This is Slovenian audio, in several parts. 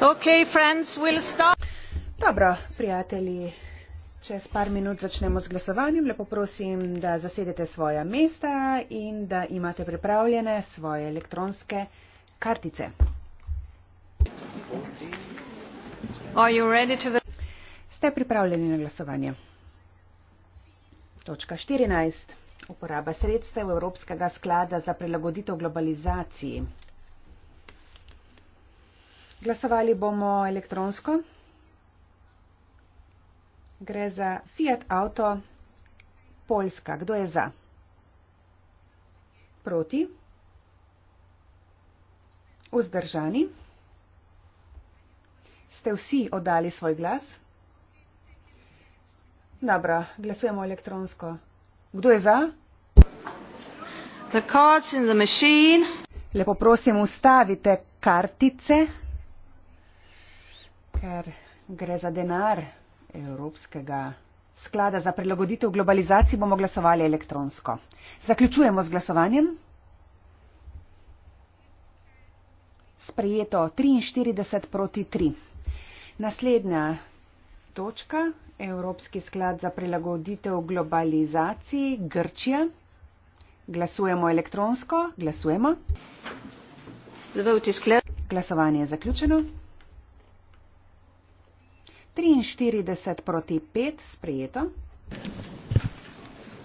Okay, friends, we'll start. Dobro, prijatelji, čez par minut začnemo z glasovanjem. Lepo prosim, da zasedete svoja mesta in da imate pripravljene svoje elektronske kartice. Ste pripravljeni na glasovanje? Točka 14. Uporaba sredstev Evropskega sklada za prilagoditev globalizaciji. Glasovali bomo elektronsko. Gre za Fiat Auto Poljska. Kdo je za? Proti? Vzdržani? Ste vsi oddali svoj glas? Dobro, glasujemo elektronsko. Kdo je za? The cards in the machine. Lepo prosim, ustavite kartice ker gre za denar Evropskega sklada za prilagoditev globalizaciji, bomo glasovali elektronsko. Zaključujemo z glasovanjem. Sprejeto 43 proti 3. Naslednja točka. Evropski sklad za prilagoditev globalizaciji Grčija. Glasujemo elektronsko. Glasujemo. Glasovanje je zaključeno. 43 proti 5 sprejeto.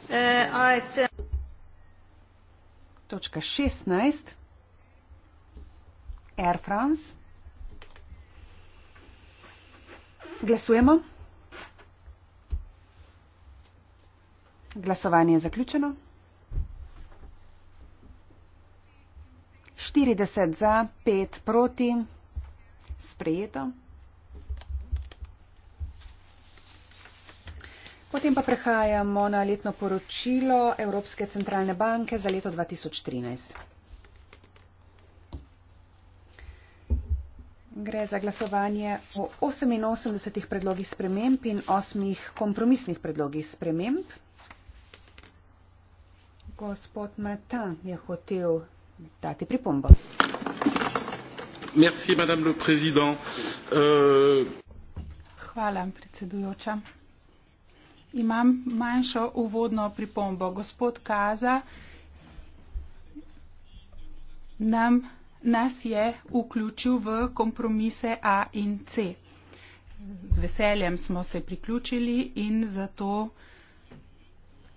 Eh, Točka 16. Air France. Glasujemo. Glasovanje je zaključeno. 40 za, 5 proti. Sprejeto. Potem pa prehajamo na letno poročilo Evropske centralne banke za leto 2013. Gre za glasovanje o 88 predlogih sprememb in 8 kompromisnih predlogih sprememb. Gospod Matan je hotel dati pripombo. Merci, euh, Hvala, predsedujoča imam manjšo uvodno pripombo. Gospod Kaza nam, nas je vključil v kompromise A in C. Z veseljem smo se priključili in zato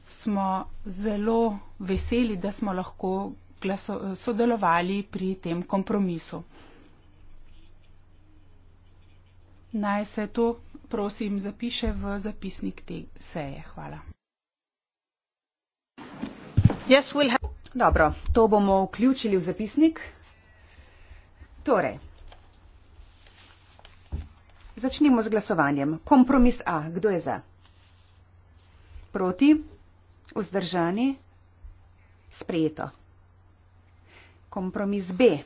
smo zelo veseli, da smo lahko glaso, sodelovali pri tem kompromisu. Naj se to, prosim, zapiše v zapisnik te seje. Hvala. Yes, we'll have... Dobro, to bomo vključili v zapisnik. Torej, začnimo z glasovanjem. Kompromis A, kdo je za? Proti, vzdržani, sprejeto. Kompromis B,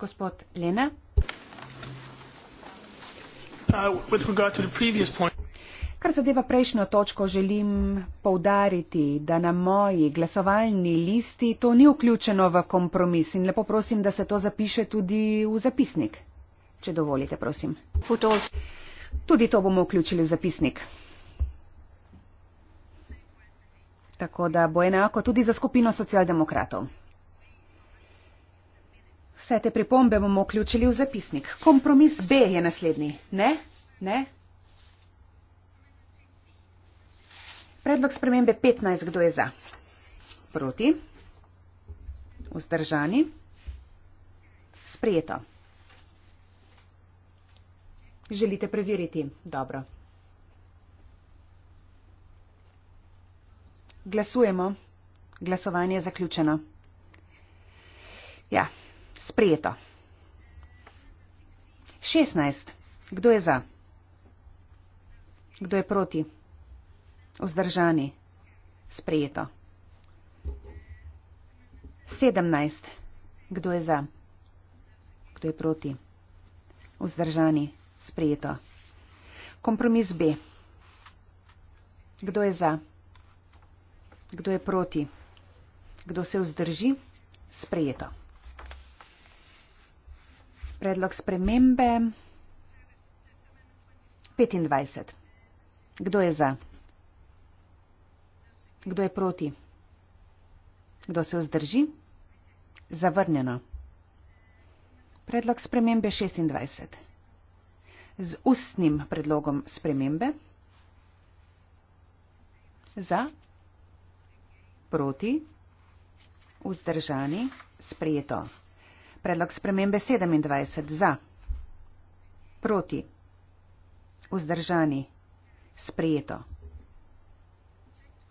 gospod Lena. Uh, Kar zadeva prejšnjo točko, želim povdariti, da na moji glasovalni listi to ni vključeno v kompromis in lepo prosim, da se to zapiše tudi v zapisnik. Če dovolite, prosim. Putos. Tudi to bomo vključili v zapisnik. Tako da bo enako tudi za skupino socialdemokratov. Vse te pripombe bomo vključili v zapisnik. Kompromis B je naslednji. Ne? Ne? Predlog spremembe 15. Kdo je za? Proti? Vzdržani? Sprijeto. Želite preveriti? Dobro. Glasujemo. Glasovanje je zaključeno. Ja. Sprijeto. 16. Kdo je za? Kdo je proti? Vzdržani. Sprijeto. 17. Kdo je za? Kdo je proti? Vzdržani. Sprijeto. Kompromis B. Kdo je za? Kdo je proti? Kdo se vzdrži? Sprijeto predlog spremembe 25. Kdo je za? Kdo je proti? Kdo se vzdrži? Zavrnjeno. Predlog spremembe 26. Z ustnim predlogom spremembe. Za, proti, vzdržani, sprejeto. Predlog spremembe 27 za. Proti. Vzdržani. Sprejeto.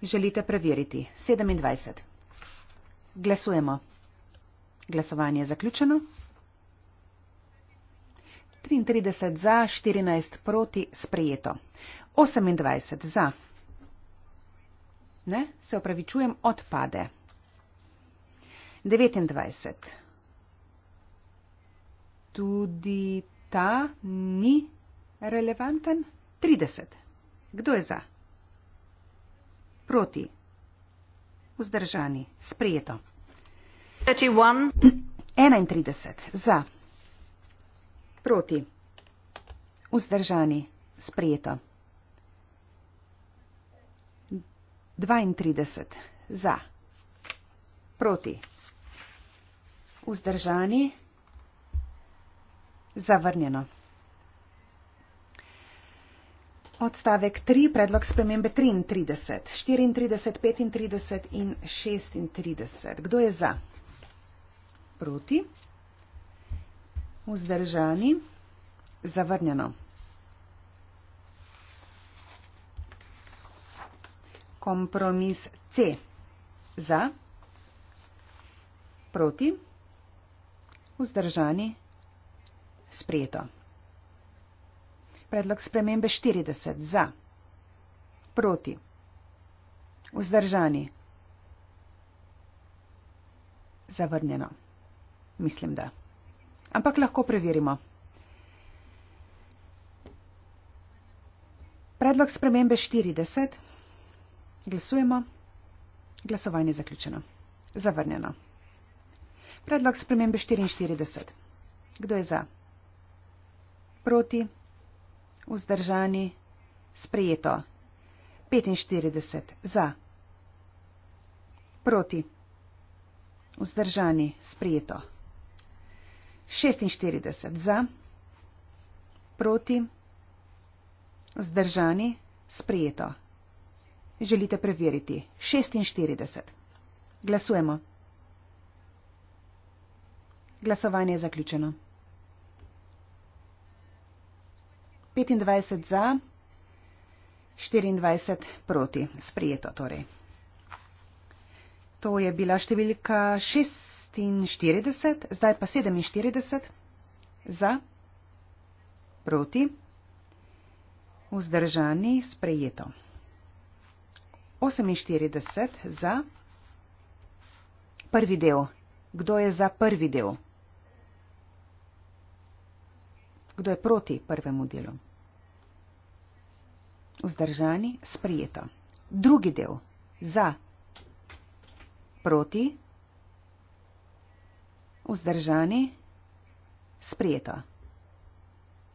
Želite preveriti. 27. Glasujemo. Glasovanje je zaključeno. 33 za, 14 proti, sprejeto. 28 za. Ne, se opravičujem, odpade. 29 tudi ta ni relevanten. 30. Kdo je za? Proti. Vzdržani. Sprijeto. 31. Za. Proti. Vzdržani. Sprijeto. 32. Za. Proti. Vzdržani. Zavrnjeno. Odstavek 3, predlog spremembe 33, 34, 35 in 36. Kdo je za? Proti? Vzdržani? Zavrnjeno. Kompromis C. Za? Proti? Vzdržani? sprejeto. Predlog spremembe 40 za, proti, vzdržani, zavrnjeno. Mislim, da. Ampak lahko preverimo. Predlog spremembe 40. Glasujemo. Glasovanje je zaključeno. Zavrnjeno. Predlog spremembe 44. Kdo je za? proti, vzdržani, sprejeto. 45 za, proti, vzdržani, sprejeto. 46 za, proti, vzdržani, sprejeto. Želite preveriti? 46. Glasujemo. Glasovanje je zaključeno. 25 za, 24 proti. Sprijeto torej. To je bila številka 46, zdaj pa 47 za, proti, vzdržani, sprejeto. 48 za, prvi del. Kdo je za prvi del? kdo je proti prvemu delu. Vzdržani, sprijeto. Drugi del, za, proti, vzdržani, sprijeto.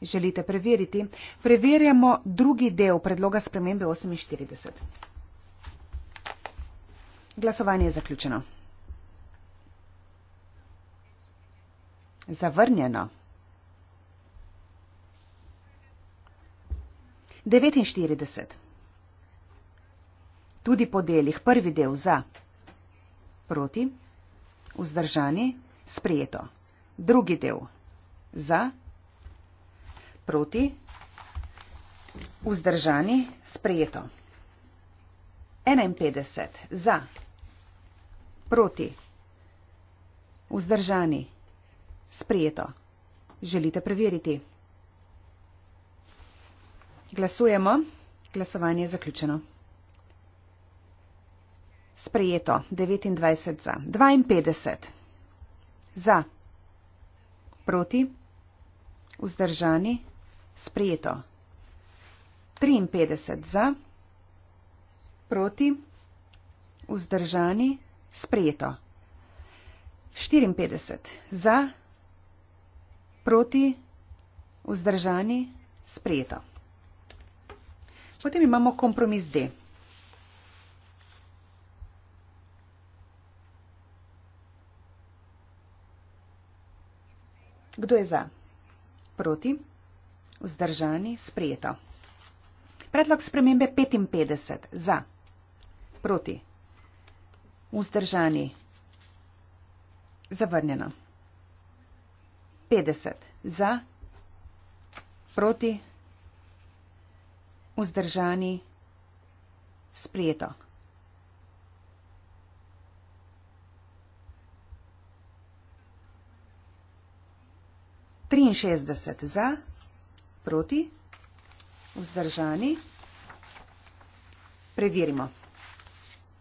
Želite preveriti? Preverjamo drugi del predloga spremembe 48. Glasovanje je zaključeno. Zavrnjeno. 49. Tudi po delih. Prvi del za, proti, vzdržani, sprijeto. Drugi del za, proti, vzdržani, sprijeto. 51. Za, proti, vzdržani, sprijeto. Želite preveriti? Glasujemo. Glasovanje je zaključeno. Sprejeto. 29 za. 52 za. Proti. Vzdržani. Sprejeto. 53 za. Proti. Vzdržani. Sprejeto. 54 za. Proti. Vzdržani. Sprejeto. Potem imamo kompromis D. Kdo je za? Proti? Vzdržani? Sprejeto. Predlog spremembe 55. Za? Proti? Vzdržani? Zavrnjeno. 50. Za? Proti? Vzdržani? vzdržani, spleto. Triinšestdeset za, proti, vzdržani, preverimo.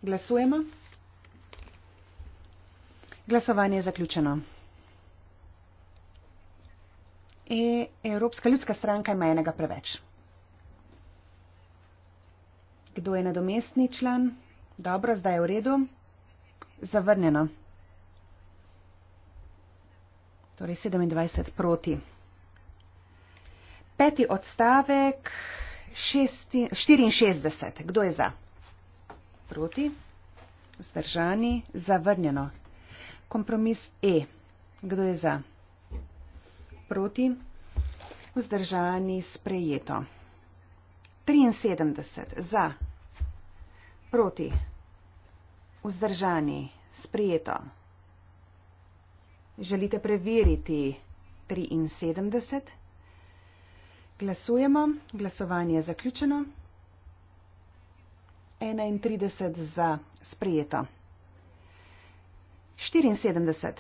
Glasujemo. Glasovanje je zaključeno. E, Evropska ljudska stranka ima enega preveč. Kdo je nadomestni član? Dobro, zdaj je v redu. Zavrnjeno. Torej 27 proti. Peti odstavek 64. Kdo je za? Proti. Vzdržani. Zavrnjeno. Kompromis E. Kdo je za? Proti. Vzdržani. Sprejeto. 73 za, proti, vzdržani, sprijeto. Želite preveriti 73? Glasujemo, glasovanje je zaključeno. 31 za, sprijeto. 74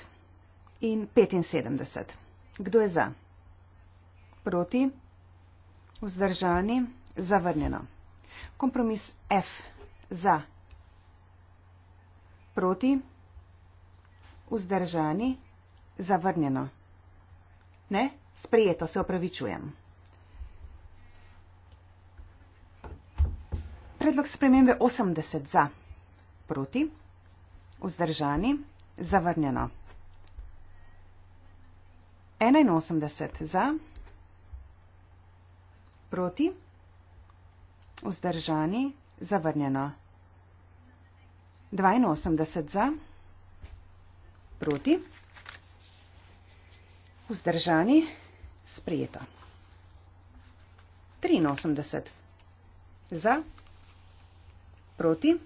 in 75. Kdo je za? Proti, vzdržani, sprijeto zavrnjeno. Kompromis F za proti, vzdržani, zavrnjeno. Ne, sprejeto, se opravičujem. Predlog spremembe 80 za proti, vzdržani, zavrnjeno. 81 za proti, vzdržani. Vzdržani, zavrnjeno. 82 za, proti. Vzdržani, sprejeto. 83 za, proti.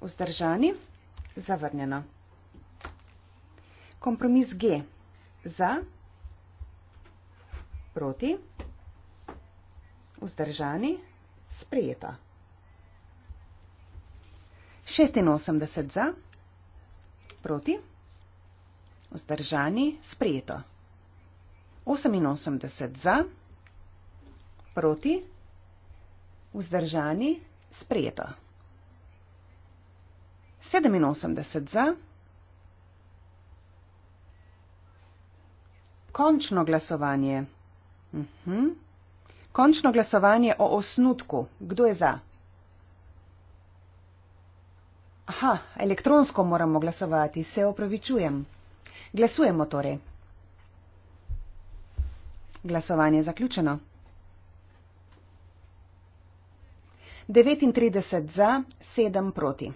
Vzdržani, zavrnjeno. Kompromis G za, proti vzdržani, sprejeta. 86 za, proti, vzdržani, sprejeto. 88 za, proti, vzdržani, sprejeto. 87 za, končno glasovanje. Uh mhm. -huh. Končno glasovanje o osnutku. Kdo je za? Aha, elektronsko moramo glasovati, se opravičujem. Glasujemo torej. Glasovanje zaključeno. 39 za, 7 proti.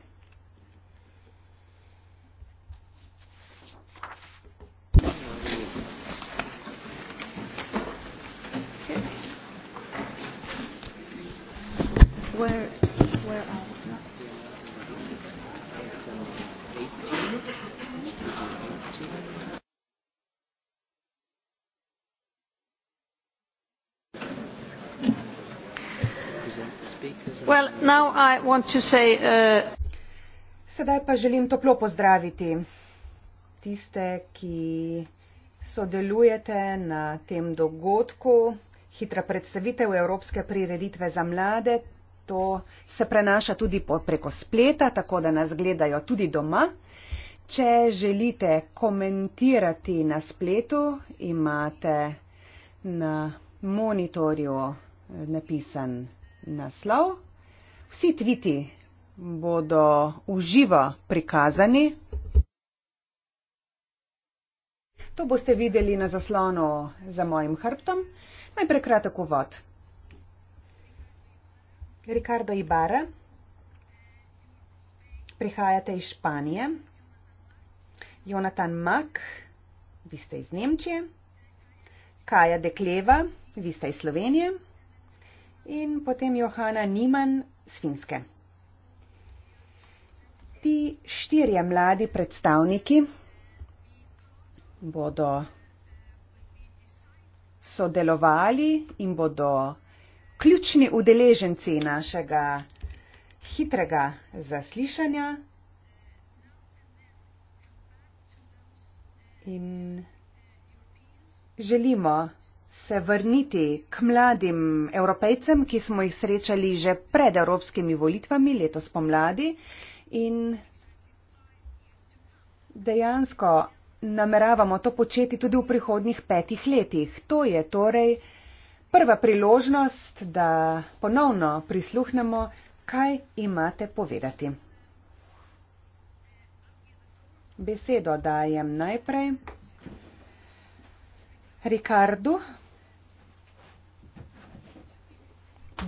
Uh, Sedaj pa želim toplo pozdraviti tiste, ki sodelujete na tem dogodku. Hitra predstavitev Evropske prireditve za mlade. To se prenaša tudi preko spleta, tako da nas gledajo tudi doma. Če želite komentirati na spletu, imate na monitorju napisan naslov. Vsi tviti bodo uživo prikazani. To boste videli na zaslonu za mojim hrbtom. Najprej kratek uvod. Ricardo Ibarra, prihajate iz Španije. Jonathan Mack, vi ste iz Nemčije. Kaja Dekleva, vi ste iz Slovenije. In potem Johana Niman, svinske. Ti štirje mladi predstavniki bodo sodelovali in bodo ključni udeleženci našega hitrega zaslišanja. In želimo, se vrniti k mladim evropejcem, ki smo jih srečali že pred evropskimi volitvami letos pomladi in dejansko nameravamo to početi tudi v prihodnjih petih letih. To je torej prva priložnost, da ponovno prisluhnemo, kaj imate povedati. Besedo dajem najprej. Ricardo,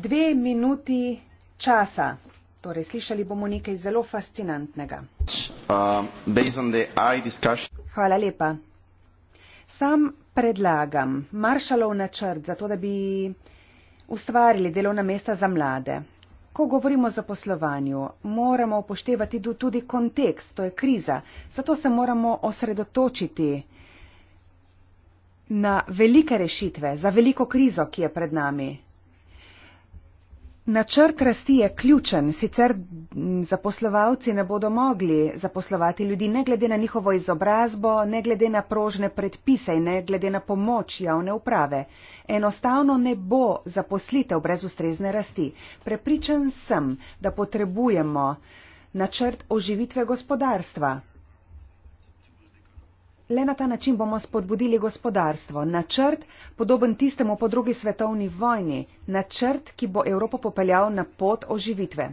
dve minuti časa. Torej, slišali bomo nekaj zelo fascinantnega. Uh, Hvala lepa. Sam predlagam Maršalov načrt za to, da bi ustvarili delovna mesta za mlade. Ko govorimo o zaposlovanju, moramo upoštevati tudi kontekst, to je kriza. Zato se moramo osredotočiti na velike rešitve za veliko krizo, ki je pred nami. Načrt rasti je ključen, sicer zaposlovalci ne bodo mogli zaposlovati ljudi ne glede na njihovo izobrazbo, ne glede na prožne predpise in ne glede na pomoč javne uprave. Enostavno ne bo zaposlitev brez ustrezne rasti. Prepričan sem, da potrebujemo načrt oživitve gospodarstva. Le na ta način bomo spodbudili gospodarstvo. Načrt, podoben tistemu po drugi svetovni vojni, načrt, ki bo Evropo popeljal na pot oživitve.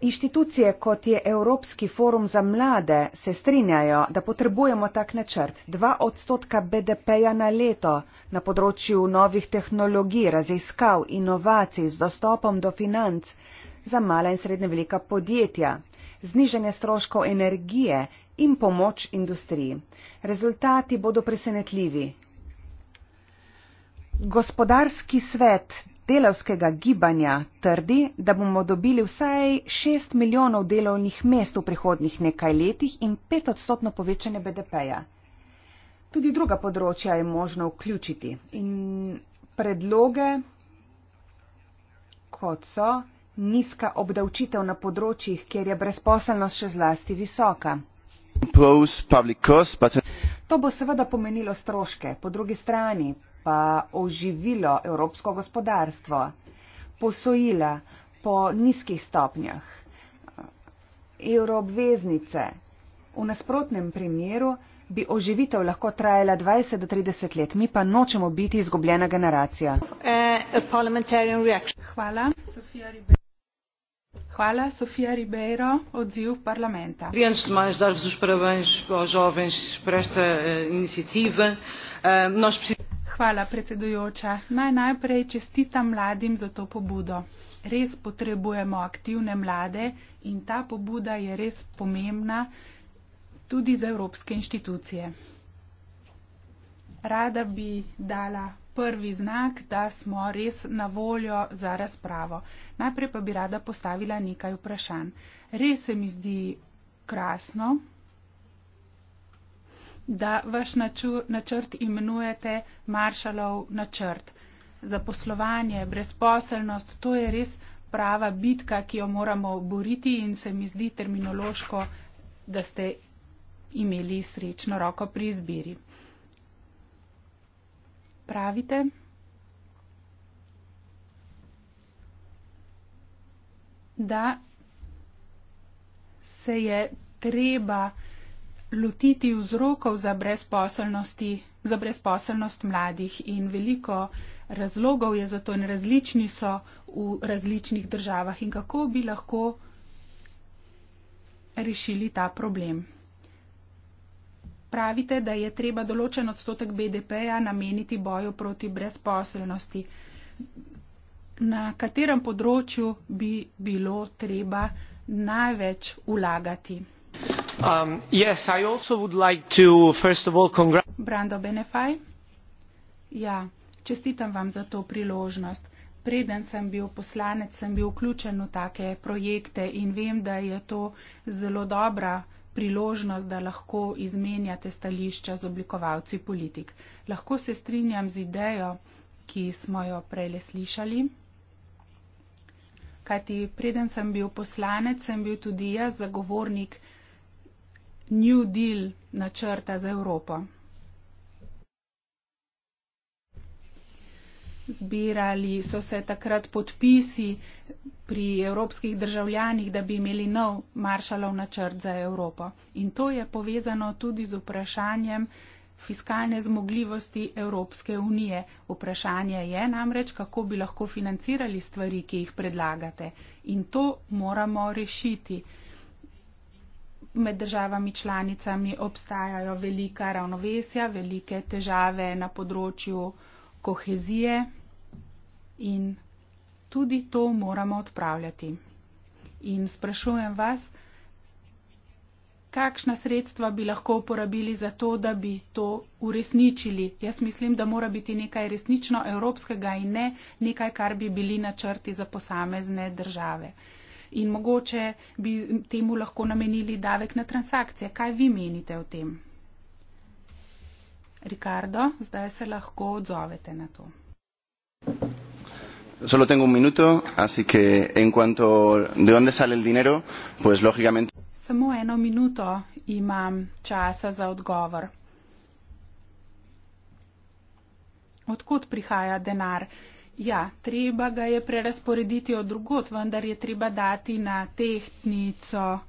Inštitucije, kot je Evropski forum za mlade, se strinjajo, da potrebujemo tak načrt. 2 odstotka BDP-ja na leto na področju novih tehnologij, raziskav, inovacij z dostopom do financ za mala in srednje velika podjetja, znižanje stroškov energije in pomoč industriji. Rezultati bodo presenetljivi. Gospodarski svet delavskega gibanja trdi, da bomo dobili vsaj 6 milijonov delovnih mest v prihodnih nekaj letih in 5 odstotno povečanje BDP-ja. Tudi druga področja je možno vključiti in predloge, kot so nizka obdavčitev na področjih, kjer je brezposelnost še zlasti visoka. Uh, to bo seveda pomenilo stroške, po drugi strani pa oživilo evropsko gospodarstvo, posojila po nizkih stopnjah, evroobveznice. V nasprotnem primeru bi oživitev lahko trajala 20 do 30 let, mi pa nočemo biti izgubljena generacija. Eh, Hvala. Hvala, Sofia Ribeiro, odziv parlamenta. E antes de mais, dar-vos os parabéns aos jovens por esta uh, iniciativa. Uh, nós precis... Hvala, predsedujoča. Naj najprej čestitam mladim za to pobudo. Res potrebujemo aktivne mlade in ta pobuda je res pomembna tudi za evropske inštitucije. Rada bi dala prvi znak, da smo res na voljo za razpravo. Najprej pa bi rada postavila nekaj vprašanj. Res se mi zdi krasno, da vaš načrt imenujete Maršalov načrt. Zaposlovanje, brezposelnost, to je res prava bitka, ki jo moramo boriti in se mi zdi terminološko, da ste imeli srečno roko pri izbiri pravite. Da se je treba lotiti vzrokov za, za brezposelnost mladih in veliko razlogov je za to in različni so v različnih državah in kako bi lahko rešili ta problem pravite, da je treba določen odstotek BDP-ja nameniti boju proti brezposelnosti. Na katerem področju bi bilo treba največ ulagati? Um, yes, like Brando Benefaj, ja, čestitam vam za to priložnost. Preden sem bil poslanec, sem bil vključen v take projekte in vem, da je to zelo dobra priložnost, da lahko izmenjate stališča z oblikovalci politik. Lahko se strinjam z idejo, ki smo jo prele slišali. Kajti preden sem bil poslanec, sem bil tudi jaz zagovornik New Deal načrta za Evropo. Zbirali so se takrat podpisi pri evropskih državljanih, da bi imeli nov maršalov načrt za Evropo. In to je povezano tudi z vprašanjem fiskalne zmogljivosti Evropske unije. Vprašanje je namreč, kako bi lahko financirali stvari, ki jih predlagate. In to moramo rešiti. Med državami članicami obstajajo velika ravnovesja, velike težave na področju kohezije in tudi to moramo odpravljati. In sprašujem vas, kakšna sredstva bi lahko uporabili za to, da bi to uresničili. Jaz mislim, da mora biti nekaj resnično evropskega in ne nekaj, kar bi bili načrti za posamezne države. In mogoče bi temu lahko namenili davek na transakcije. Kaj vi menite o tem? Rikardo, zdaj se lahko odzovete na to. Solo tengo un minuto, así que en cuanto de dónde sale el dinero, pues lógicamente. Samo eno minuto imam časa za odgovor. Odkud prihaja denar? Ja, treba ga je prerasporediti od drugot, vendar je treba dati na tehtnico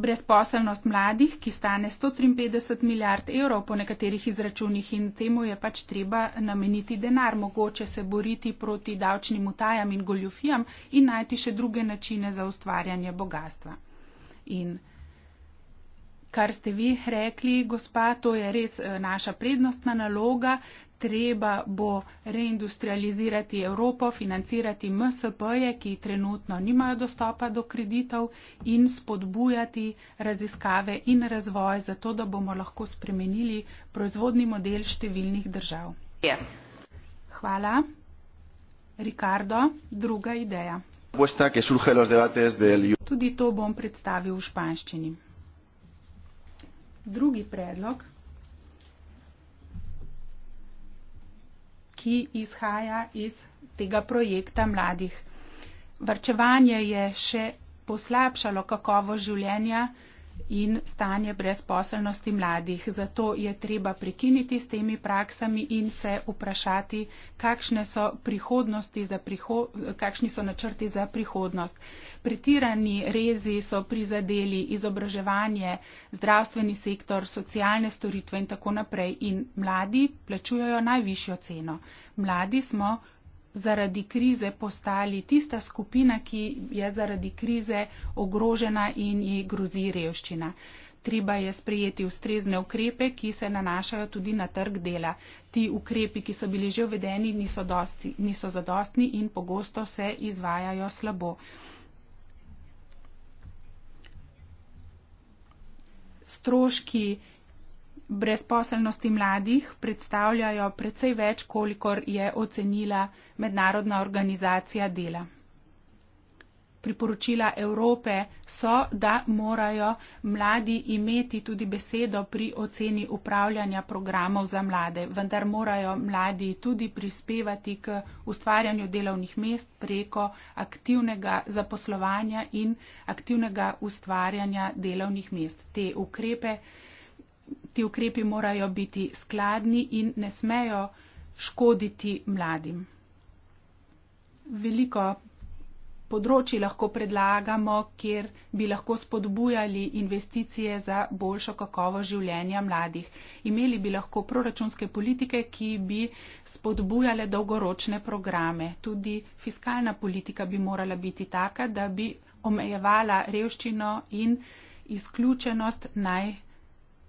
brezposelnost mladih, ki stane 153 milijard evrov po nekaterih izračunih in temu je pač treba nameniti denar, mogoče se boriti proti davčnim utajam in goljufijam in najti še druge načine za ustvarjanje bogatstva. In Kar ste vi rekli, gospa, to je res eh, naša prednostna naloga, treba bo reindustrializirati Evropo, financirati MSP-je, ki trenutno nimajo dostopa do kreditov in spodbujati raziskave in razvoj, zato da bomo lahko spremenili proizvodni model številnih držav. Yeah. Ja. Hvala. Ricardo, druga ideja. Tudi to bom predstavil v španščini. Drugi predlog. ki izhaja iz tega projekta mladih. Vrčevanje je še poslabšalo kakovo življenja, in stanje brezposelnosti mladih. Zato je treba prekiniti s temi praksami in se vprašati, so priho, kakšni so načrti za prihodnost. Pretirani rezi so prizadeli izobraževanje, zdravstveni sektor, socialne storitve in tako naprej. In mladi plačujejo najvišjo ceno. Mladi smo zaradi krize postali tista skupina, ki je zaradi krize ogrožena in ji grozi revščina. Treba je sprejeti ustrezne ukrepe, ki se nanašajo tudi na trg dela. Ti ukrepi, ki so bili že uvedeni, niso, dosti, niso zadostni in pogosto se izvajajo slabo. Stroški brezposelnosti mladih predstavljajo precej več, kolikor je ocenila Mednarodna organizacija dela. Priporočila Evrope so, da morajo mladi imeti tudi besedo pri oceni upravljanja programov za mlade, vendar morajo mladi tudi prispevati k ustvarjanju delovnih mest preko aktivnega zaposlovanja in aktivnega ustvarjanja delovnih mest. Te ukrepe ti ukrepi morajo biti skladni in ne smejo škoditi mladim. Veliko področji lahko predlagamo, kjer bi lahko spodbujali investicije za boljšo kakovo življenja mladih. Imeli bi lahko proračunske politike, ki bi spodbujale dolgoročne programe. Tudi fiskalna politika bi morala biti taka, da bi omejevala revščino in izključenost najboljših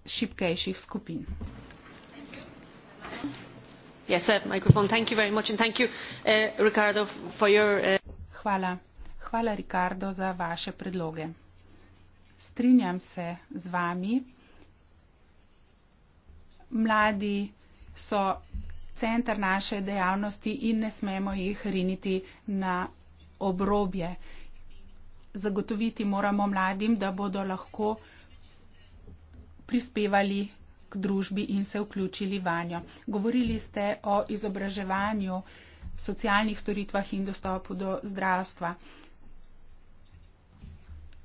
šipkejših skupin. Yes, uh, uh Hvala. Hvala, Ricardo, za vaše predloge. Strinjam se z vami. Mladi so centr naše dejavnosti in ne smemo jih riniti na obrobje. Zagotoviti moramo mladim, da bodo lahko prispevali k družbi in se vključili vanjo. Govorili ste o izobraževanju, socialnih storitvah in dostopu do zdravstva.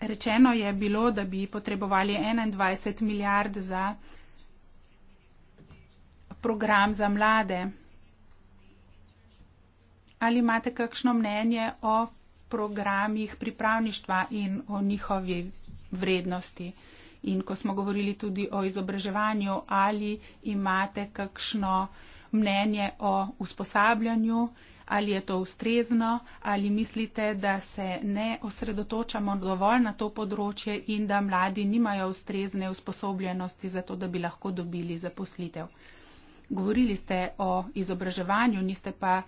Rečeno je bilo, da bi potrebovali 21 milijard za program za mlade. Ali imate kakšno mnenje o programih pripravništva in o njihovi vrednosti? In ko smo govorili tudi o izobraževanju, ali imate kakšno mnenje o usposabljanju, ali je to ustrezno, ali mislite, da se ne osredotočamo dovolj na to področje in da mladi nimajo ustrezne usposobljenosti za to, da bi lahko dobili zaposlitev. Govorili ste o izobraževanju, niste pa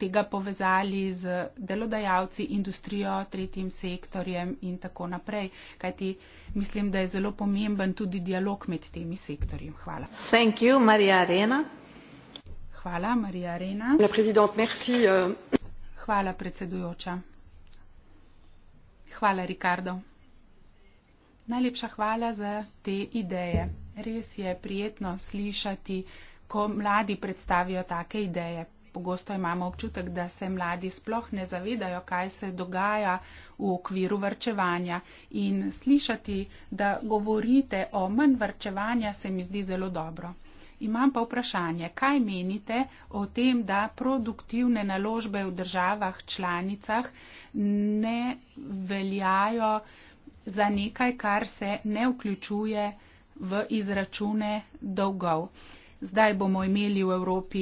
tega povezali z delodajalci, industrijo, tretjim sektorjem in tako naprej. Kajti mislim, da je zelo pomemben tudi dialog med temi sektorji. Hvala. Thank you, Marija Arena. Hvala, Marija Arena. Merci, uh... Hvala, predsedujoča. Hvala, Ricardo. Najlepša hvala za te ideje. Res je prijetno slišati ko mladi predstavijo take ideje. Pogosto imamo občutek, da se mladi sploh ne zavedajo, kaj se dogaja v okviru vrčevanja. In slišati, da govorite o manj vrčevanja, se mi zdi zelo dobro. Imam pa vprašanje, kaj menite o tem, da produktivne naložbe v državah članicah ne veljajo za nekaj, kar se ne vključuje v izračune dolgov zdaj bomo imeli v Evropi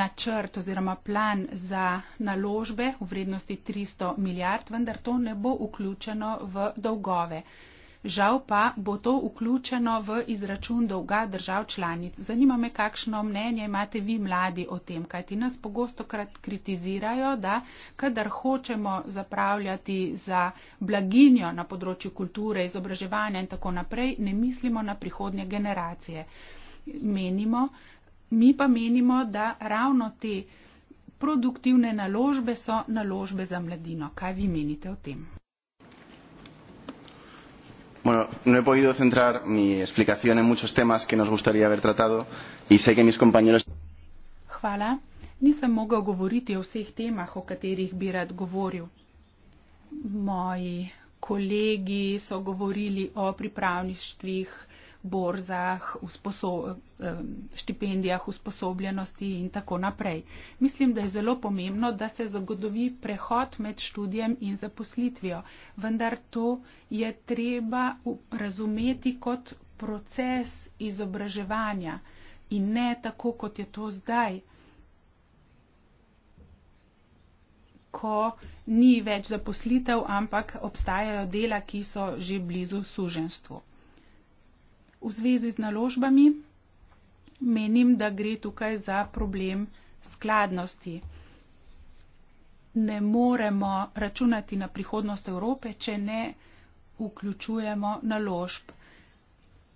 načrt oziroma plan za naložbe v vrednosti 300 milijard, vendar to ne bo vključeno v dolgove. Žal pa bo to vključeno v izračun dolga držav članic. Zanima me, kakšno mnenje imate vi mladi o tem, kajti nas pogosto krat kritizirajo, da kadar hočemo zapravljati za blaginjo na področju kulture, izobraževanja in tako naprej, ne mislimo na prihodnje generacije menimo. Mi pa menimo, da ravno te produktivne naložbe so naložbe za mladino. Kaj vi menite o tem? Bueno, no he podido centrar mi explicación en muchos temas que nos gustaría haber tratado y sé que mis compañeros. Hvala. Nisem mogel govoriti o vseh temah, o katerih bi rad govoril. Moji kolegi so govorili o pripravništvih borzah, v štipendijah, usposobljenosti in tako naprej. Mislim, da je zelo pomembno, da se zagodovi prehod med študijem in zaposlitvijo, vendar to je treba razumeti kot proces izobraževanja in ne tako, kot je to zdaj. ko ni več zaposlitev, ampak obstajajo dela, ki so že blizu suženstvu. V zvezi z naložbami menim, da gre tukaj za problem skladnosti. Ne moremo računati na prihodnost Evrope, če ne vključujemo naložb.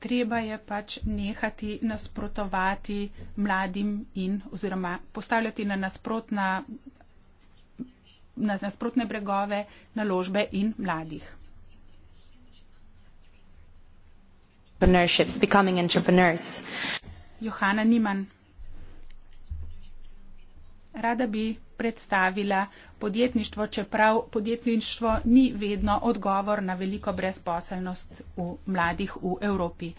Treba je pač nehati nasprotovati mladim in oziroma postavljati na nasprotna na nasprotne bregove naložbe in mladih. entrepreneurships becoming entrepreneurs Johana Niman Rada bi predstavila podjetništvo, čeprav podjetništvo ni vedno odgovor na veliko brezposelnost v mladih v Evropi.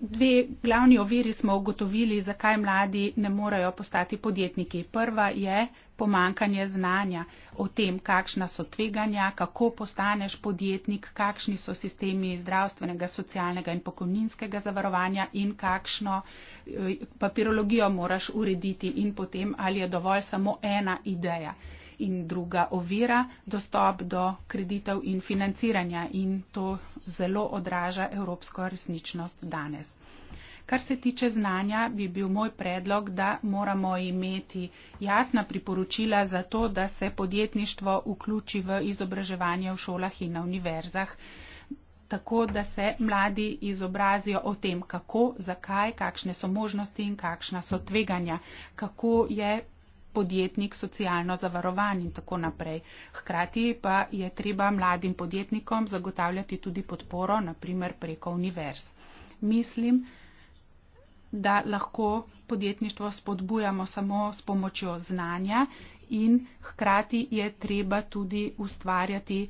Dve glavni oviri smo ugotovili, zakaj mladi ne morejo postati podjetniki. Prva je pomankanje znanja o tem, kakšna so tveganja, kako postaneš podjetnik, kakšni so sistemi zdravstvenega, socialnega in pokojninskega zavarovanja in kakšno eh, papirologijo moraš urediti in potem, ali je dovolj samo ena ideja. In druga ovira, dostop do kreditev in financiranja. In to zelo odraža evropsko resničnost danes. Kar se tiče znanja, bi bil moj predlog, da moramo imeti jasna priporočila za to, da se podjetništvo vključi v izobraževanje v šolah in na univerzah, tako da se mladi izobrazijo o tem, kako, zakaj, kakšne so možnosti in kakšna so tveganja, kako je podjetnik, socialno zavarovan in tako naprej. Hkrati pa je treba mladim podjetnikom zagotavljati tudi podporo, naprimer preko univerz. Mislim, da lahko podjetništvo spodbujamo samo s pomočjo znanja in hkrati je treba tudi ustvarjati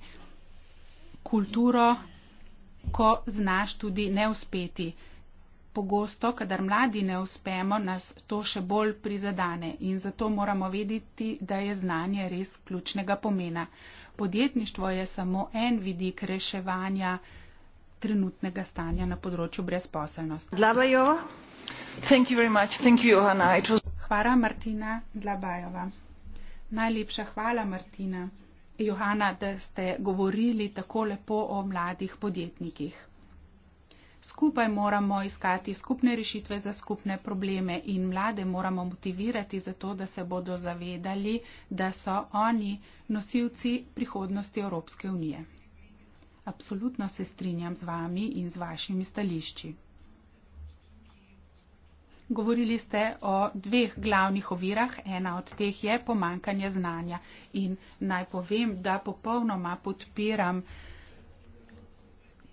kulturo, ko znaš tudi ne uspeti pogosto, kadar mladi ne uspemo, nas to še bolj prizadane in zato moramo vedeti, da je znanje res ključnega pomena. Podjetništvo je samo en vidik reševanja trenutnega stanja na področju brezposelnosti. Hvala, Martina Dlabajova. Najlepša hvala, Martina. Johana, da ste govorili tako lepo o mladih podjetnikih skupaj moramo iskati skupne rešitve za skupne probleme in mlade moramo motivirati za to, da se bodo zavedali, da so oni nosilci prihodnosti Evropske unije. Absolutno se strinjam z vami in z vašimi stališči. Govorili ste o dveh glavnih ovirah, ena od teh je pomankanje znanja in naj povem, da popolnoma podpiram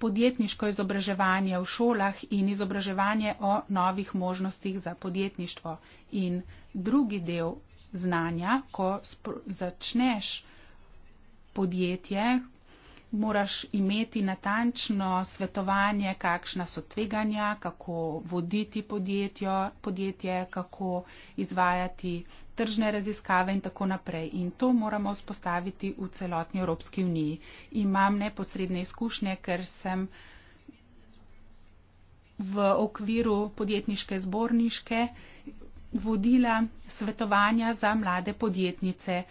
podjetniško izobraževanje v šolah in izobraževanje o novih možnostih za podjetništvo. In drugi del znanja, ko začneš podjetje, moraš imeti natančno svetovanje, kakšna so tveganja, kako voditi podjetje, kako izvajati tržne raziskave in tako naprej. In to moramo vzpostaviti v celotni Evropski uniji. Imam neposredne izkušnje, ker sem v okviru podjetniške zborniške vodila svetovanja za mlade podjetnice,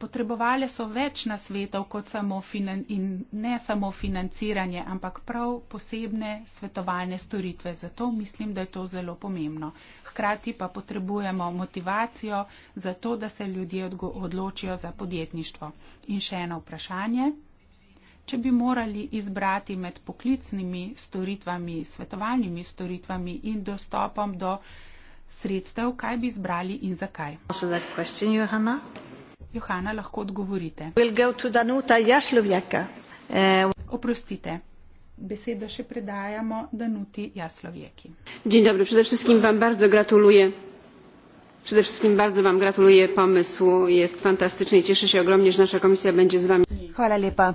potrebovali so več nasvetov kot samo finan, in ne samo financiranje, ampak prav posebne svetovalne storitve. Zato mislim, da je to zelo pomembno. Hkrati pa potrebujemo motivacijo za to, da se ljudje odločijo za podjetništvo. In še eno vprašanje. Če bi morali izbrati med poklicnimi storitvami, svetovalnimi storitvami in dostopom do sredstev, kaj bi izbrali in zakaj? Johana, lahko odgovorite. Eh, Oprostite. Besedo še predajamo Danuti Jaslovjeki. Dzień dobry, przede wszystkim Wam bardzo gratuluję. Przede wszystkim bardzo Wam gratuluję pomysłu. Jest fantastyczny i cieszę się ogromnie, że nasza komisja będzie z Wami. Chwala lepa.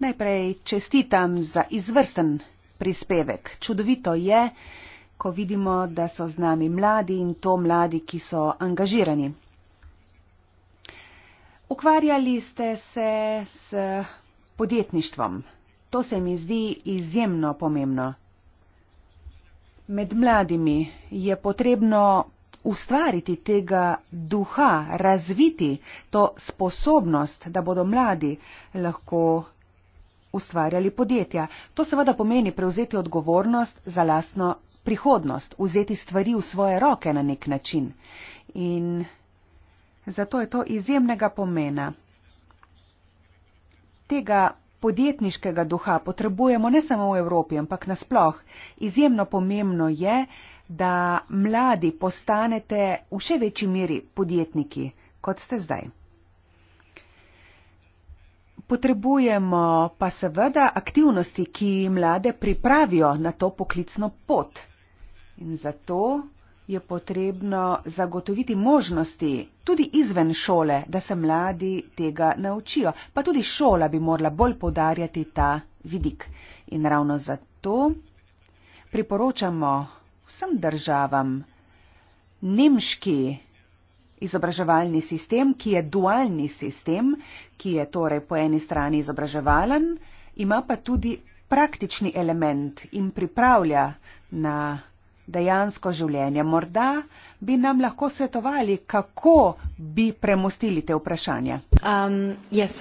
Najpierw czestitam za izwersten prispewek. Czudowito jest, ko widzimy, że są z nami mladi i to mladi, ki są angażirani. Ukvarjali ste se s podjetništvom. To se mi zdi izjemno pomembno. Med mladimi je potrebno ustvariti tega duha, razviti to sposobnost, da bodo mladi lahko ustvarjali podjetja. To seveda pomeni prevzeti odgovornost za lastno prihodnost, vzeti stvari v svoje roke na nek način. In Zato je to izjemnega pomena. Tega podjetniškega duha potrebujemo ne samo v Evropi, ampak nasploh. Izjemno pomembno je, da mladi postanete v še večji meri podjetniki, kot ste zdaj. Potrebujemo pa seveda aktivnosti, ki mlade pripravijo na to poklicno pot. In zato je potrebno zagotoviti možnosti tudi izven šole, da se mladi tega naučijo. Pa tudi šola bi morala bolj podarjati ta vidik. In ravno zato priporočamo vsem državam nemški izobraževalni sistem, ki je dualni sistem, ki je torej po eni strani izobraževalen, ima pa tudi praktični element in pripravlja na dejansko življenje. Morda bi nam lahko svetovali, kako bi premostili te vprašanja. Um, yes,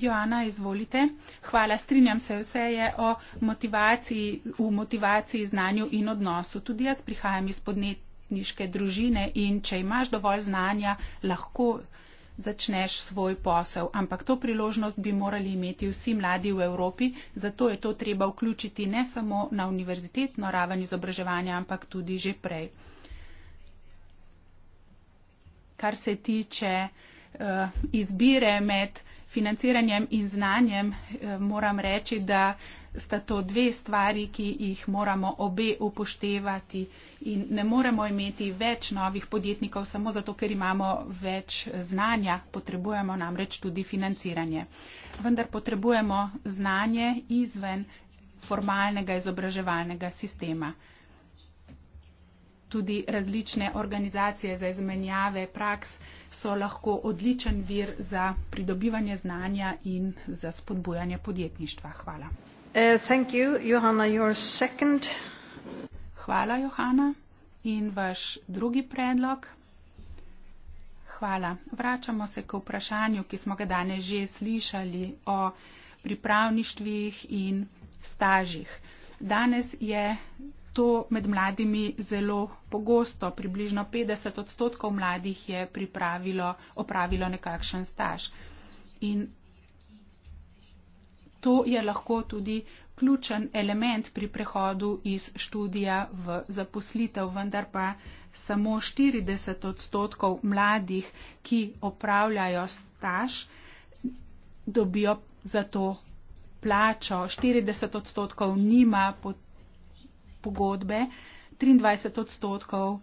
Joana, izvolite. Hvala, strinjam se, vse je o motivaciji, v motivaciji, znanju in odnosu. Tudi jaz prihajam iz podnetniške družine in če imaš dovolj znanja, lahko začneš svoj posel. Ampak to priložnost bi morali imeti vsi mladi v Evropi, zato je to treba vključiti ne samo na univerzitetno raven izobraževanja, ampak tudi že prej. Kar se tiče uh, izbire med financiranjem in znanjem, uh, moram reči, da uh, sta to dve stvari, ki jih moramo obe upoštevati in ne moremo imeti več novih podjetnikov samo zato, ker imamo več znanja, potrebujemo namreč tudi financiranje. Vendar potrebujemo znanje izven formalnega izobraževalnega sistema. Tudi različne organizacije za izmenjave praks so lahko odličen vir za pridobivanje znanja in za spodbujanje podjetništva. Hvala. Uh, Hvala, Johana. In vaš drugi predlog? Hvala. Vračamo se k vprašanju, ki smo ga danes že slišali o pripravništvih in stažih. Danes je to med mladimi zelo pogosto. Približno 50 odstotkov mladih je opravilo nekakšen staž. In to je lahko tudi ključen element pri prehodu iz študija v zaposlitev, vendar pa samo 40 odstotkov mladih, ki opravljajo staž, dobijo za to plačo. 40 odstotkov nima pogodbe, 23 odstotkov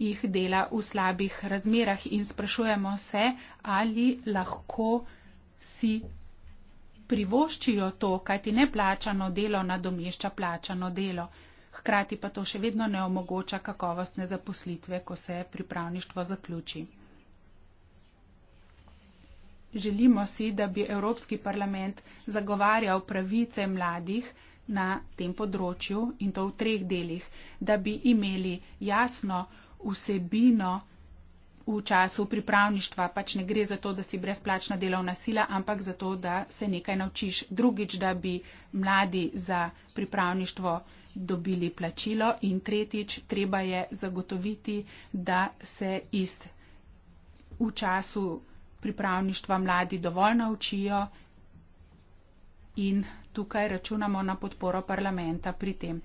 jih dela v slabih razmerah in sprašujemo se, ali lahko si privoščijo to, kajti neplačano delo nadomešča plačano delo. Hkrati pa to še vedno ne omogoča kakovostne zaposlitve, ko se pripravništvo zaključi. Želimo si, da bi Evropski parlament zagovarjal pravice mladih na tem področju in to v treh delih, da bi imeli jasno vsebino, v času pripravništva, pač ne gre za to, da si brezplačna delovna sila, ampak za to, da se nekaj naučiš. Drugič, da bi mladi za pripravništvo dobili plačilo in tretjič, treba je zagotoviti, da se iz v času pripravništva mladi dovolj naučijo in tukaj računamo na podporo parlamenta pri tem.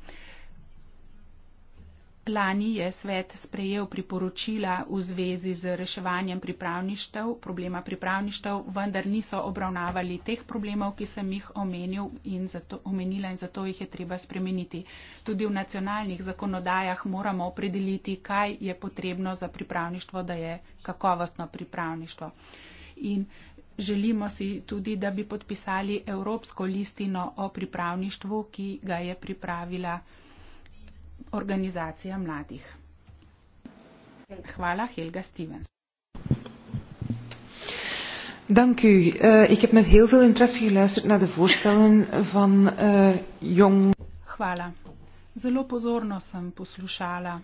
Lani je svet sprejel priporočila v zvezi z reševanjem pripravništev, problema pripravništev, vendar niso obravnavali teh problemov, ki sem jih omenil in zato, omenila in zato jih je treba spremeniti. Tudi v nacionalnih zakonodajah moramo opredeliti, kaj je potrebno za pripravništvo, da je kakovostno pripravništvo. In Želimo si tudi, da bi podpisali Evropsko listino o pripravništvu, ki ga je pripravila organizacija mladih. Hvala, Helga Stevens. Dank u. Uh, ik heb met heel veel interesse geluisterd naar de voorstellen van uh, jong. Hvala. Zelo pozorno sem poslušala.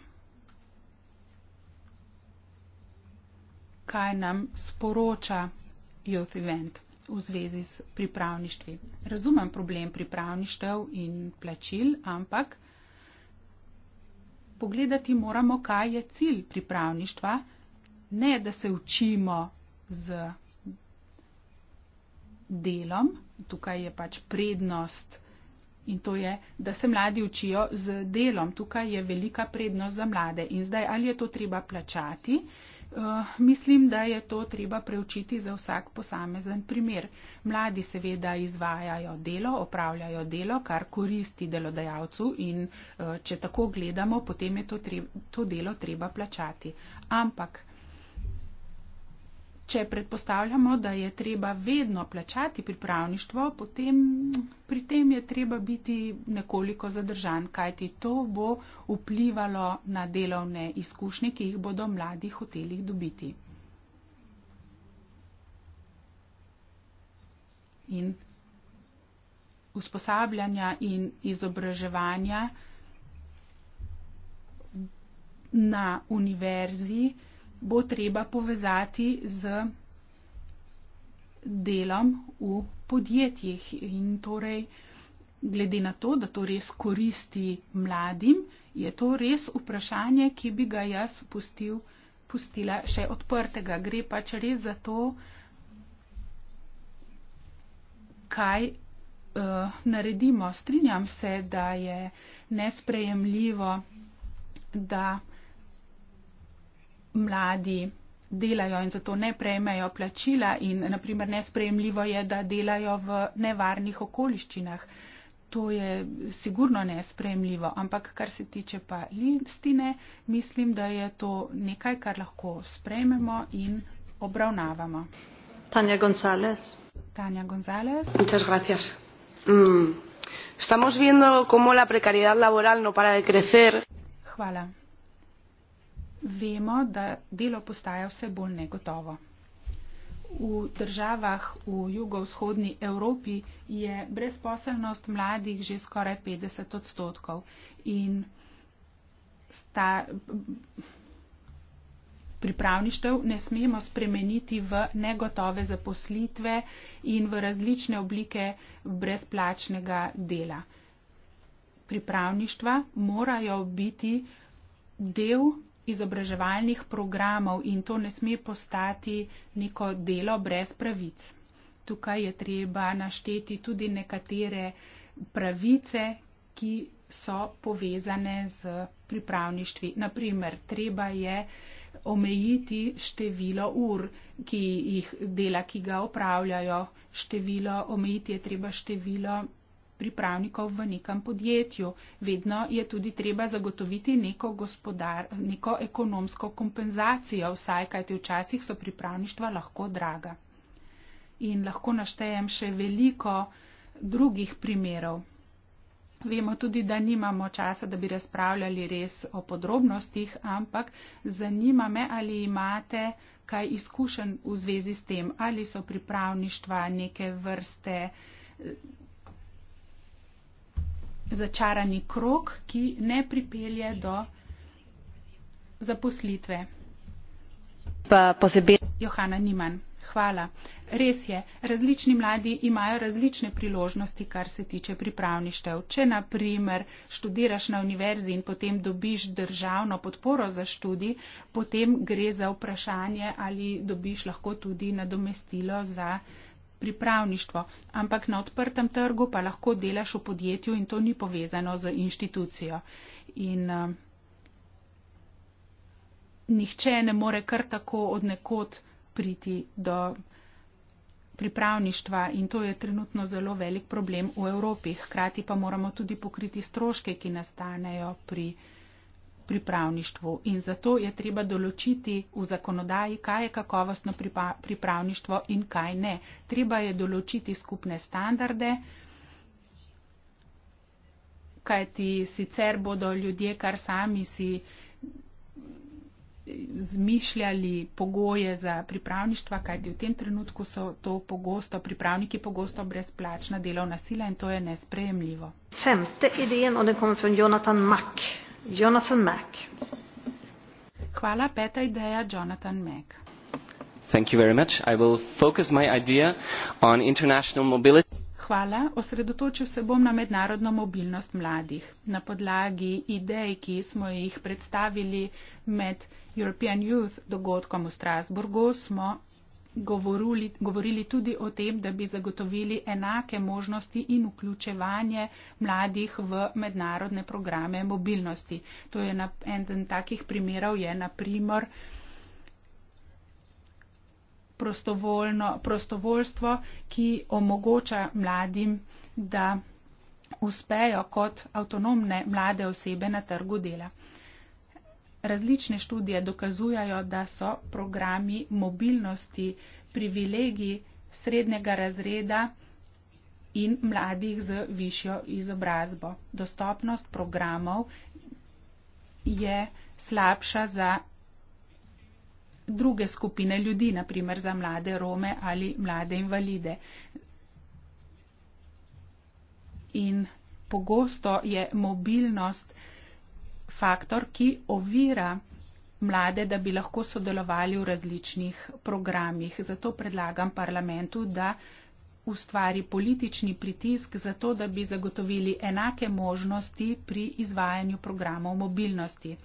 Kaj nam sporoča Youth Event v zvezi s pripravništvi? Razumem problem pripravništev in plačil, ampak pogledati moramo, kaj je cilj pripravništva, ne da se učimo z delom, tukaj je pač prednost in to je, da se mladi učijo z delom, tukaj je velika prednost za mlade. In zdaj, ali je to treba plačati? Uh, Eh, mislim, da je to treba preučiti za vsak posamezen primer. Mladi seveda izvajajo delo, opravljajo delo, kar koristi delodajalcu in eh, če tako gledamo, potem je to, treba, to delo treba plačati. Ampak če predpostavljamo, da je treba vedno plačati pripravništvo, potem pri tem je treba biti nekoliko zadržan, kajti to bo vplivalo na delovne izkušnje, ki jih bodo mladi hoteli dobiti. In usposabljanja in izobraževanja na univerzi, bo treba povezati z delom v podjetjih. In torej, glede na to, da to res koristi mladim, je to res vprašanje, ki bi ga jaz pustil, pustila še odprtega. Gre pač res za to, kaj uh, naredimo. Strinjam se, da je nesprejemljivo, da mladi delajo in zato ne prejmejo plačila in naprimer nesprejemljivo je, da delajo v nevarnih okoliščinah. To je sigurno nesprejemljivo, ampak kar se tiče pa listine, mislim, da je to nekaj, kar lahko sprejmemo in obravnavamo. Tanja Gonzalez. Tanja Gonzalez. Muchas gracias. Mm. Estamos viendo cómo la precariedad laboral no para de crecer. Hvala vemo, da delo postaja vse bolj negotovo. V državah v jugovzhodni Evropi je brezposelnost mladih že skoraj 50 odstotkov in sta, pripravništev ne smemo spremeniti v negotove zaposlitve in v različne oblike brezplačnega dela. Pripravništva morajo biti del izobraževalnih programov in to ne sme postati neko delo brez pravic. Tukaj je treba našteti tudi nekatere pravice, ki so povezane z pripravništvi. Naprimer, treba je omejiti število ur, ki jih dela, ki ga opravljajo, število, omejiti je treba število pripravnikov v nekem podjetju. Vedno je tudi treba zagotoviti neko, gospodar, neko ekonomsko kompenzacijo, vsaj kajti včasih so pripravništva lahko draga. In lahko naštejem še veliko drugih primerov. Vemo tudi, da nimamo časa, da bi razpravljali res o podrobnostih, ampak zanima me, ali imate kaj izkušen v zvezi s tem, ali so pripravništva neke vrste začarani krok, ki ne pripelje do zaposlitve. Pa posebej. Johana Niman. Hvala. Res je, različni mladi imajo različne priložnosti, kar se tiče pripravništev. Če naprimer študiraš na univerzi in potem dobiš državno podporo za študij, potem gre za vprašanje, ali dobiš lahko tudi nadomestilo za pripravništvo, ampak na odprtem trgu pa lahko delaš v podjetju in to ni povezano z inštitucijo. In uh, nihče ne more kar tako od nekod priti do pripravništva in to je trenutno zelo velik problem v Evropi. Hkrati pa moramo tudi pokriti stroške, ki nastanejo pri pripravništvu pripravništvu in zato je treba določiti v zakonodaji, kaj je kakovostno pripravništvo in kaj ne. Treba je določiti skupne standarde, kajti sicer bodo ljudje kar sami si zmišljali pogoje za pripravništva, kajti v tem trenutku so to pogosto, pripravniki pogosto brezplačna delovna sila in to je nesprejemljivo. 5. ideja od Jonathan Mack. Jonathan Mack. Hvala, peta ideja, Jonathan Mack. Thank you very much. I will focus my idea on international mobility. Hvala. Osredotočil se bom na mednarodno mobilnost mladih. Na podlagi idej, ki smo jih predstavili med European Youth dogodkom v Strasburgu, smo govorili, govorili tudi o tem, da bi zagotovili enake možnosti in vključevanje mladih v mednarodne programe mobilnosti. To je na, eden takih primerov, je naprimer prostovoljstvo, ki omogoča mladim, da uspejo kot avtonomne mlade osebe na trgu dela. Različne študije dokazujajo, da so programi mobilnosti privilegiji srednjega razreda in mladih z višjo izobrazbo. Dostopnost programov je slabša za druge skupine ljudi, naprimer za mlade Rome ali mlade invalide. In pogosto je mobilnost faktor, ki ovira mlade, da bi lahko sodelovali v različnih programih. Zato predlagam parlamentu, da ustvari politični pritisk za to, da bi zagotovili enake možnosti pri izvajanju programov mobilnosti.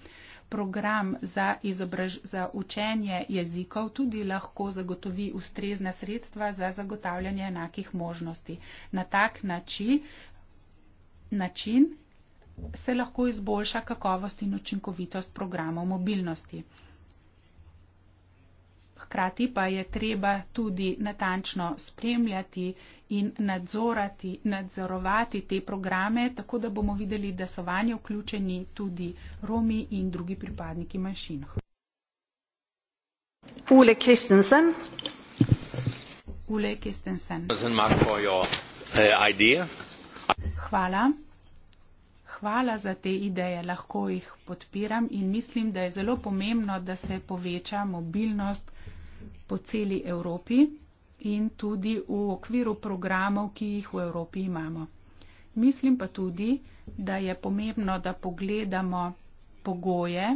Program za, izobraž, za učenje jezikov tudi lahko zagotovi ustrezna sredstva za zagotavljanje enakih možnosti. Na tak način, način se lahko izboljša kakovost in učinkovitost programov mobilnosti. Hkrati pa je treba tudi natančno spremljati in nadzorati, nadzorovati te programe, tako da bomo videli, da so vanje vključeni tudi Romi in drugi pripadniki manjšin. Ule Kristensen. Ule Kristensen. Eh, Hvala hvala za te ideje, lahko jih podpiram in mislim, da je zelo pomembno, da se poveča mobilnost po celi Evropi in tudi v okviru programov, ki jih v Evropi imamo. Mislim pa tudi, da je pomembno, da pogledamo pogoje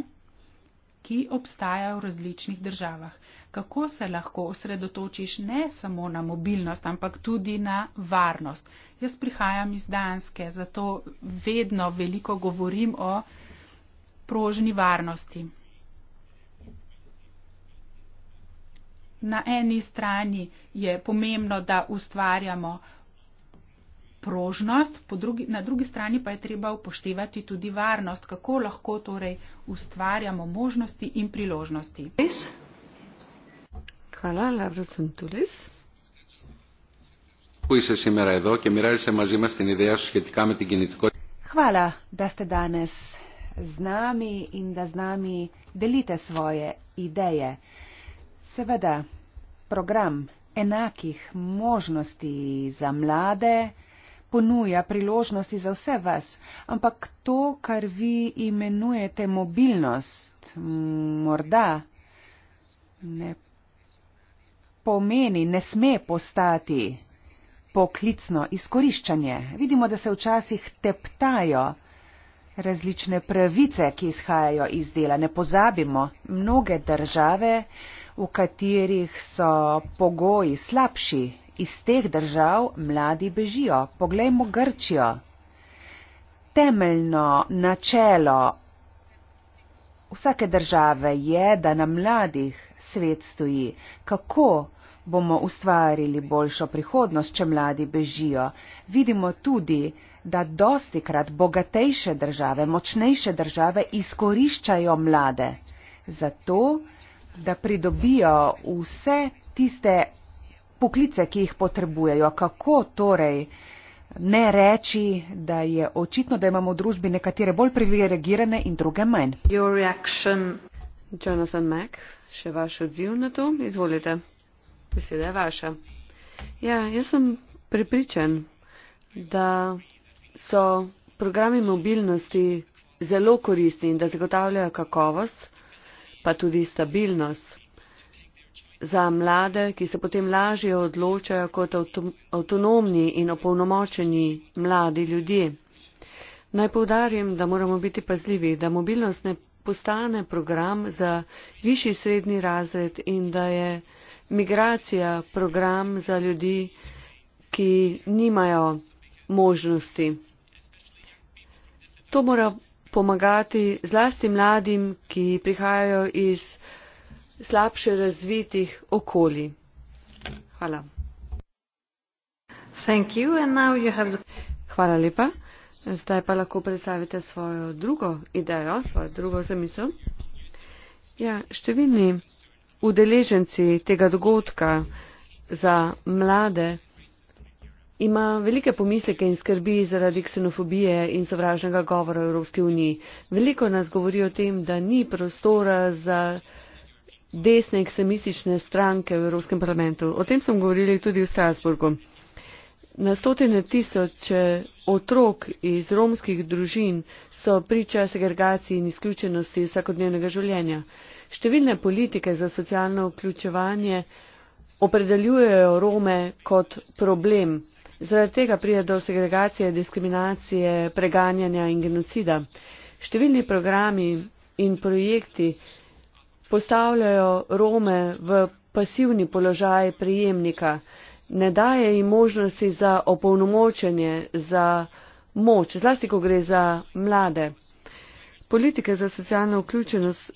ki obstajajo v različnih državah. Kako se lahko osredotočiš ne samo na mobilnost, ampak tudi na varnost? Jaz prihajam iz Danske, zato vedno veliko govorim o prožni varnosti. Na eni strani je pomembno, da ustvarjamo prožnost, drugi, na drugi strani pa je treba upoštevati tudi varnost, kako lahko torej ustvarjamo možnosti in priložnosti. Hvala, Laura Tuntulis. Hvala, da ste danes z nami in da z nami delite svoje ideje. Seveda, program enakih možnosti za mlade ponuja priložnosti za vse vas, ampak to, kar vi imenujete mobilnost, morda ne pomeni, ne sme postati poklicno izkoriščanje. Vidimo, da se včasih teptajo različne pravice, ki izhajajo iz dela. Ne pozabimo, mnoge države, v katerih so pogoji slabši, iz teh držav mladi bežijo. Poglejmo Grčijo. Temeljno načelo vsake države je, da na mladih svet stoji. Kako bomo ustvarili boljšo prihodnost, če mladi bežijo? Vidimo tudi, da dosti krat bogatejše države, močnejše države izkoriščajo mlade. Zato, da pridobijo vse tiste poklice, ki jih potrebujejo. Kako torej ne reči, da je očitno, da imamo v družbi nekatere bolj privilegirane in druge manj? Jonathan Mack, še vaš odziv na to? Izvolite. Beseda je vaša. Ja, jaz sem prepričan, da so programi mobilnosti zelo koristni in da zagotavljajo kakovost, pa tudi stabilnost za mlade, ki se potem lažje odločajo kot avtonomni in opolnomočeni mladi ljudje. Naj povdarjem, da moramo biti pazljivi, da mobilnost ne postane program za višji srednji razred in da je migracija program za ljudi, ki nimajo možnosti. To mora pomagati zlasti mladim, ki prihajajo iz slabše razvitih okolij. Hvala. Hvala lepa. Zdaj pa lahko predstavite svojo drugo idejo, svojo drugo zamisel. Ja, številni udeleženci tega dogodka za mlade ima velike pomisleke in skrbi zaradi ksenofobije in sovražnega govora v Evropski uniji. Veliko nas govori o tem, da ni prostora za desne ekstremistične stranke v Evropskem parlamentu. O tem smo govorili tudi v Strasburgu. Na stotine tisoče otrok iz romskih družin so priča segregaciji in izključenosti vsakodnevnega življenja. Številne politike za socialno vključevanje opredeljujejo Rome kot problem. Zaradi tega prija do segregacije, diskriminacije, preganjanja in genocida. Številni programi in projekti postavljajo Rome v pasivni položaj prijemnika, ne daje jim možnosti za opolnomočenje, za moč, zlasti ko gre za mlade. Politike za socialno vključenost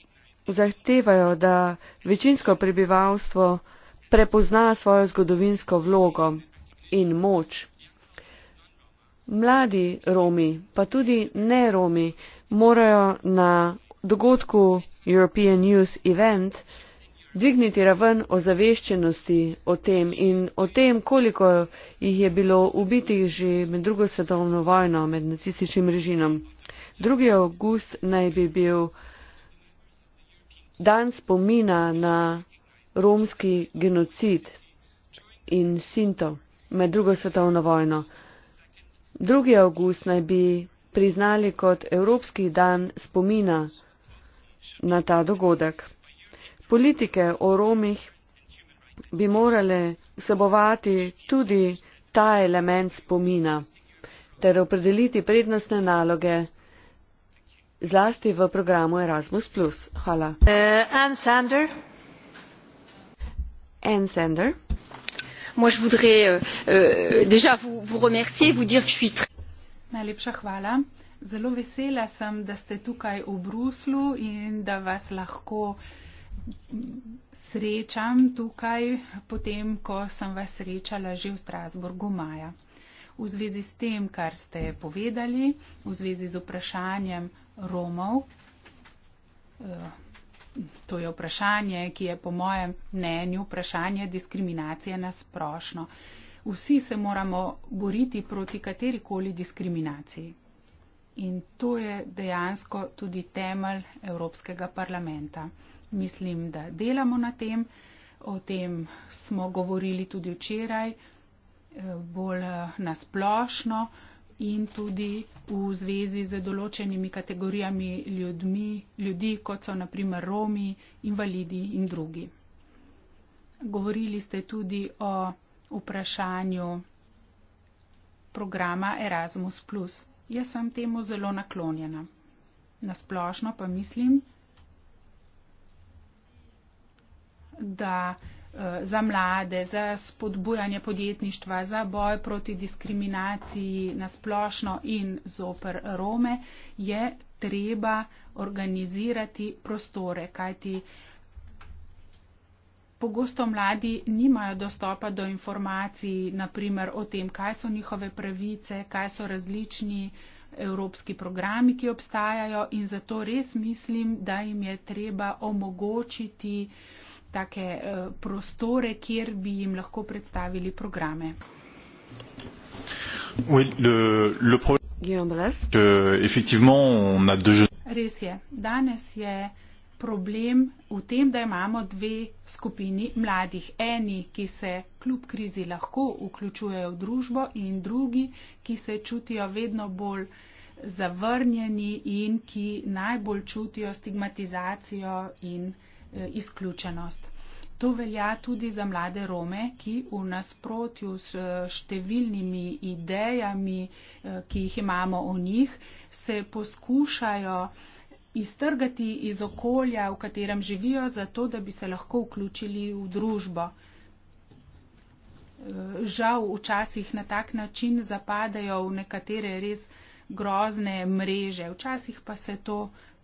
zahtevajo, da večinsko prebivalstvo prepozna svojo zgodovinsko vlogo in moč. Mladi Romi, pa tudi ne Romi, morajo na dogodku European Youth Event, dvigniti raven ozaveščenosti o tem in o tem, koliko jih je bilo ubitih že med drugo svetovno vojno, med nacističnim režimom. 2. august naj bi bil dan spomina na romski genocid in sinto med drugo svetovno vojno. 2. august naj bi priznali kot Evropski dan spomina na ta dogodek. Politike o Romih bi morale vsebovati tudi ta element spomina ter opredeliti prednostne naloge zlasti v programu Erasmus. Hvala. Uh, Anne Sander. Anne Sander. Moi, voudrais, uh, uh, déjà vous, vous vous dire que je suis très... Najlepša hvala. Zelo vesela sem, da ste tukaj v Bruslu in da vas lahko srečam tukaj, potem, ko sem vas srečala že v Strasburgu maja. V zvezi s tem, kar ste povedali, v zvezi z vprašanjem Romov, eh, to je vprašanje, ki je po mojem mnenju vprašanje diskriminacije nasprošno. Vsi se moramo boriti proti katerikoli diskriminaciji. In to je dejansko tudi temelj Evropskega parlamenta. Mislim, da delamo na tem, o tem smo govorili tudi včeraj, eh, bolj eh, nasplošno in tudi v zvezi z določenimi kategorijami ljudmi, ljudi, kot so naprimer Romi, invalidi in drugi. Govorili ste tudi o vprašanju programa Erasmus. Jaz sem temu zelo naklonjena. Nasplošno pa mislim, da eh, za mlade, za spodbujanje podjetništva, za boj proti diskriminaciji nasplošno in zoper Rome je treba organizirati prostore, kajti Pogosto mladi nimajo dostopa do informacij, naprimer o tem, kaj so njihove pravice, kaj so različni evropski programi, ki obstajajo in zato res mislim, da jim je treba omogočiti take eh, prostore, kjer bi jim lahko predstavili programe. Res je. Danes je problem v tem, da imamo dve skupini mladih. Eni, ki se kljub krizi lahko vključujejo v družbo in drugi, ki se čutijo vedno bolj zavrnjeni in ki najbolj čutijo stigmatizacijo in eh, izključenost. To velja tudi za mlade Rome, ki v nasprotju s eh, številnimi idejami, eh, ki jih imamo o njih, se poskušajo uh, iztrgati iz okolja, v katerem živijo, zato da bi se lahko vključili v družbo. Žal včasih na tak način zapadajo v nekatere res grozne mreže, včasih pa se to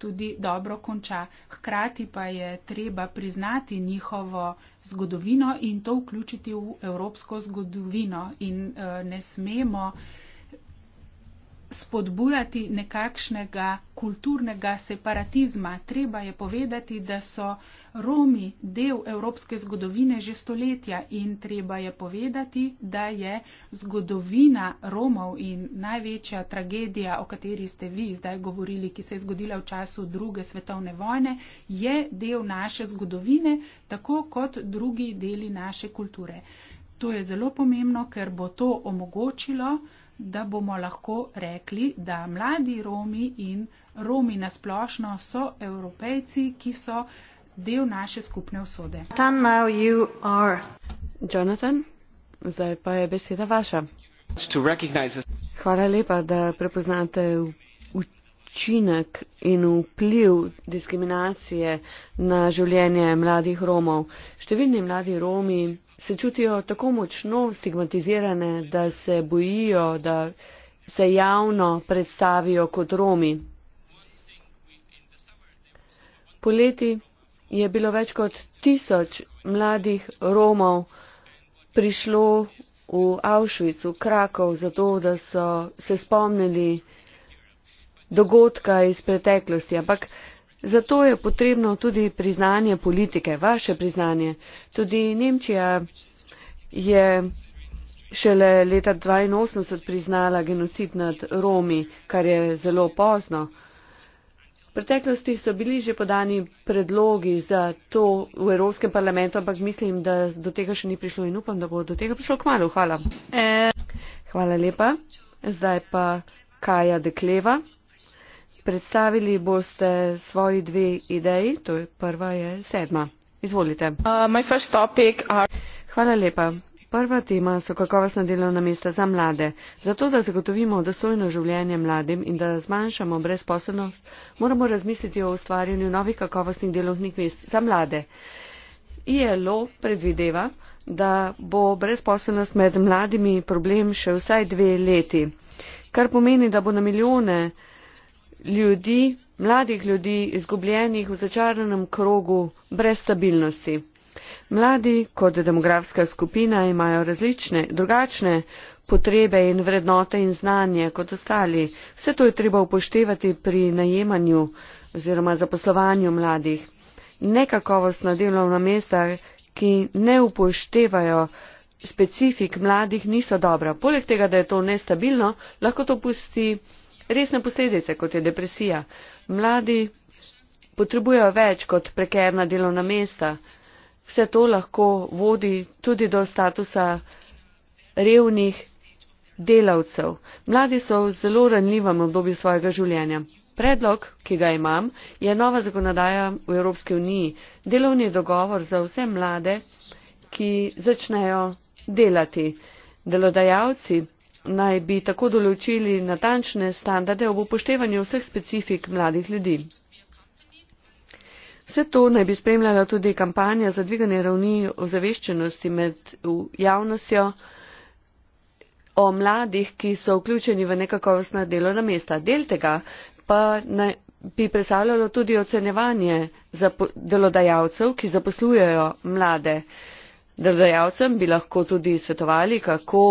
tudi dobro konča. Hkrati pa je treba priznati njihovo zgodovino in to vključiti v evropsko zgodovino in eh, ne smemo spodbujati nekakšnega kulturnega separatizma. Treba je povedati, da so Romi del evropske zgodovine že stoletja in treba je povedati, da je zgodovina Romov in največja tragedija, o kateri ste vi zdaj govorili, ki se je zgodila v času druge svetovne vojne, je del naše zgodovine, tako kot drugi deli naše kulture. To je zelo pomembno, ker bo to omogočilo, da bomo lahko rekli, da mladi Romi in Romi nasplošno so evropejci, ki so del naše skupne usode. Tam now you are. Jonathan, zdaj pa je beseda vaša. Hvala lepa, da prepoznate učinek in vpliv diskriminacije na življenje mladih Romov. Številni mladi Romi se čutijo tako močno stigmatizirane, da se bojijo, da se javno predstavijo kot Romi. Poleti je bilo več kot tisoč mladih Romov prišlo v Auschwitz, v Krakov, zato da so se spomnili dogodka iz preteklosti. Ampak Zato je potrebno tudi priznanje politike, vaše priznanje. Tudi Nemčija je šele leta 1982 priznala genocid nad Romi, kar je zelo pozno. V preteklosti so bili že podani predlogi za to v Evropskem parlamentu, ampak mislim, da do tega še ni prišlo in upam, da bo do tega prišlo kmalo. Hvala. Eh. Hvala lepa. Zdaj pa Kaja Dekleva. Predstavili boste svoji dve ideji, to je prva je sedma. Izvolite. Uh, are... Hvala lepa. Prva tema so kakovostna delovna mesta za mlade. Zato, da zagotovimo dostojno življenje mladim in da zmanjšamo brezposobnost, moramo razmisliti o ustvarjanju novih kakovostnih delovnih mest za mlade. ILO predvideva, da bo brezposobnost med mladimi problem še vsaj dve leti, kar pomeni, da bo na milijone ljudi mladih ljudi izgubljenih v začaranem krogu brez stabilnosti. Mladi kot demografska skupina imajo različne, drugačne potrebe in vrednote in znanje kot ostali. Vse to je treba upoštevati pri najemanju oziroma zaposlovanju mladih. Nekakovostna delovna mesta, ki ne upoštevajo specifik mladih, niso dobra. Poleg tega, da je to nestabilno, lahko to pusti resne posledice, kot je depresija. Mladi potrebujejo več kot prekerna delovna mesta. Vse to lahko vodi tudi do statusa revnih delavcev. Mladi so v zelo ranljivem obdobju svojega življenja. Predlog, ki ga imam, je nova zakonodaja v Evropski uniji. Delovni dogovor za vse mlade, ki začnejo delati. Delodajalci naj bi tako določili natančne standarde ob upoštevanju vseh specifik mladih ljudi. Vse to naj bi spremljala tudi kampanja za dviganje ravni ozaveščenosti med javnostjo o mladih, ki so vključeni v nekakovostna delovna mesta. Del tega pa naj bi predstavljalo tudi ocenjevanje delodajalcev, ki zaposlujejo mlade. Delodajalcem bi lahko tudi svetovali, kako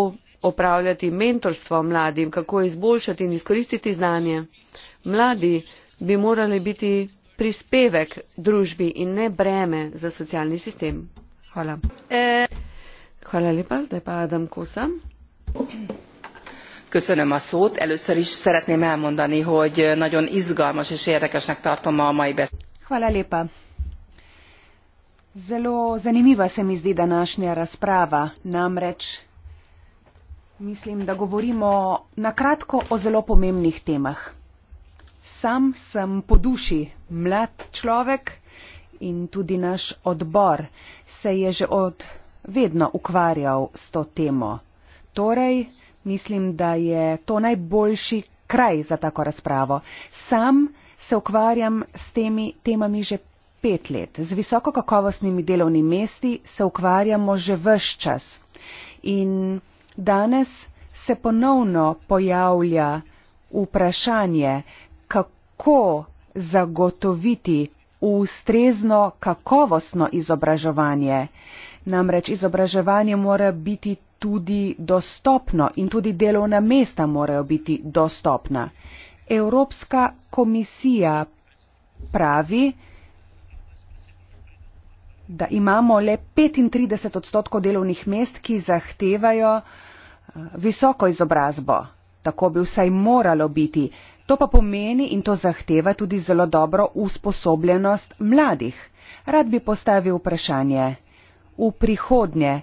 opravljati mentorstvo mladim, kako izboljšati in izkoristiti znanje. Mladi bi morali biti prispevek družbi in ne breme za socialni sistem. Hvala. E. Hvala lepa, zdaj pa Adam Kosa. Köszönöm a szót. Először is szeretném elmondani, hogy nagyon izgalmas és érdekesnek tartom a mai beszélgetést. Zelo zanimiva se mi zdi današnja razprava, namreč Mislim, da govorimo na kratko o zelo pomembnih temah. Sam sem po duši mlad človek in tudi naš odbor se je že od vedno ukvarjal s to temo. Torej, mislim, da je to najboljši kraj za tako razpravo. Sam se ukvarjam s temi temami že pet let. Z visokokakovostnimi delovnimi mesti se ukvarjamo že vse čas. In Danes se ponovno pojavlja vprašanje, kako zagotoviti ustrezno kakovostno izobraževanje. Namreč izobraževanje mora biti tudi dostopno in tudi delovna mesta morajo biti dostopna. Evropska komisija pravi, da imamo le 35 odstotkov delovnih mest, ki zahtevajo eh, visoko izobrazbo. Tako bi vsaj moralo biti. To pa pomeni in to zahteva tudi zelo dobro usposobljenost mladih. Rad bi postavil vprašanje. V prihodnje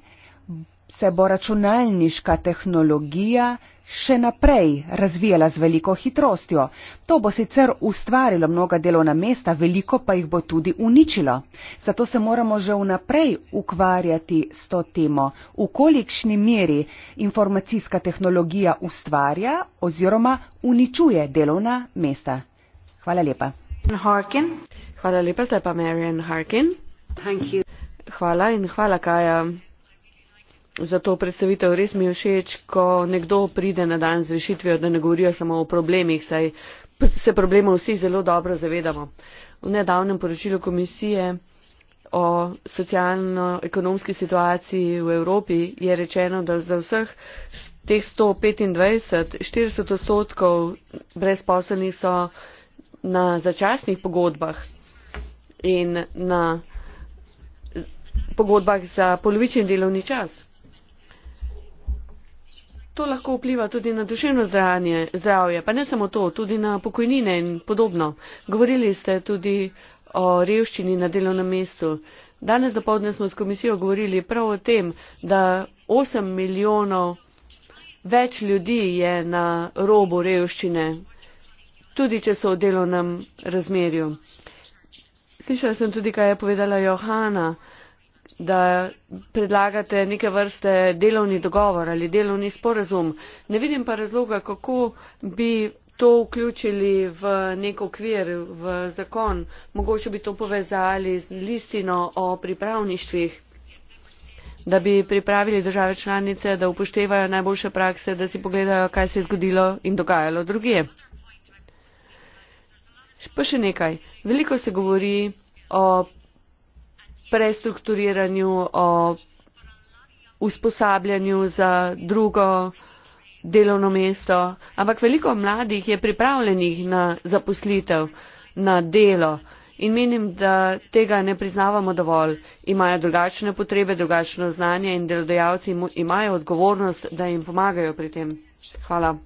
se bo računalniška tehnologija še naprej razvijala z veliko hitrostjo. To bo sicer ustvarilo mnoga delovna mesta, veliko pa jih bo tudi uničilo. Zato se moramo že vnaprej ukvarjati s to temo, v kolikšni meri informacijska tehnologija ustvarja oziroma uničuje delovna mesta. Hvala lepa. Harkin. Hvala lepa, zdaj pa Marian Harkin. Hvala in hvala, Kaja za to predstavitev. Res mi je všeč, ko nekdo pride na dan z rešitvijo, da ne govorijo samo o problemih, saj se problemov vsi zelo dobro zavedamo. V nedavnem poročilu komisije o socialno-ekonomski situaciji v Evropi je rečeno, da za vseh teh 125, 40 odstotkov brezposelnih so na začasnih pogodbah in na pogodbah za polovični delovni čas. To lahko vpliva tudi na duševno zdravje, zdravje, pa ne samo to, tudi na pokojnine in podobno. Govorili ste tudi o revščini na delovnem mestu. Danes dopovdne smo s komisijo govorili prav o tem, da 8 milijonov več ljudi je na robu revščine, tudi če so v delovnem razmerju. Slišala sem tudi, kaj je povedala Johana da predlagate neke vrste delovni dogovor ali delovni sporazum. Ne vidim pa razloga, kako bi to vključili v nek okvir, v zakon. Mogoče bi to povezali z listino o pripravništvih da bi pripravili države članice, da upoštevajo najboljše prakse, da si pogledajo, kaj se je zgodilo in dogajalo druge. Pa še nekaj. Veliko se govori o prestrukturiranju, o usposabljanju za drugo delovno mesto, ampak veliko mladih je pripravljenih na zaposlitev, na delo. In menim, da tega ne priznavamo dovolj. Imajo drugačne potrebe, drugačno znanje in delodajalci imajo odgovornost, da jim pomagajo pri tem. Hvala.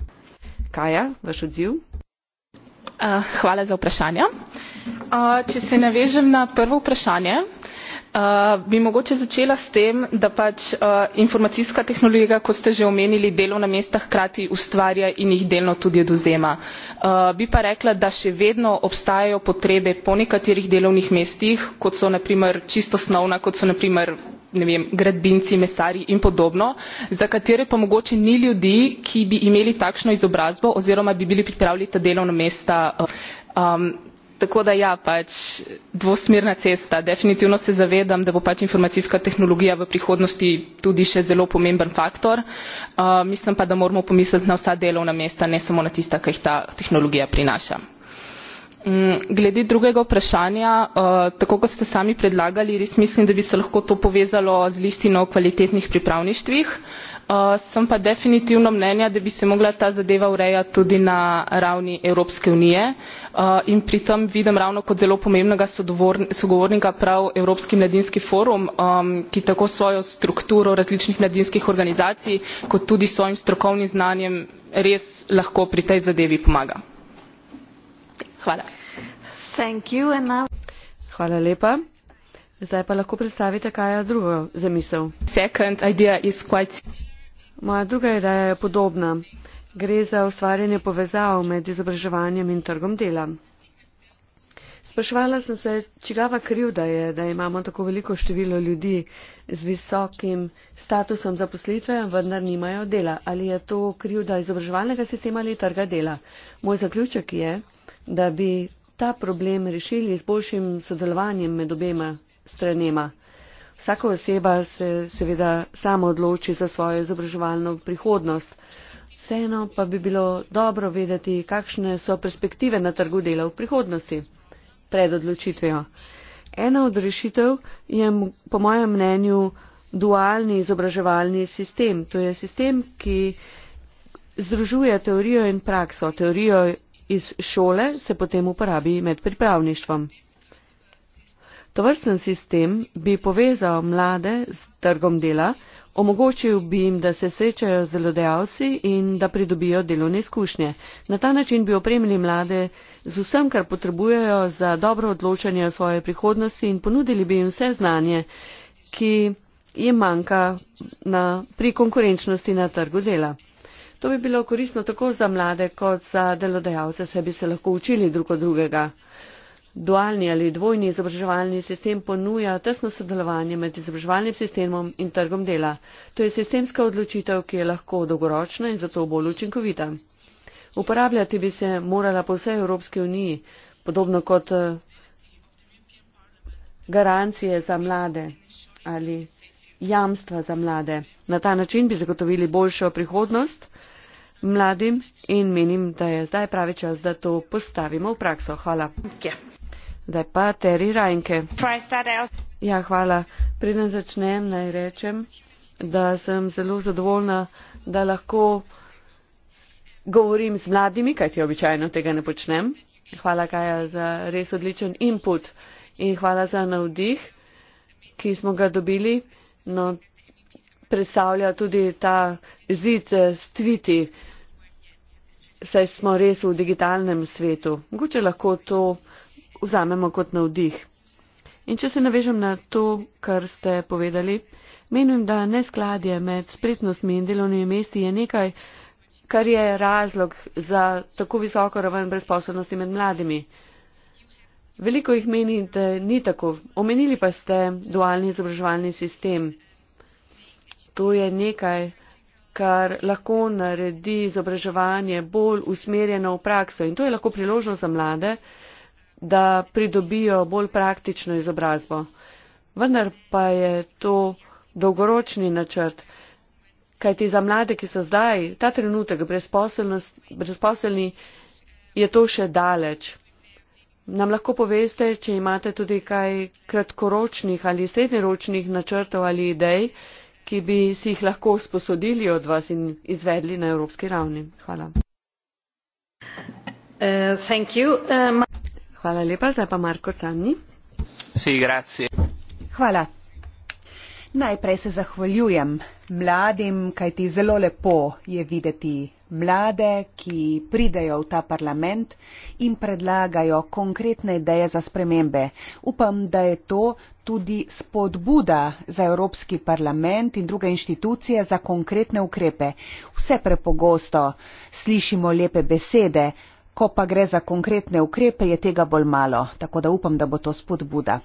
Kaja, vaš odziv? Uh, hvala za vprašanje. Uh, če se navežem na prvo vprašanje, uh, Eh, bi mogoče začela s tem da pač eh, informacijska tehnologija kot ste že omenili delovna mesta hkrati ustvarja in jih delno tudi odvzema. Eh, bi pa rekla da še vedno obstajajo potrebe po nekaterih delovnih mestih kot so na primer čisto osnovna kot so na primer ne vem gradbinci mesarji in podobno za katere pa mogoče ni ljudi ki bi imeli takšno izobrazbo oziroma bi bili pripravljeni ta delovna mesta um, tako da ja pač dvosmerna cesta definitivno se zavedam da bo pač informacijska tehnologija v prihodnosti tudi še zelo pomemben faktor uh, mislim pa da moramo pomisliti na vsa delovna mesta ne samo na tista ki jih ta tehnologija prinaša mm, Glede drugega vprašanja, uh, tako kot ste sami predlagali, res mislim, da bi se lahko to povezalo z listino o kvalitetnih pripravništvih. Uh, sem pa definitivno mnenja da bi se morala ta zadeva urejati tudi na ravni evropske unije uh, in pri tem vidim ravno kot zelo pomembnega sogovornika prav evropski mladinski forum um, ki tako s svojo strukturo različnih mladinskih organizacij kot tudi s svojim strokovnim znanjem res lahko pri tej zadevi pomaga. Moja druga ideja je podobna. Gre za ustvarjanje povezav med izobraževanjem in trgom dela. Sprašvala sem se, čigava krivda je, da imamo tako veliko število ljudi z visokim statusom zaposlitve, vendar nimajo dela. Ali je to krivda izobraževalnega sistema ali trga dela? Moj zaključek je, da bi ta problem rešili z boljšim sodelovanjem med obema stranema. Vsaka oseba se seveda samo odloči za svojo izobraževalno prihodnost. Vseeno pa bi bilo dobro vedeti, kakšne so perspektive na trgu dela v prihodnosti pred odločitvijo. Ena od rešitev je po mojem mnenju dualni izobraževalni sistem. To je sistem, ki združuje teorijo in prakso. Teorijo iz šole se potem uporabi med pripravništvom. Tovrsten sistem bi povezal mlade z trgom dela, omogočil bi jim, da se srečajo z delodajalci in da pridobijo delovne izkušnje. Na ta način bi opremili mlade z vsem, kar potrebujejo za dobro odločanje o svoje prihodnosti in ponudili bi jim vse znanje, ki jim manjka na, pri konkurenčnosti na trgu dela. To bi bilo koristno tako za mlade kot za delodajalce, saj bi se lahko učili drug od drugega dualni ali dvojni izobraževalni sistem ponuja tesno sodelovanje med izobraževalnim sistemom in trgom dela. To je sistemska odločitev, ki je lahko dolgoročna in zato bolj učinkovita. Uporabljati bi se morala po vsej Evropski uniji, podobno kot eh, garancije za mlade ali jamstva za mlade. Na ta način bi zagotovili boljšo prihodnost mladim in menim, da je zdaj pravi čas, da to postavimo v prakso. Hvala. Okay. Zdaj pa Teri Rajnke. Ja, hvala. Preden začnem, naj rečem, da sem zelo zadovoljna, da lahko govorim z mladimi, kajti običajno tega ne počnem. Hvala, Kaja, za res odličen input in hvala za navdih, ki smo ga dobili. No, predstavlja tudi ta zid eh, s tviti, saj smo res v digitalnem svetu. Mogoče lahko to vzamemo kot navdih. In če se navežem na to, kar ste povedali, menim, da neskladje med spretnostmi in delovnimi mesti je nekaj, kar je razlog za tako visoko raven brezposobnosti med mladimi. Veliko jih meni, da ni tako. Omenili pa ste dualni izobraževalni sistem. To je nekaj, kar lahko naredi izobraževanje bolj usmerjeno v prakso in to je lahko priložnost za mlade, da pridobijo bolj praktično izobrazbo. Vendar pa je to dolgoročni načrt, kajti za mlade, ki so zdaj, ta trenutek brezposelni, je to še daleč. Nam lahko poveste, če imate tudi kaj kratkoročnih ali srednjeročnih načrtov ali idej, ki bi si jih lahko sposodili od vas in izvedli na evropski ravni. Hvala. Uh, Hvala lepa, zdaj pa Marko Camni. Si, grazie. Hvala. Najprej se zahvaljujem mladim, kaj ti zelo lepo je videti mlade, ki pridejo v ta parlament in predlagajo konkretne ideje za spremembe. Upam, da je to tudi spodbuda za Evropski parlament in druge inštitucije za konkretne ukrepe. Vse prepogosto slišimo lepe besede, ko pa gre za konkretne ukrepe, je tega bolj malo, tako da upam, da bo to spodbuda.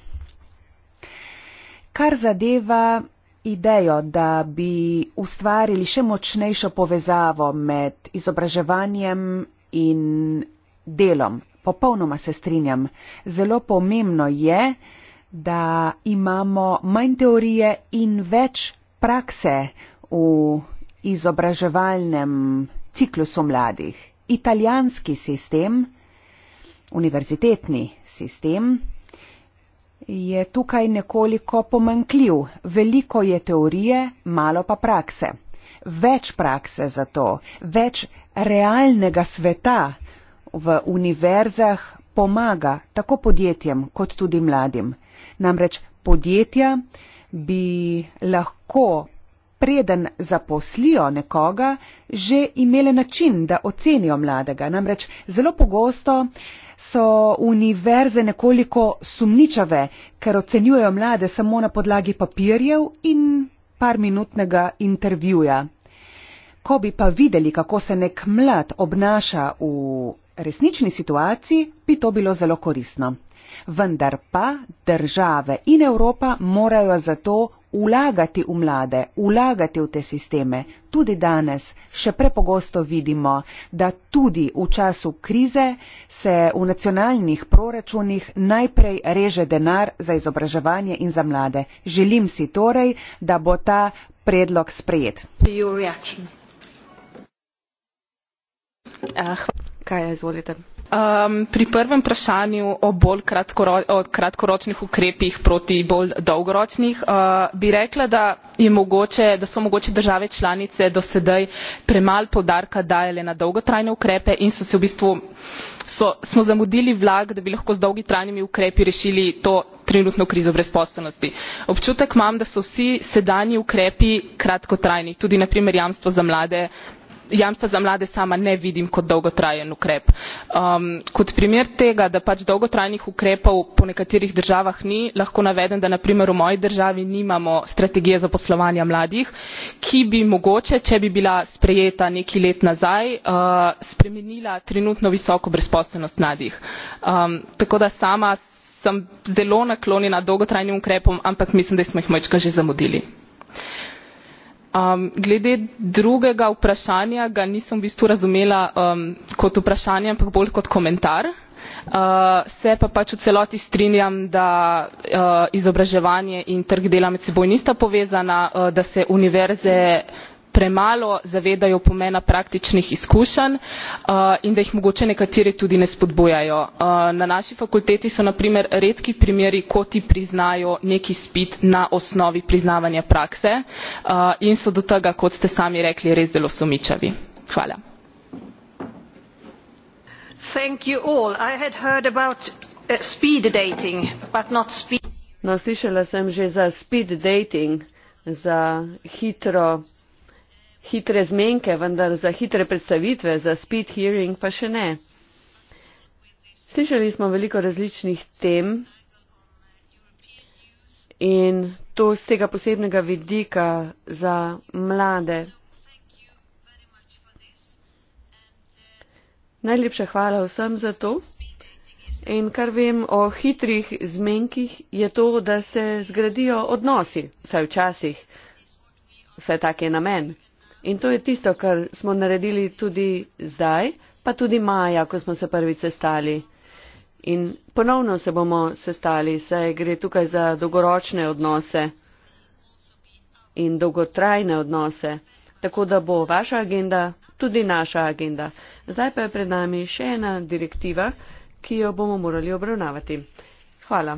Kar zadeva idejo, da bi ustvarili še močnejšo povezavo med izobraževanjem in delom, popolnoma se strinjam. Zelo pomembno je, da imamo manj teorije in več prakse v izobraževalnem ciklusu mladih italijanski sistem, univerzitetni sistem, je tukaj nekoliko pomankljiv. Veliko je teorije, malo pa prakse. Več prakse za to, več realnega sveta v univerzah pomaga tako podjetjem kot tudi mladim. Namreč podjetja bi lahko preden zaposlijo nekoga, že imele način, da ocenijo mladega. Namreč zelo pogosto so univerze nekoliko sumničave, ker ocenjujejo mlade samo na podlagi papirjev in par minutnega intervjuja. Ko bi pa videli, kako se nek mlad obnaša v resnični situaciji, bi to bilo zelo korisno. Vendar pa države in Evropa morajo za to vlagati v mlade, vlagati v te sisteme. Tudi danes še prepogosto vidimo, da tudi v času krize se v nacionalnih proračunih najprej reže denar za izobraževanje in za mlade. Želim si torej, da bo ta predlog sprejet. Uh, kaj je, izvolite? Ehm, pri prvem vprašanju o bolj kratkoročnih ukrepih proti bolj dolgoročnim eh, bi rekla da je mogoče da so mogoče države članice do sedaj premalo poudarka dajale na dolgotrajne ukrepe in so se v bistvu smo zamudili vlak da bi lahko z dolgotrajnimi ukrepi rešili to trenutno krizo brezposelnosti. občutek imam da so vsi sedanji ukrepi kratkotrajni tudi na primer jamstvo za mlade jamstva za mlade sama ne vidim kot dolgotrajen ukrep. Um, kot primer tega da pač dolgotrajnih ukrepov po nekaterih državah ni lahko navedem da na primer v moji državi nimamo strategije zaposlovanja mladih ki bi mogoče če bi bila sprejeta nekaj let nazaj uh, spremenila trenutno visoko brezposelnost mladih. Um, tako da sama sem zelo naklonjena dolgotrajnim ukrepom ampak mislim da smo jih majčkeno že zamudili. Um, glede drugega vprašanja ga nisem v bistvu razumela um, kot vprašanje, ampak bolj kot komentar. Uh, se pa pač v celoti strinjam, da uh, izobraževanje in trg dela med seboj nista povezana, uh, da se univerze premalo zavedajo pomena praktičnih izkušenj eh, in da jih mogoče nekateri tudi ne spodbujajo. Eh, na naši fakulteti so na primer redki primeri ko ti priznajo nek izpit na osnovi priznavanja prakse eh, in so do tega kot ste sami rekli res zelo sumničavi. hvala. naslišala no, sem že za speed dating za hitro hitre zmenke, vendar za hitre predstavitve, za speed hearing pa še ne. Slišali smo veliko različnih tem in to z tega posebnega vidika za mlade. Najlepša hvala vsem za to. In kar vem o hitrih zmenkih, je to, da se zgradijo odnosi, vsaj včasih. Vsaj tak je namen. In to je tisto, kar smo naredili tudi zdaj, pa tudi maja, ko smo se prvi sestali. In ponovno se bomo sestali, saj gre tukaj za dolgoročne odnose in dolgotrajne odnose. Tako da bo vaša agenda tudi naša agenda. Zdaj pa je pred nami še ena direktiva, ki jo bomo morali obravnavati. Hvala.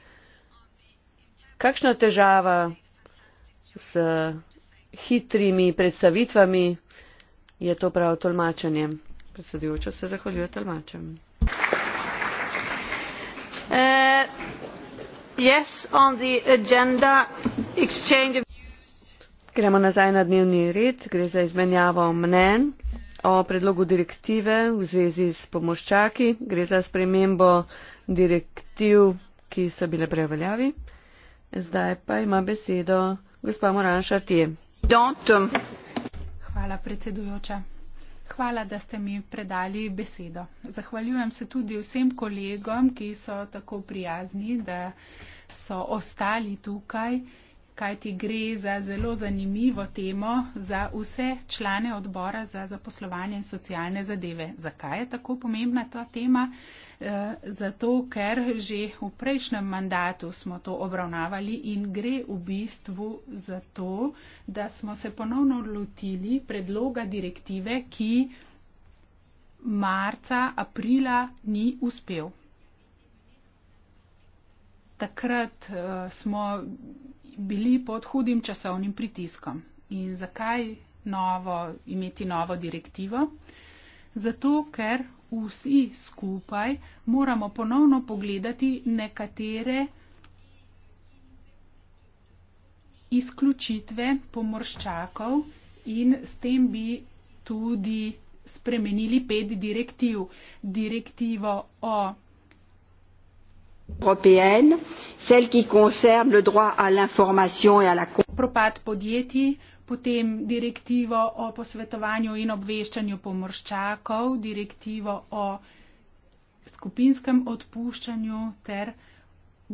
kakšna težava s hitrimi predstavitvami je to prav tolmačenje. Predsedujoča se zahvaljuje tolmačem. Uh, yes, of... Gremo nazaj na dnevni red, gre za izmenjavo mnen o predlogu direktive v zvezi s pomoščaki, gre za spremembo direktiv, ki so bile prej veljavi. Zdaj pa ima besedo gospa Moranša Tije. Um, Hvala, predsedujoča. Hvala, da ste mi predali besedo. Zahvaljujem se tudi vsem kolegom, ki so tako prijazni, da so ostali tukaj, kajti gre za zelo zanimivo temo za vse člane odbora za zaposlovanje in socialne zadeve. Zakaj je tako pomembna ta tema? Eh, zato ker že v prejšnjem mandatu smo to obravnavali in gre v bistvu za to, da smo se ponovno lotili predloga direktive, ki marca, aprila ni uspel. Takrat eh, smo bili pod hudim časovnim pritiskom. In zakaj novo, imeti novo direktivo? zato ker vsi skupaj moramo ponovno pogledati nekatere izključitve pomorščakov in s tem bi tudi spremenili pet direktiv. Direktivo o Celle qui concerne le droit à l'information et à la propad podjetij, potem direktivo o posvetovanju in obveščanju pomorščakov, direktivo o skupinskem odpuščanju ter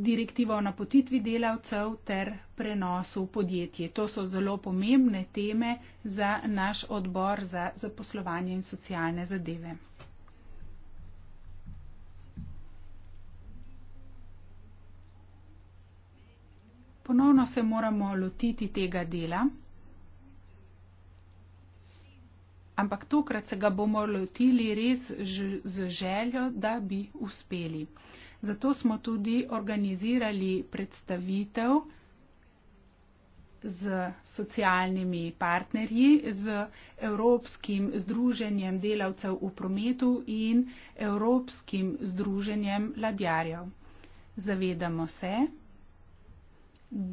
direktivo o napotitvi delavcev ter prenosu podjetij. To so zelo pomembne teme za naš odbor za zaposlovanje in socialne zadeve. Ponovno se moramo lotiti tega dela. ampak tokrat se ga bomo lotili res z željo, da bi uspeli. Zato smo tudi organizirali predstavitev z socialnimi partnerji, z Evropskim združenjem delavcev v prometu in Evropskim združenjem ladjarjev. Zavedamo se,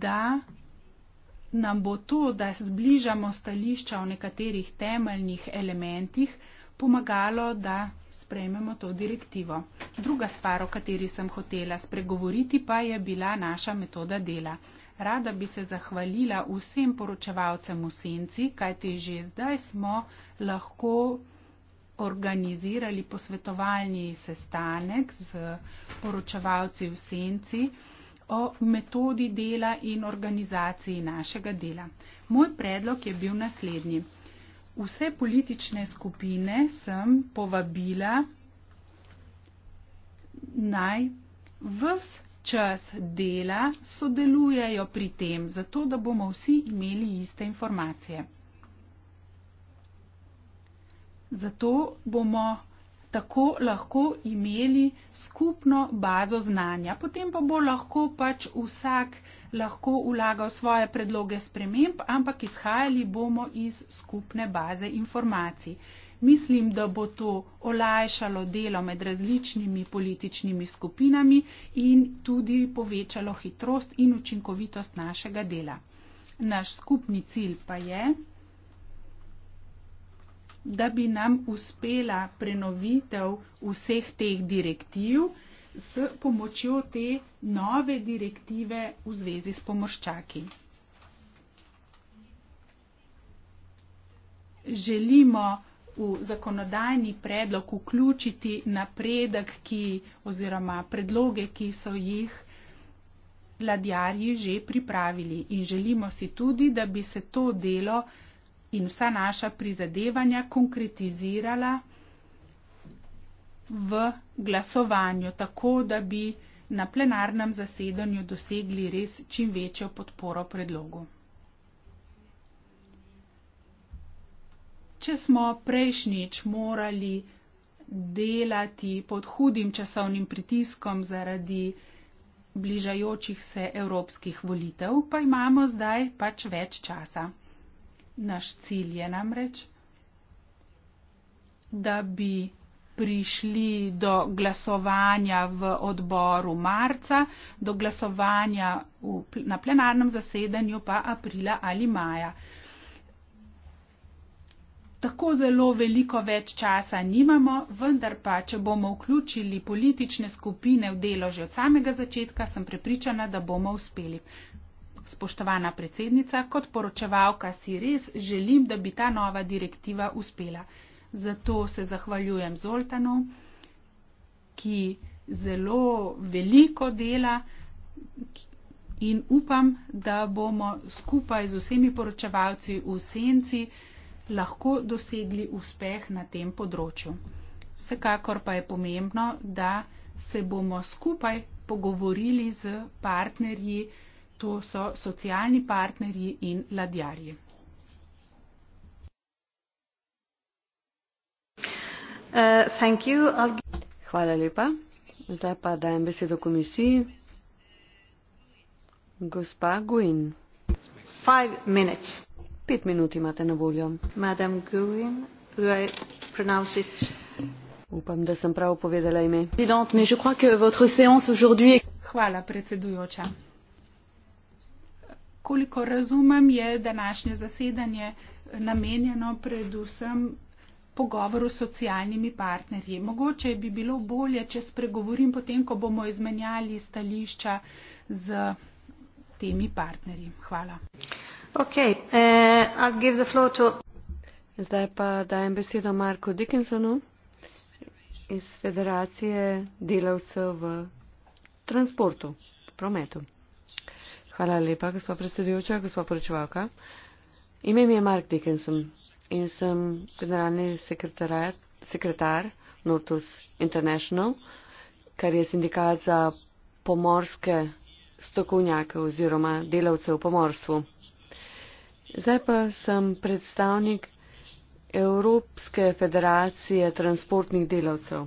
da nam bo to, da zbližamo stališča o nekaterih temeljnih elementih, pomagalo, da sprejmemo to direktivo. Druga stvar, o kateri sem hotela spregovoriti, pa je bila naša metoda dela. Rada bi se zahvalila vsem poročevalcem v senci, kajte že zdaj smo lahko organizirali posvetovalni sestanek z poročevalci v senci o metodi dela in organizaciji našega dela. Moj predlog je bil naslednji. Vse politične skupine sem povabila naj vs čas dela sodelujejo pri tem, zato da bomo vsi imeli iste informacije. Zato bomo tako lahko imeli skupno bazo znanja. Potem pa bo lahko pač vsak lahko vlagal svoje predloge sprememb, ampak izhajali bomo iz skupne baze informacij. Mislim, da bo to olajšalo delo med različnimi političnimi skupinami in tudi povečalo hitrost in učinkovitost našega dela. Naš skupni cilj pa je, da bi nam uspela prenovitev vseh teh direktiv s pomočjo te nove direktive v zvezi s pomorščaki. Želimo v zakonodajni predlog vključiti napredek, ki oziroma predloge, ki so jih ladjarji že pripravili in želimo si tudi, da bi se to delo in vsa naša prizadevanja konkretizirala v glasovanju, tako da bi na plenarnem zasedanju dosegli res čim večjo podporo predlogu. Če smo prejšnjič morali delati pod hudim časovnim pritiskom zaradi bližajočih se evropskih volitev, pa imamo zdaj pač več časa. Naš cilj je namreč, da bi prišli do glasovanja v odboru marca, do glasovanja v, na plenarnem zasedanju pa aprila ali maja. Tako zelo veliko več časa nimamo, vendar pa, če bomo vključili politične skupine v delo že od samega začetka, sem prepričana, da bomo uspeli spoštovana predsednica, kot poročevalka si res želim, da bi ta nova direktiva uspela. Zato se zahvaljujem Zoltanu, ki zelo veliko dela in upam, da bomo skupaj z vsemi poročevalci v senci lahko dosegli uspeh na tem področju. Vsekakor pa je pomembno, da se bomo skupaj pogovorili z partnerji, To so socialni partnerji in ladjarji. Uh, Hvala lepa. Zdaj pa dajem besedo komisiji. Gospa Guin. Pet minut imate na voljo. Guin, it... Upam, da sem prav povedala ime. Hvala, predsedujoča koliko razumem, je današnje zasedanje namenjeno predvsem pogovoru s socialnimi partnerji. Mogoče bi bilo bolje, če spregovorim potem, ko bomo izmenjali stališča z temi partnerji. Hvala. Okay, uh, to... Zdaj pa dajem besedo Marku Dickinsonu iz Federacije delavcev v transportu, v prometu. Hvala lepa, gospa predsedujoča, gospa poročevalka. Ime mi je Mark Dickinson in sem generalni sekretar Notus International, kar je sindikat za pomorske stokovnjake oziroma delavce v pomorstvu. Zdaj pa sem predstavnik Evropske federacije transportnih delavcev.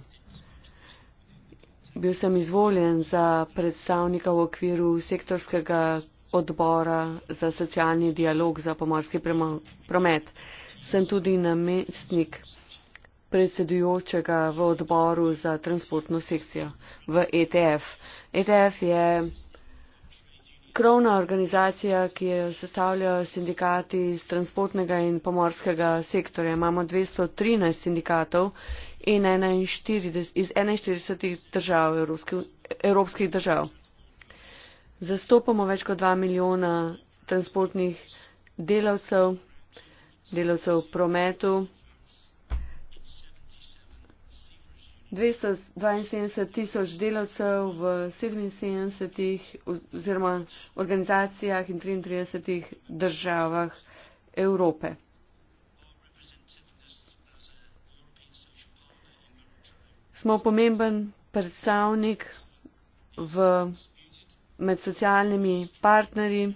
Bil sem izvoljen za predstavnika v okviru sektorskega odbora za socialni dialog za pomorski promet. Sem tudi namestnik predsedujočega v odboru za transportno sekcijo v ETF. ETF je krovna organizacija, ki jo sestavljajo sindikati iz transportnega in pomorskega sektorja. Imamo 213 sindikatov in 41, iz 41 držav, evropski, evropskih držav. Zastopamo več kot 2 milijona transportnih delavcev, delavcev v prometu. 272 tisoč delavcev v 77 oziroma organizacijah in 33 državah Evrope. smo pomemben predstavnik v, med socialnimi partnerji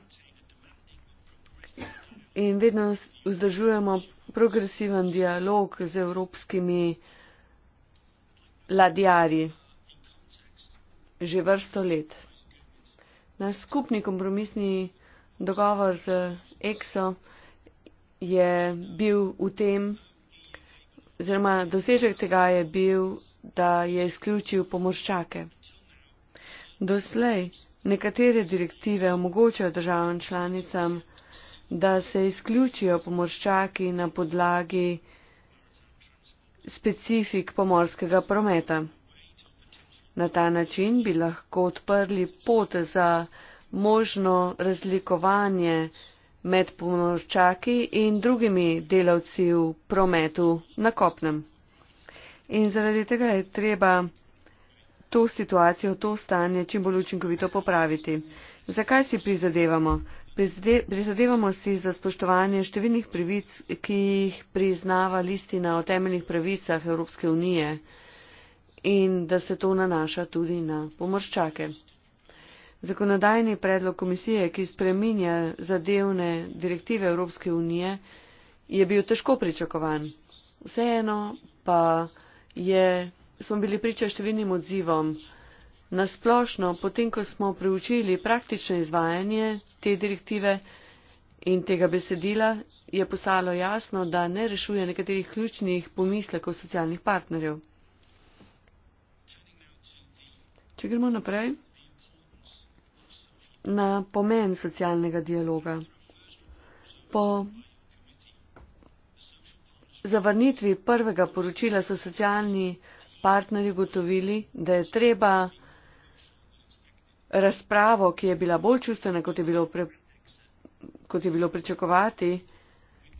in vedno vzdržujemo progresiven dialog z evropskimi ladjarji že vrsto let. Naš skupni kompromisni dogovor z EXO je bil v tem, oziroma dosežek tega je bil da je izključil pomorščake. Doslej nekatere direktive omogočajo državam članicam, da se izključijo pomorščaki na podlagi specifik pomorskega prometa. Na ta način bi lahko odprli pot za možno razlikovanje med pomorščaki in drugimi delavci v prometu na kopnem. In zaradi tega je treba to situacijo, to stanje čim bolj učinkovito popraviti. Zakaj si prizadevamo? Prizadevamo si za spoštovanje številnih pravic, ki jih priznava listina o temeljnih pravicah Evropske unije in da se to nanaša tudi na pomorščake. Zakonodajni predlog komisije, ki spreminja zadevne direktive Evropske unije, je bil težko pričakovan. Vseeno pa je, smo bili priča številnim odzivom. Nasplošno, potem, ko smo preučili praktično izvajanje te direktive in tega besedila, je postalo jasno, da ne rešuje nekaterih ključnih pomislekov socialnih partnerjev. Če gremo naprej na pomen socialnega dialoga. Po zavrnitvi prvega poročila so socialni partnerji gotovili, da je treba razpravo, ki je bila bolj čustvena, kot je bilo, pre, kot je bilo pričakovati,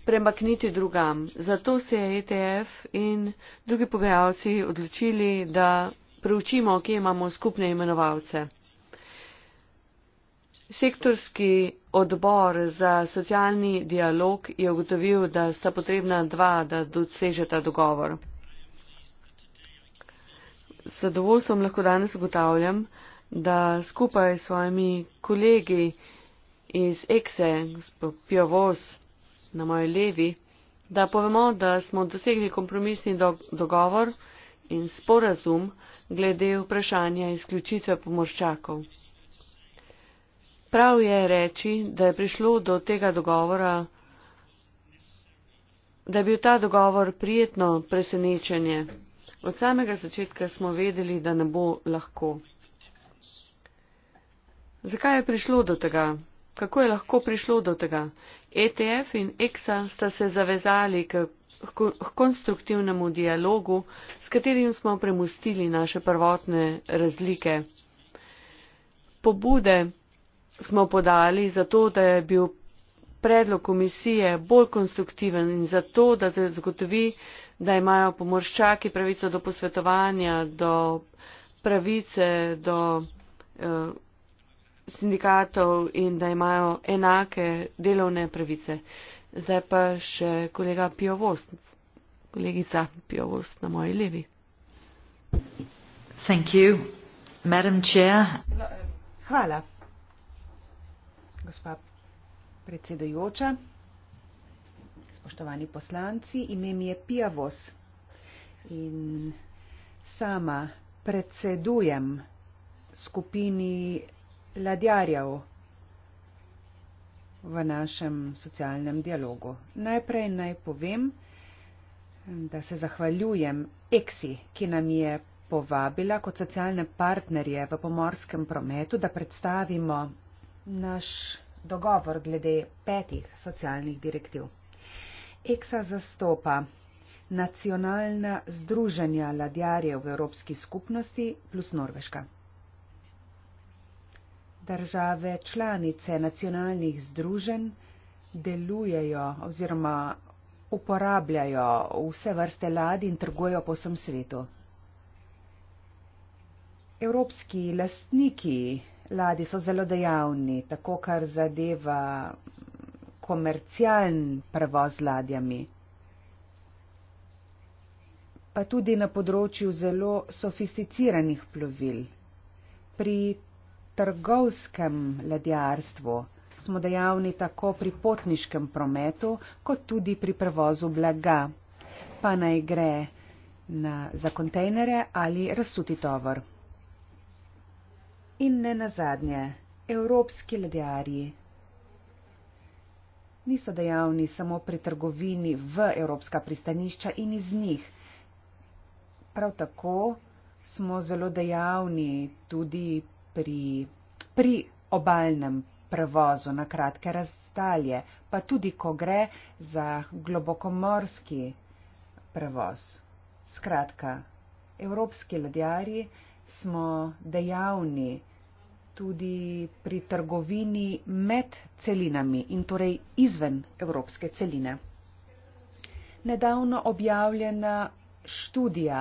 premakniti drugam. Zato se je ETF in drugi pogajalci odločili, da preučimo, kje imamo skupne imenovalce. Sektorski odbor za socialni dialog je ugotovil, da sta potrebna dva, da dosežeta dogovor. S zadovoljstvom lahko danes ugotavljam, da skupaj s svojimi kolegi iz EXE, gospod Piovos na moji levi, da povemo, da smo dosegli kompromisni dogovor in sporazum glede vprašanja izključitve pomorščakov. Prav je reči, da je prišlo do tega dogovora, da je bil ta dogovor prijetno presenečenje. Od samega začetka smo vedeli, da ne bo lahko. Zakaj je prišlo do tega? Kako je lahko prišlo do tega? ETF in EXA sta se zavezali k, k, k konstruktivnemu dialogu, s katerim smo premustili naše prvotne razlike. Pobude smo podali zato, da je bil predlog komisije bolj konstruktiven in zato, da se zagotovi, da imajo pomorščaki pravico do posvetovanja, do pravice, do eh, sindikatov in da imajo enake delovne pravice. Zdaj pa še kolega Pijovost, kolegica Pijovost na moji levi. Hvala gospa predsedujoča, spoštovani poslanci, ime mi je Pia Vos in sama predsedujem skupini ladjarjev v našem socialnem dialogu. Najprej naj povem, da se zahvaljujem EXI, ki nam je povabila kot socialne partnerje v pomorskem prometu, da predstavimo naš dogovor glede petih socialnih direktiv. EKSA zastopa nacionalna združenja ladjarjev v Evropski skupnosti plus Norveška. Države članice nacionalnih združenj delujejo oziroma uporabljajo vse vrste ladij in trgujejo po vsem svetu. Evropski lastniki ladji so zelo dejavni, tako kar zadeva komercialni prevoz ladjami, pa tudi na področju zelo sofisticiranih plovil. Pri trgovskem ladjarstvu smo dejavni tako pri potniškem prometu, kot tudi pri prevozu blaga, pa naj gre na, za kontejnere ali razsuti tovor in ne nazadnje, evropski ledjarji. Niso dejavni samo pri trgovini v evropska pristanišča in iz njih. Prav tako smo zelo dejavni tudi pri, pri obaljnem prevozu na kratke razdalje, pa tudi, ko gre za globokomorski prevoz. Skratka, evropski ladjarji smo dejavni tudi pri trgovini med celinami in torej izven evropske celine. Nedavno objavljena študija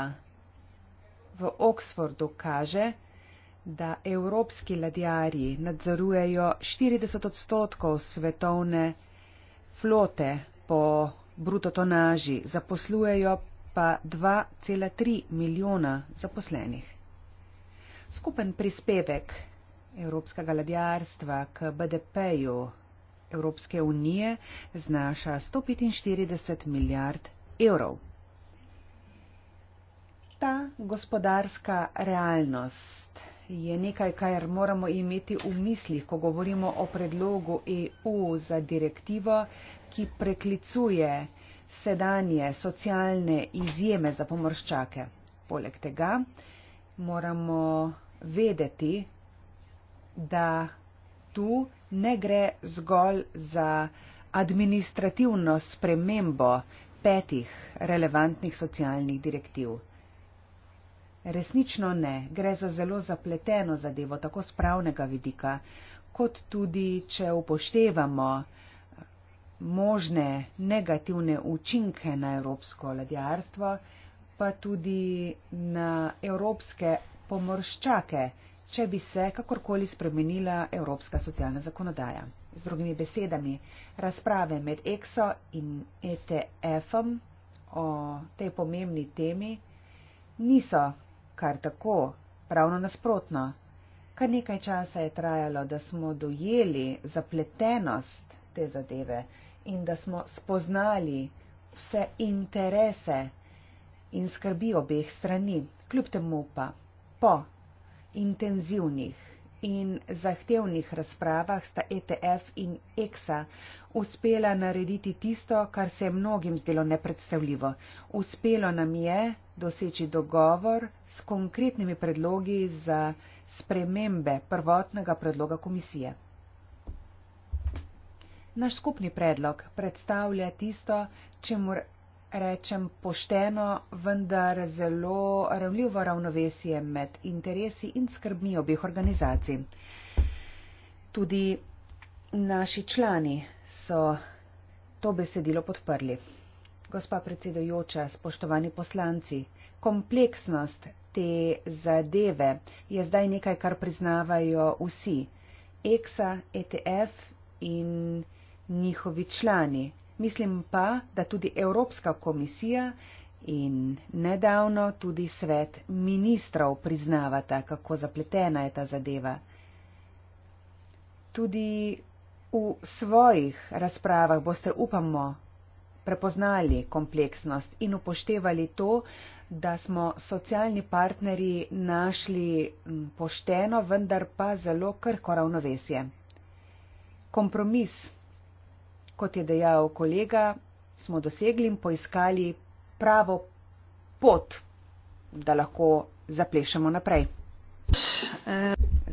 v Oksfordu kaže, da evropski ladjarji nadzorujejo 40 odstotkov svetovne flote po brutotonaži, zaposlujejo pa 2,3 milijona zaposlenih. Skupen prispevek evropskega ladjarstva k BDP-ju Evropske unije znaša 145 milijard evrov. Ta gospodarska realnost je nekaj, kar moramo imeti v mislih, ko govorimo o predlogu EU za direktivo, ki preklicuje sedanje socialne izjeme za pomorščake. Poleg tega moramo vedeti, da tu ne gre zgolj za administrativno spremembo petih relevantnih socialnih direktiv. Resnično ne, gre za zelo zapleteno zadevo, tako z pravnega vidika, kot tudi, če upoštevamo možne negativne učinke na evropsko ladjarstvo, pa tudi na evropske pomorščake, če bi se kakorkoli spremenila evropska socialna zakonodaja. Z drugimi besedami, razprave med EXO in ETF-om o tej pomembni temi niso kar tako, pravno nasprotno. Kar nekaj časa je trajalo, da smo dojeli zapletenost te zadeve in da smo spoznali vse interese in skrbi obeh strani. Kljub temu pa po intenzivnih in zahtevnih razpravah sta ETF in EXA uspela narediti tisto, kar se je mnogim zdelo nepredstavljivo. Uspelo nam je doseči dogovor s konkretnimi predlogi za spremembe prvotnega predloga komisije. Naš skupni predlog predstavlja tisto, čemu rečem pošteno, vendar zelo ravnljivo ravnovesje med interesi in skrbmi obih organizacij. Tudi naši člani so to besedilo podprli. Gospa predsedojoča, spoštovani poslanci, kompleksnost te zadeve je zdaj nekaj, kar priznavajo vsi. EXA, ETF in njihovi člani. Mislim pa, da tudi Evropska komisija in nedavno tudi svet ministrov priznavata, kako zapletena je ta zadeva. Tudi v svojih razpravah boste, upamo, prepoznali kompleksnost in upoštevali to, da smo socialni partnerji našli pošteno, vendar pa zelo krko ravnovesje. Kompromis kot je dejal kolega, smo dosegli in poiskali pravo pot, da lahko zaplešemo naprej.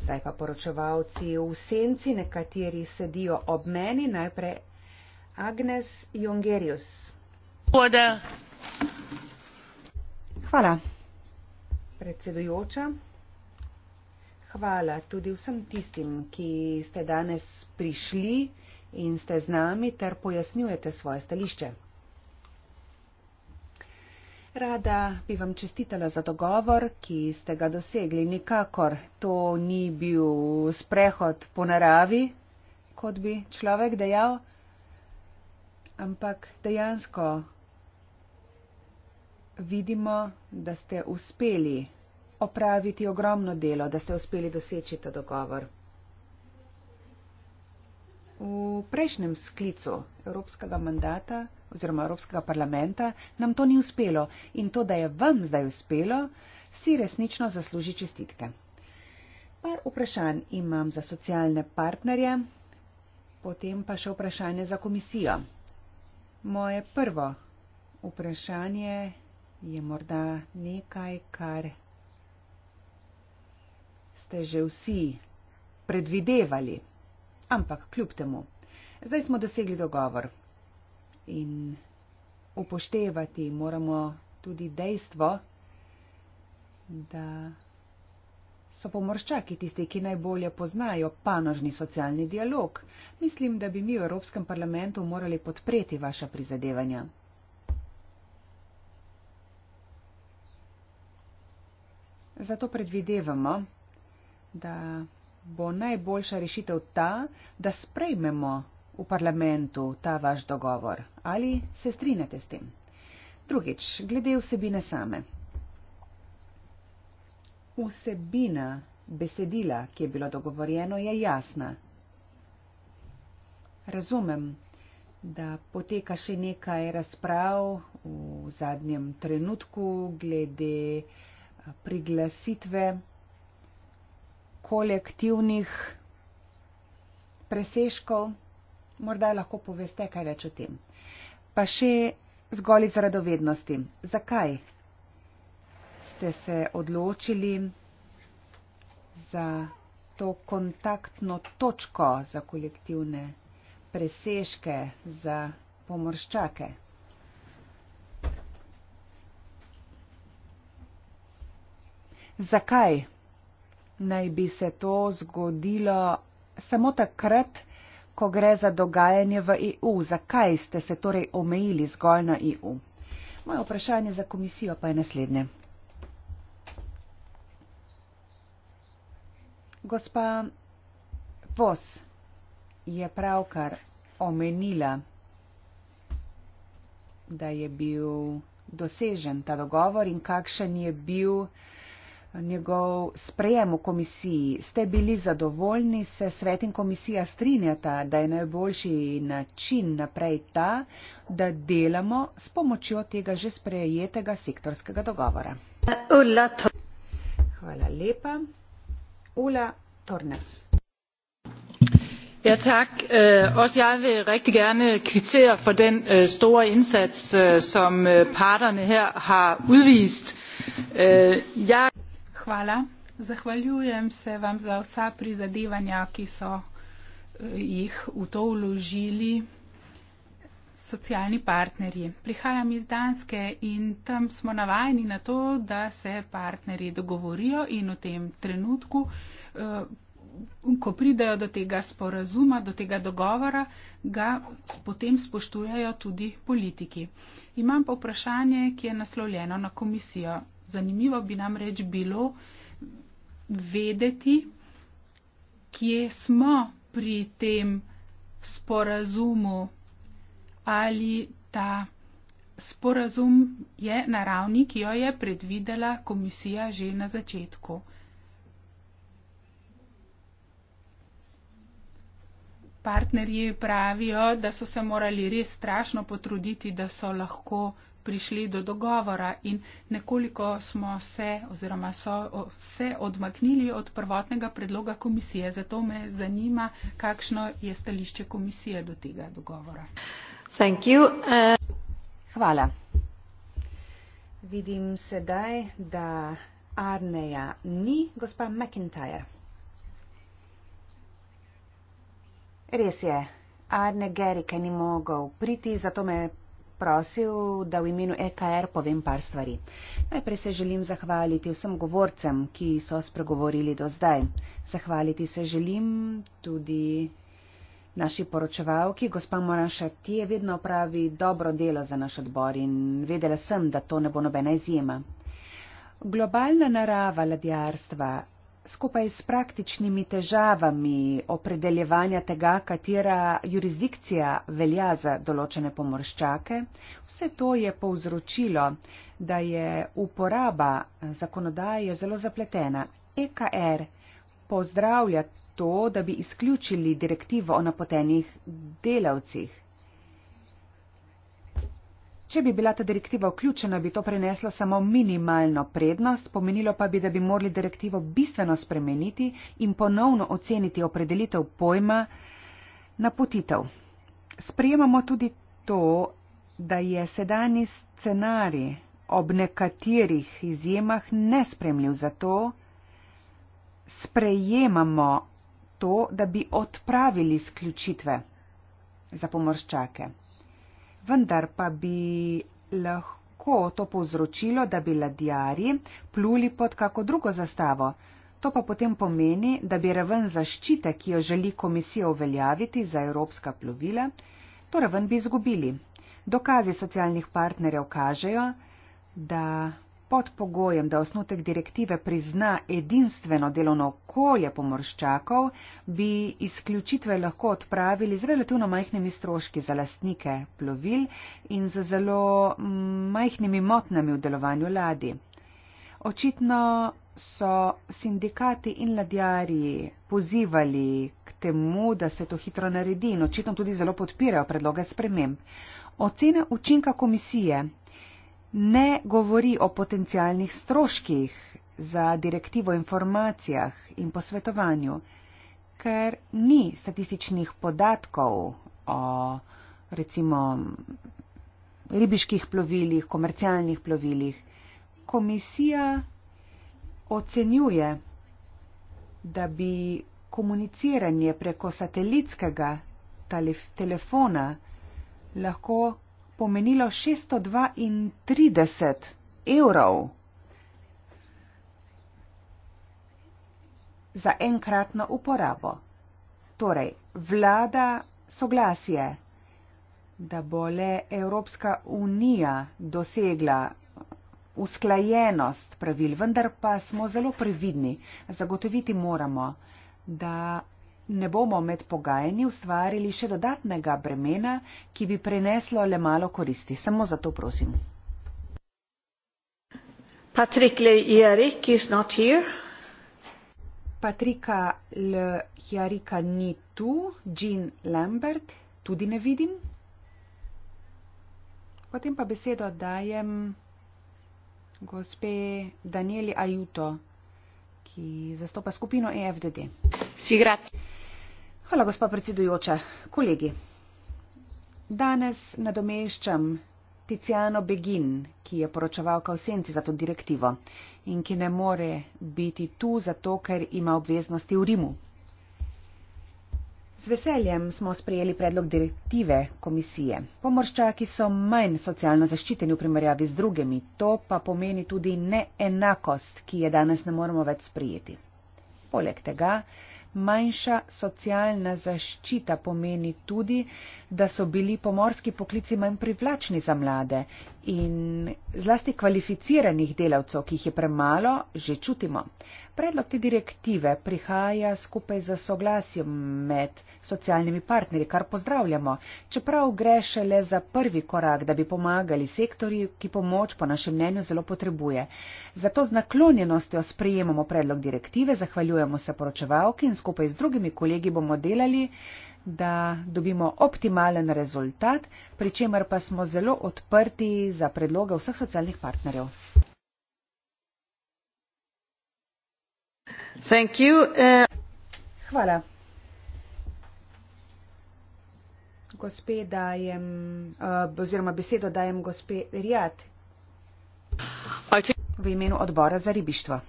Zdaj pa poročevalci v senci, nekateri sedijo ob meni, najprej Agnes Jongerius. Voda. Hvala, predsedujoča. Hvala tudi vsem tistim, ki ste danes prišli in ste z nami ter pojasnjujete svoje stališče. Rada bi vam čestitala za dogovor, ki ste ga dosegli. Nikakor to ni bil sprehod po naravi, kot bi človek dejal, ampak dejansko vidimo, da ste uspeli opraviti ogromno delo, da ste uspeli doseči ta dogovor. V prejšnjem sklicu Evropskega mandata oziroma Evropskega parlamenta nam to ni uspelo in to, da je vam zdaj uspelo, si resnično zasluži čestitke. Par vprašanj imam za socialne partnerje, potem pa še vprašanje za komisijo. Moje prvo vprašanje je morda nekaj, kar ste že vsi predvidevali. Ampak kljub temu, zdaj smo dosegli dogovor in upoštevati moramo tudi dejstvo, da so pomorščaki tisti, ki najbolje poznajo panožni socialni dialog. Mislim, da bi mi v Evropskem parlamentu morali podpreti vaša prizadevanja. Zato predvidevamo, da bo najboljša rešitev ta, da sprejmemo v parlamentu ta vaš dogovor. Ali se strinjate s tem? Drugič, glede vsebine same. Vsebina besedila, ki je bilo dogovorjeno, je jasna. Razumem, da poteka še nekaj razprav v zadnjem trenutku glede priglasitve kolektivnih preseškov. Morda lahko poveste kaj več o tem. Pa še zgolj iz radovednosti. Zakaj ste se odločili za to kontaktno točko za kolektivne preseške, za pomorščake? Zakaj? naj bi se to zgodilo samo takrat, ko gre za dogajanje v EU. Zakaj ste se torej omejili zgolj na EU? Moje vprašanje za komisijo pa je naslednje. Gospa Vos je pravkar omenila, da je bil dosežen ta dogovor in kakšen je bil njegov sprejem v komisiji. Ste bili zadovoljni, se svet in komisija strinjata, da je najboljši način naprej ta, da delamo s pomočjo tega že sprejetega sektorskega dogovora. Ula, Hvala lepa. Ula Tornes. Ja, tak. Uh, også jeg vil rigtig gerne kvittere for den uh, store indsats, uh, som uh, parterne her har udvist. Uh, jeg hvala. Zahvaljujem se vam za vsa prizadevanja, ki so eh, jih v to vložili socialni partnerji. Prihajam iz Danske in tam smo navajeni na to, da se partnerji dogovorijo in v tem trenutku, eh, ko pridejo do tega sporazuma, do tega dogovora, ga potem spoštujejo tudi politiki. Imam pa vprašanje, ki je naslovljeno na komisijo. Zanimivo bi nam reč bilo vedeti, kje smo pri tem sporazumu, ali ta sporazum je na ravni, ki jo je predvidela komisija že na začetku. Partnerji pravijo, da so se morali res strašno potruditi, da so lahko prišli do dogovora in nekoliko smo se oziroma so se odmaknili od prvotnega predloga komisije. Zato me zanima, kakšno je stališče komisije do tega dogovora. Thank you. Uh, Hvala. Vidim sedaj, da Arneja ni gospa McIntyre. Res je, Arne Gerike ni mogel priti, zato me prosil, da v imenu EKR povem par stvari. Najprej se želim zahvaliti vsem govorcem, ki so spregovorili do zdaj. Zahvaliti se želim tudi naši poročevalki. Gospa Morašat je vedno pravi dobro delo za naš odbor in vedela sem, da to ne bo nobena izjema. Globalna narava ladjarstva skupaj s praktičnimi težavami opredeljevanja tega, katera jurisdikcija velja za določene pomorščake, vse to je povzročilo, da je uporaba zakonodaje zelo zapletena. EKR pozdravlja to, da bi izključili direktivo o napotenih delavcih. Če bi bila ta direktiva vključena, bi to prineslo samo minimalno prednost, pomenilo pa bi, da bi morali direktivo bistveno spremeniti in ponovno oceniti opredelitev pojma napotitev. Sprijemamo tudi to, da je sedani scenarij ob nekaterih izjemah nespremljiv, zato sprejemamo to, da bi odpravili sključitve za pomorščake vendar pa bi lahko to povzročilo, da bi ladjarji pluli pod kako drugo zastavo. To pa potem pomeni, da bi raven zaščite, ki jo želi komisija uveljaviti za evropska plovila, to raven bi izgubili. Dokazi socialnih partnerjev kažejo, da pod pogojem, da osnutek direktive prizna edinstveno delovno okolje pomorščakov, bi izključitve lahko odpravili z relativno majhnimi stroški za lastnike plovil in z zelo majhnimi motnami v delovanju ladi. Očitno so sindikati in ladjarji pozivali k temu, da se to hitro naredi in očitno tudi zelo podpirajo predloge sprememb. Ocene učinka komisije ne govori o potencijalnih stroških za direktivo o informacijah in posvetovanju, ker ni statističnih podatkov o recimo ribiških plovilih, komercialnih plovilih. Komisija ocenjuje, da bi komuniciranje preko satelitskega telefona lahko pomenilo 632 evrov. Za enkratno uporabo. Torej, vlada soglasje, da bo le Evropska unija dosegla usklajenost pravil, vendar pa smo zelo previdni. Zagotoviti moramo, da ne bomo med pogajanji ustvarili še dodatnega bremena, ki bi preneslo le malo koristi. Samo za to prosim. Patrik Le-Jarik is not here. Patrika Le-Jarika ni tu. Jean Lambert tudi ne vidim. Potem pa besedo dajem gospe Danieli Ajuto, ki zastopa skupino EFDD. Si, grazie. Hvala, gospa predsedujoča. Kolegi, danes nadomeščam Tiziano Begin, ki je poročevalka v senci za to direktivo in ki ne more biti tu zato, ker ima obveznosti v Rimu. Z veseljem smo sprejeli predlog direktive komisije. Pomorščaki so manj socialno zaščiteni v primerjavi z drugimi, to pa pomeni tudi neenakost, ki je danes ne moremo več sprijeti. Poleg tega manjša socialna zaščita pomeni tudi, da so bili pomorski poklici manj privlačni za mlade in zlasti kvalificiranih delavcev, ki jih je premalo, že čutimo. Predlog te direktive prihaja skupaj z soglasjem med socialnimi partnerji, kar pozdravljamo, čeprav gre še le za prvi korak, da bi pomagali sektorju, ki pomoč po našem mnenju zelo potrebuje. Zato z naklonjenostjo sprejemamo predlog direktive, zahvaljujemo se poročevalki in skupaj skupaj z drugimi kolegi bomo delali, da dobimo optimalen rezultat, pri čemer pa smo zelo odprti za predloge vseh socialnih partnerjev. You, uh... Hvala. Gospe dajem, uh, oziroma besedo dajem gospe Rijat v imenu odbora za ribištvo.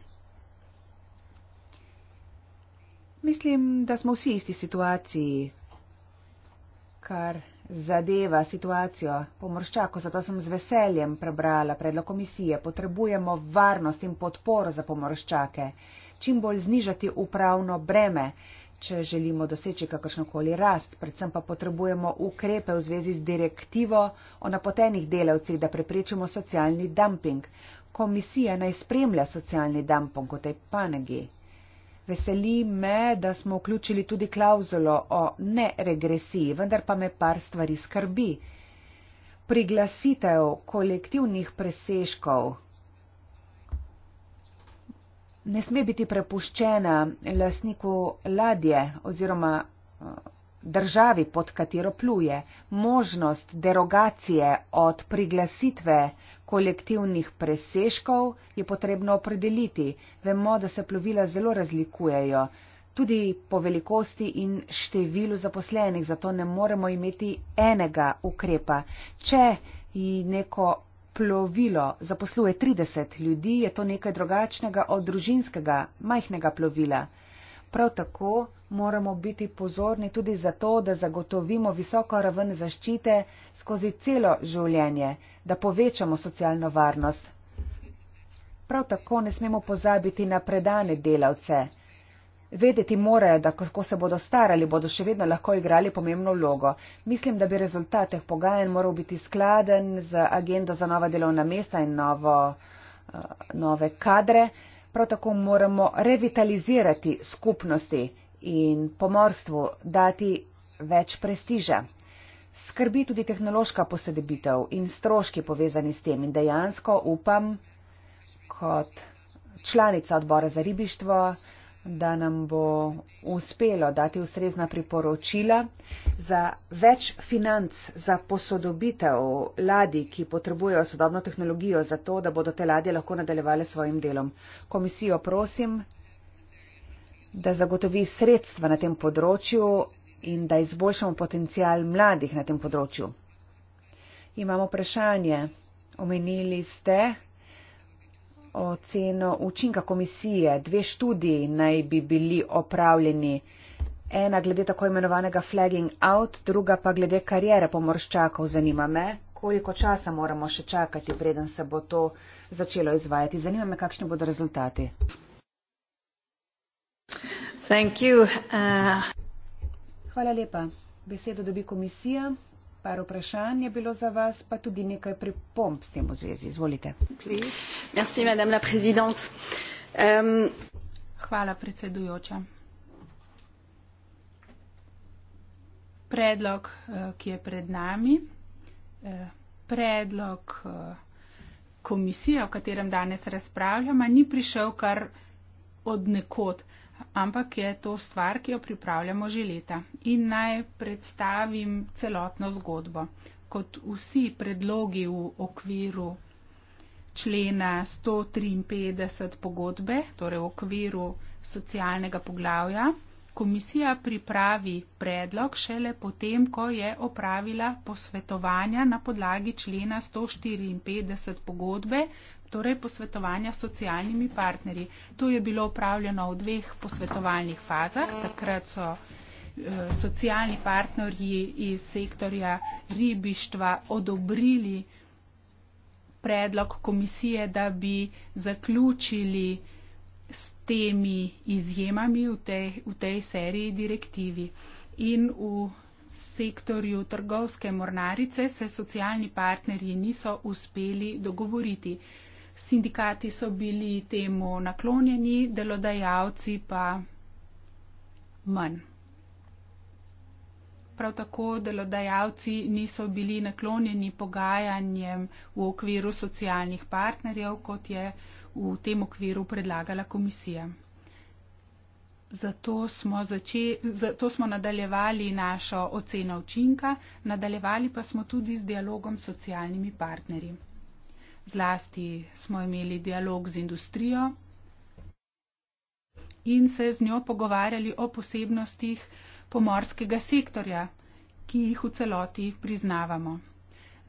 Mislim, da smo vsi v isti situaciji, kar zadeva situacijo po morščaku, zato sem z veseljem prebrala predlog komisije. Potrebujemo varnost in podporo za pomorščake, čim bolj znižati upravno breme, če želimo doseči kakršnokoli rast, predvsem pa potrebujemo ukrepe v zvezi z direktivo o napotenih delavcih, da preprečimo socialni dumping. Komisija naj spremlja socialni dumping v tej panegi. Veseli me, da smo vključili tudi klauzulo o neregresiji, vendar pa me par stvari skrbi. Priglasitev kolektivnih presežkov ne sme biti prepuščena lasniku ladje oziroma državi, pod katero pluje, možnost derogacije od priglasitve kolektivnih preseškov je potrebno opredeliti. Vemo, da se plovila zelo razlikujejo, tudi po velikosti in številu zaposlenih, zato ne moremo imeti enega ukrepa. Če ji neko plovilo zaposluje 30 ljudi, je to nekaj drugačnega od družinskega majhnega plovila. Prav tako moramo biti pozorni tudi zato, da zagotovimo visoko raven zaščite skozi celo življenje, da povečamo socialno varnost. Prav tako ne smemo pozabiti na predane delavce. Vedeti morajo, da ko se bodo starali, bodo še vedno lahko igrali pomembno vlogo. Mislim, da bi rezultat teh pogajanj moral biti skladen z agendo za nova delovna mesta in novo, eh, nove kadre. Prav tako moramo revitalizirati skupnosti in pomorstvu dati več prestiža. Skrbi tudi tehnološka posedebitev in stroški povezani s tem in dejansko upam kot članica odbora za ribištvo, da nam bo uspelo dati ustrezna priporočila za več financ za posodobitev ladij, ki potrebujejo sodobno tehnologijo, zato da bodo te ladje lahko nadaljevale svojim delom. Komisijo prosim, da zagotovi sredstva na tem področju in da izboljšamo potencial mladih na tem področju. Imamo vprašanje. Omenili ste oceno učinka komisije. Dve študiji naj bi bili opravljeni. Ena glede tako imenovanega flagging out, druga pa glede karijere pomorščakov. Zanima me, koliko časa moramo še čakati, preden se bo to začelo izvajati. Zanima me, kakšni bodo rezultati. Uh, Hvala lepa. Besedo dobi komisija. Par vprašanj je bilo za vas, pa tudi nekaj pripomb s tem v zvezi. Izvolite. Merci, la um... Hvala, predsedujoča. Predlog, eh, ki je pred nami, eh, predlog eh, komisije, o katerem danes razpravljamo, ni prišel kar od nekod ampak je to stvar, ki jo pripravljamo že leta. In naj predstavim celotno zgodbo. Kot vsi predlogi v okviru člena 153 pogodbe, torej v okviru socialnega poglavja, komisija pripravi predlog šele potem, ko je opravila posvetovanja na podlagi člena 154 pogodbe torej posvetovanja s socialnimi partnerji. To je bilo upravljeno v dveh posvetovalnih fazah. Takrat so eh, socialni partnerji iz sektorja ribištva odobrili predlog komisije, da bi zaključili s temi izjemami v tej, v tej seriji direktivi. In v sektorju trgovske mornarice se socialni partnerji niso uspeli dogovoriti sindikati so bili temu naklonjeni, delodajalci pa manj. Prav tako delodajalci niso bili naklonjeni pogajanjem v okviru socialnih partnerjev, kot je v tem okviru predlagala komisija. Zato smo, začeli, zato smo nadaljevali našo oceno učinka, nadaljevali pa smo tudi z dialogom s socialnimi partnerji zlasti smo imeli dialog z industrijo in se z njo pogovarjali o posebnostih pomorskega sektorja, ki jih v celoti priznavamo.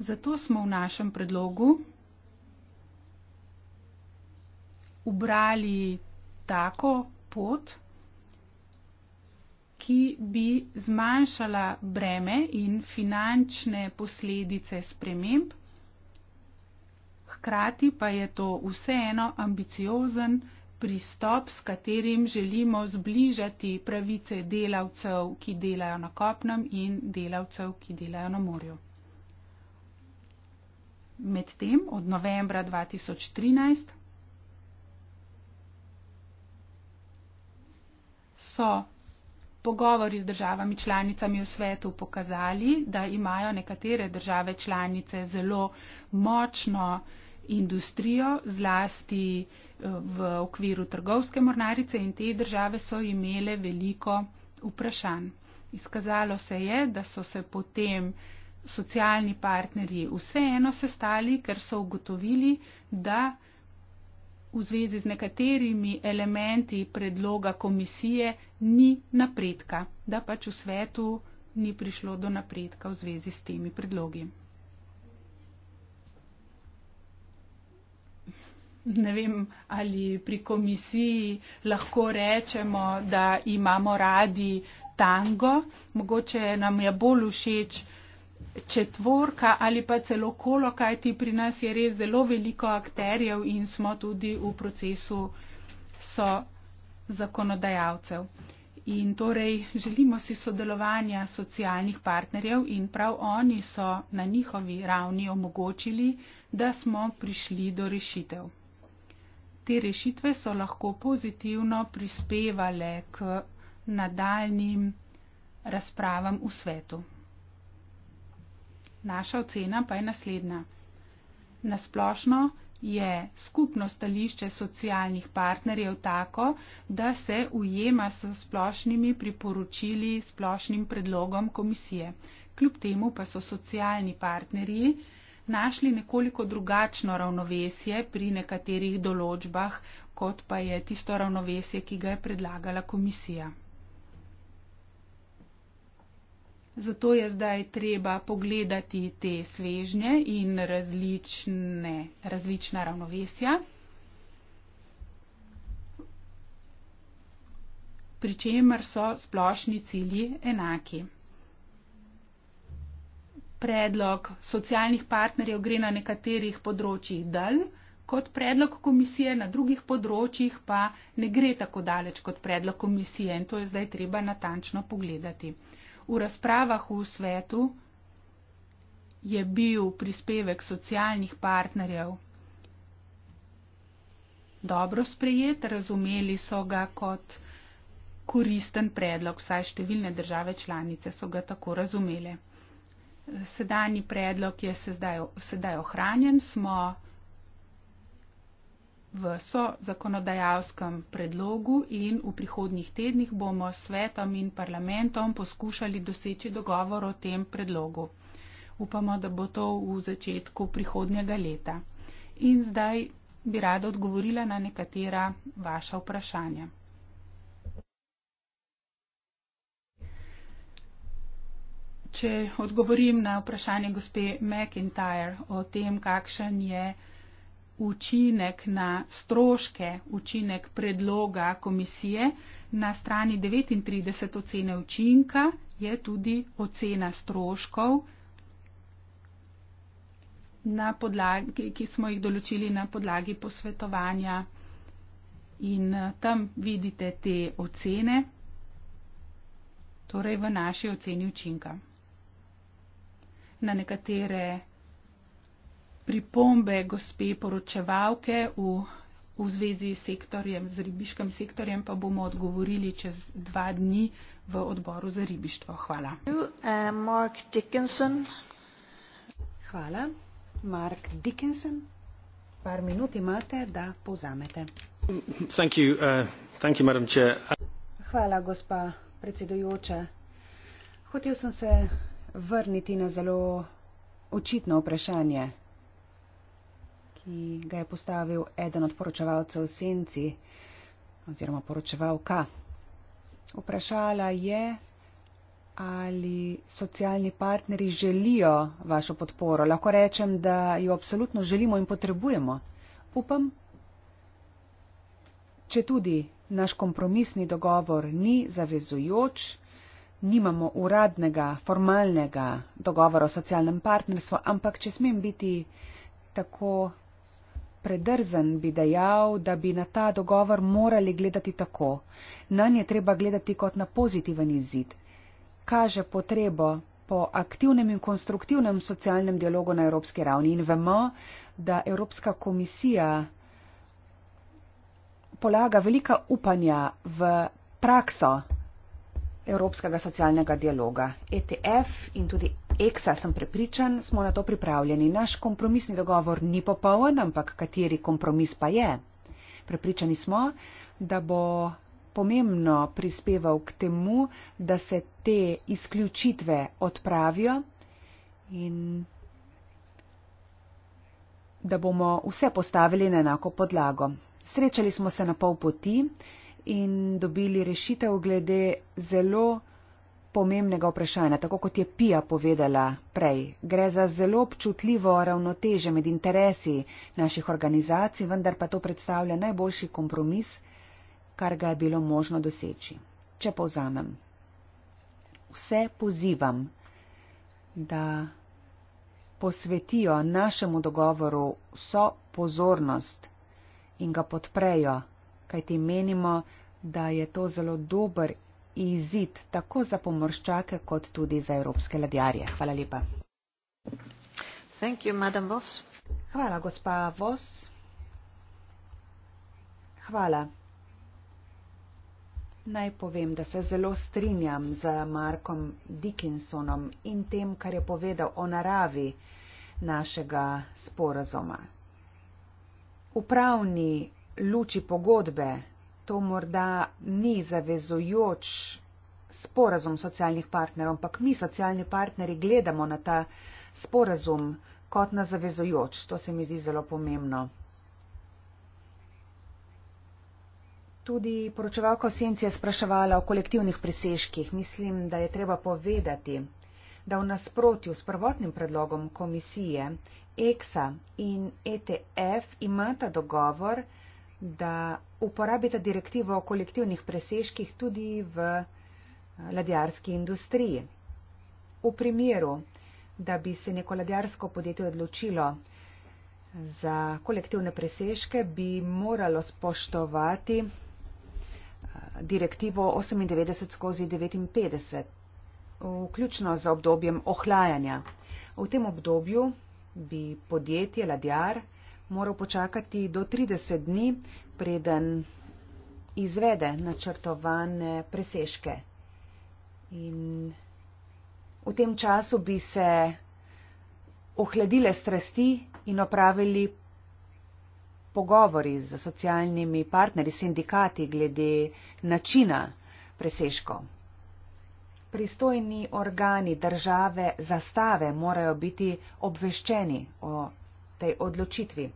Zato smo v našem predlogu ubrali tako pot, ki bi zmanjšala breme in finančne posledice sprememb hkrati pa je to vseeno ambiciozen pristop, s katerim želimo zbližati pravice delavcev, ki delajo na kopnem in delavcev, ki delajo na morju. Medtem od novembra 2013 so pogovori z državami članicami v svetu pokazali, da imajo nekatere države članice zelo močno industrijo, zlasti eh, v okviru trgovske mornarice in te države so imele veliko vprašanj. Izkazalo se je, da so se potem socialni partnerji vseeno sestali, ker so ugotovili, da v zvezi z nekaterimi elementi predloga komisije ni napredka, da pač v svetu ni prišlo do napredka v zvezi s temi predlogi. Ne vem, ali pri komisiji lahko rečemo, da imamo radi tango, mogoče nam je bolj všeč, četvorka ali pa celo kolo, kaj ti pri nas je res zelo veliko akterjev in smo tudi v procesu so zakonodajalcev. In torej želimo si sodelovanja socialnih partnerjev in prav oni so na njihovi ravni omogočili, da smo prišli do rešitev. Te rešitve so lahko pozitivno prispevale k nadaljnim razpravam v svetu. Naša ocena pa je naslednja. Nasplošno je skupno stališče socialnih partnerjev tako, da se ujema s splošnimi priporočili, splošnim predlogom komisije. Kljub temu pa so socialni partnerji našli nekoliko drugačno ravnovesje pri nekaterih določbah, kot pa je tisto ravnovesje, ki ga je predlagala komisija. Zato je zdaj treba pogledati te svežnje in različne, različna ravnovesja. Pričemer so splošni cilji enaki. Predlog socialnih partnerjev gre na nekaterih področjih dal, kot predlog komisije, na drugih področjih pa ne gre tako daleč kot predlog komisije in to je zdaj treba natančno pogledati v razpravah v svetu je bil prispevek socialnih partnerjev dobro sprejet, razumeli so ga kot koristen predlog, saj številne države članice so ga tako razumele. Sedajni predlog je sedaj ohranjen, smo v so zakonodajalskem predlogu in v prihodnjih tednih bomo s svetom in parlamentom poskušali doseči dogovor o tem predlogu. Upamo, da bo to v začetku prihodnjega leta. In zdaj bi rada odgovorila na nekatera vaša vprašanja. Če odgovorim na vprašanje gospe McIntyre o tem, kakšen je učinek na stroške, učinek predloga komisije. Na strani 39 ocene učinka je tudi ocena stroškov, podlagi, ki smo jih določili na podlagi posvetovanja in tam vidite te ocene, torej v naši oceni učinka. Na nekatere pripombe gospe poročevalke v, v zvezi s, sektorjem, z ribiškim sektorjem, pa bomo odgovorili čez dva dni v odboru za ribištvo. Hvala. Eh, Mark Dickinson. Hvala. Mark Dickinson, par minut imate, da povzamete. Thank you, uh, thank you, madam chair. Hvala, gospa predsedujoča. Hotel sem se vrniti na zelo očitno vprašanje, ki ga je postavil eden od poročevalcev Senci oziroma poročevalka. Vprašala je, ali socialni partneri želijo vašo podporo. Lahko rečem, da jo absolutno želimo in potrebujemo. Upam, če tudi naš kompromisni dogovor ni zavezujoč, nimamo uradnega, formalnega dogovora o socialnem partnerstvu, ampak če smem biti tako Predrzen bi dejal, da bi na ta dogovor morali gledati tako. Na nje treba gledati kot na pozitiven izid. Kaže potrebo po aktivnem in konstruktivnem socialnem dialogu na evropski ravni in vemo, da Evropska komisija polaga velika upanja v prakso evropskega socialnega dialoga. ETF in tudi Eksa, sem prepričan, smo na to pripravljeni. Naš kompromisni dogovor ni popoln, ampak kateri kompromis pa je? Prepričani smo, da bo pomembno prispeval k temu, da se te izključitve odpravijo in da bomo vse postavili na enako podlago. Srečali smo se na pol poti in dobili rešitev glede zelo pomembnega vprašanja, tako kot je Pija povedala prej. Gre za zelo občutljivo ravnoteže med interesi naših organizacij, vendar pa to predstavlja najboljši kompromis, kar ga je bilo možno doseči. Če povzamem, vse pozivam, da posvetijo našemu dogovoru vso pozornost in ga podprejo, kajti menimo, da je to zelo dober izid tako za pomorščake kot tudi za evropske ladjarje. Hvala lepa. You, Hvala, gospa Vos. Hvala. Naj povem, da se zelo strinjam z Markom Dickinsonom in tem, kar je povedal o naravi našega sporazuma. Upravni luči pogodbe to morda ni zavezujoč sporazum socialnih partnerov, ampak mi socialni partneri gledamo na ta sporazum kot na zavezujoč. To se mi zdi zelo pomembno. Tudi poročevalka Osenci je spraševala o kolektivnih presežkih. Mislim, da je treba povedati, da v nasprotju s prvotnim predlogom komisije EKSA in ETF imata dogovor, da uporabite direktivo o kolektivnih preseških tudi v eh, ladjarski industriji. V primeru, da bi se neko ladjarsko podjetje odločilo za kolektivne preseške, bi moralo spoštovati eh, direktivo 98 skozi 59, vključno za obdobjem ohlajanja. V tem obdobju bi podjetje ladjar moral počakati do 30 dni, preden izvede načrtovane presežke. In v tem času bi se ohladile strasti in opravili pogovori z socialnimi partnerji, sindikati glede načina presežkov. Pristojni organi države zastave morajo biti obveščeni o tej odločitvi.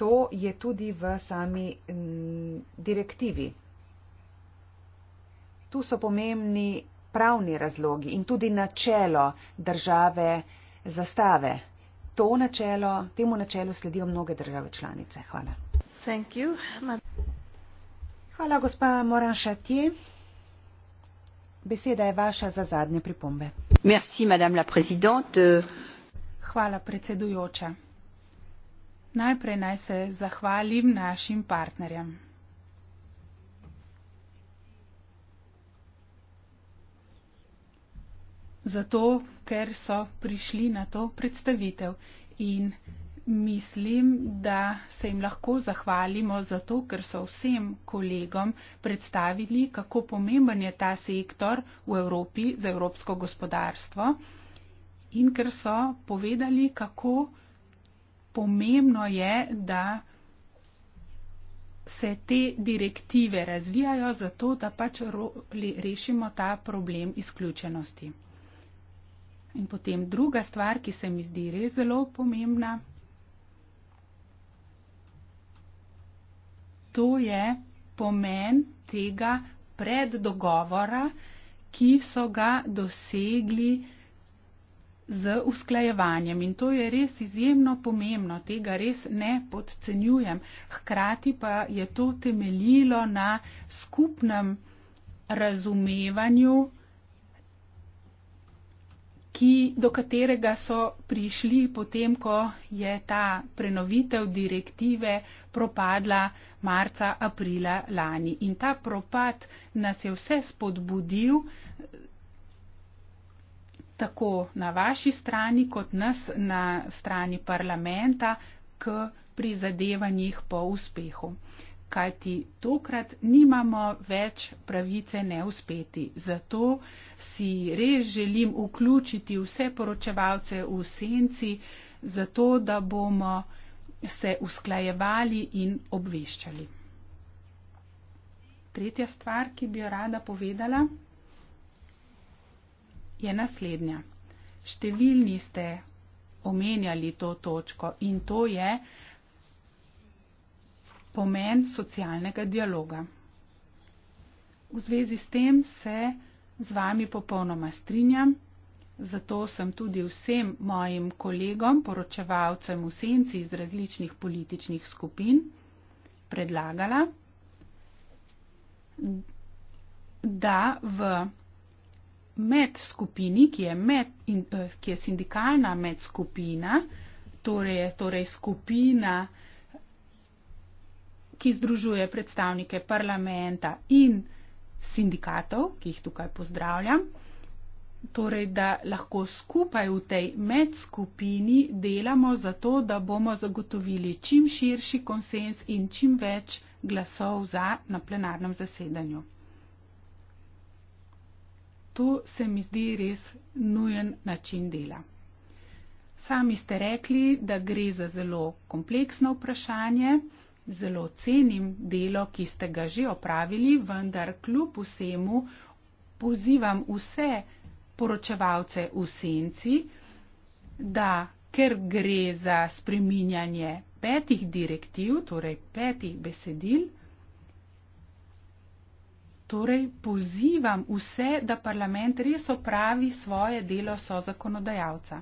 To je tudi v sami direktivi. Tu so pomembni pravni razlogi in tudi načelo države zastave. To načelo, temu načelu sledijo mnoge države članice. Hvala. Hvala, gospa Moran Šatje. Beseda je vaša za zadnje pripombe. Merci, Hvala, predsedujoča. Najprej naj se zahvalim našim partnerjem. Zato, ker so prišli na to predstavitev in mislim, da se jim lahko zahvalimo zato, ker so vsem kolegom predstavili, kako pomemben je ta sektor v Evropi za evropsko gospodarstvo in ker so povedali, kako pomembno je, da se te direktive razvijajo zato, da pač rešimo ta problem izključenosti. In potem druga stvar, ki se mi zdi res zelo pomembna, to je pomen tega preddogovora, ki so ga dosegli z usklajevanjem in to je res izjemno pomembno, tega res ne podcenjujem. Hkrati pa je to temeljilo na skupnem razumevanju, ki, do katerega so prišli potem, ko je ta prenovitev direktive propadla marca, aprila lani. In ta propad nas je vse spodbudil tako na vaši strani kot nas na strani parlamenta k prizadevanjih po uspehu. Kajti tokrat nimamo več pravice ne uspeti. Zato si res želim vključiti vse poročevalce v senci, zato da bomo se usklajevali in obveščali. Tretja stvar, ki bi jo rada povedala je naslednja. Številni ste omenjali to točko in to je pomen socialnega dialoga. V zvezi s tem se z vami popolnoma strinjam, zato sem tudi vsem mojim kolegom, poročevalcem v senci iz različnih političnih skupin predlagala, da v med skupini, ki je, med, in, eh, ki je sindikalna med skupina, torej, torej skupina, ki združuje predstavnike parlamenta in sindikatov, ki jih tukaj pozdravljam, torej da lahko skupaj v tej medskupini delamo za to, da bomo zagotovili čim širši konsens in čim več glasov za na plenarnem zasedanju. To se mi zdi res nujen način dela. Sami ste rekli, da gre za zelo kompleksno vprašanje. Zelo cenim delo, ki ste ga že opravili, vendar kljub vsemu pozivam vse poročevalce v senci, da ker gre za spreminjanje petih direktiv, torej petih besedil, Torej pozivam vse, da parlament res opravi svoje delo so zakonodajalca.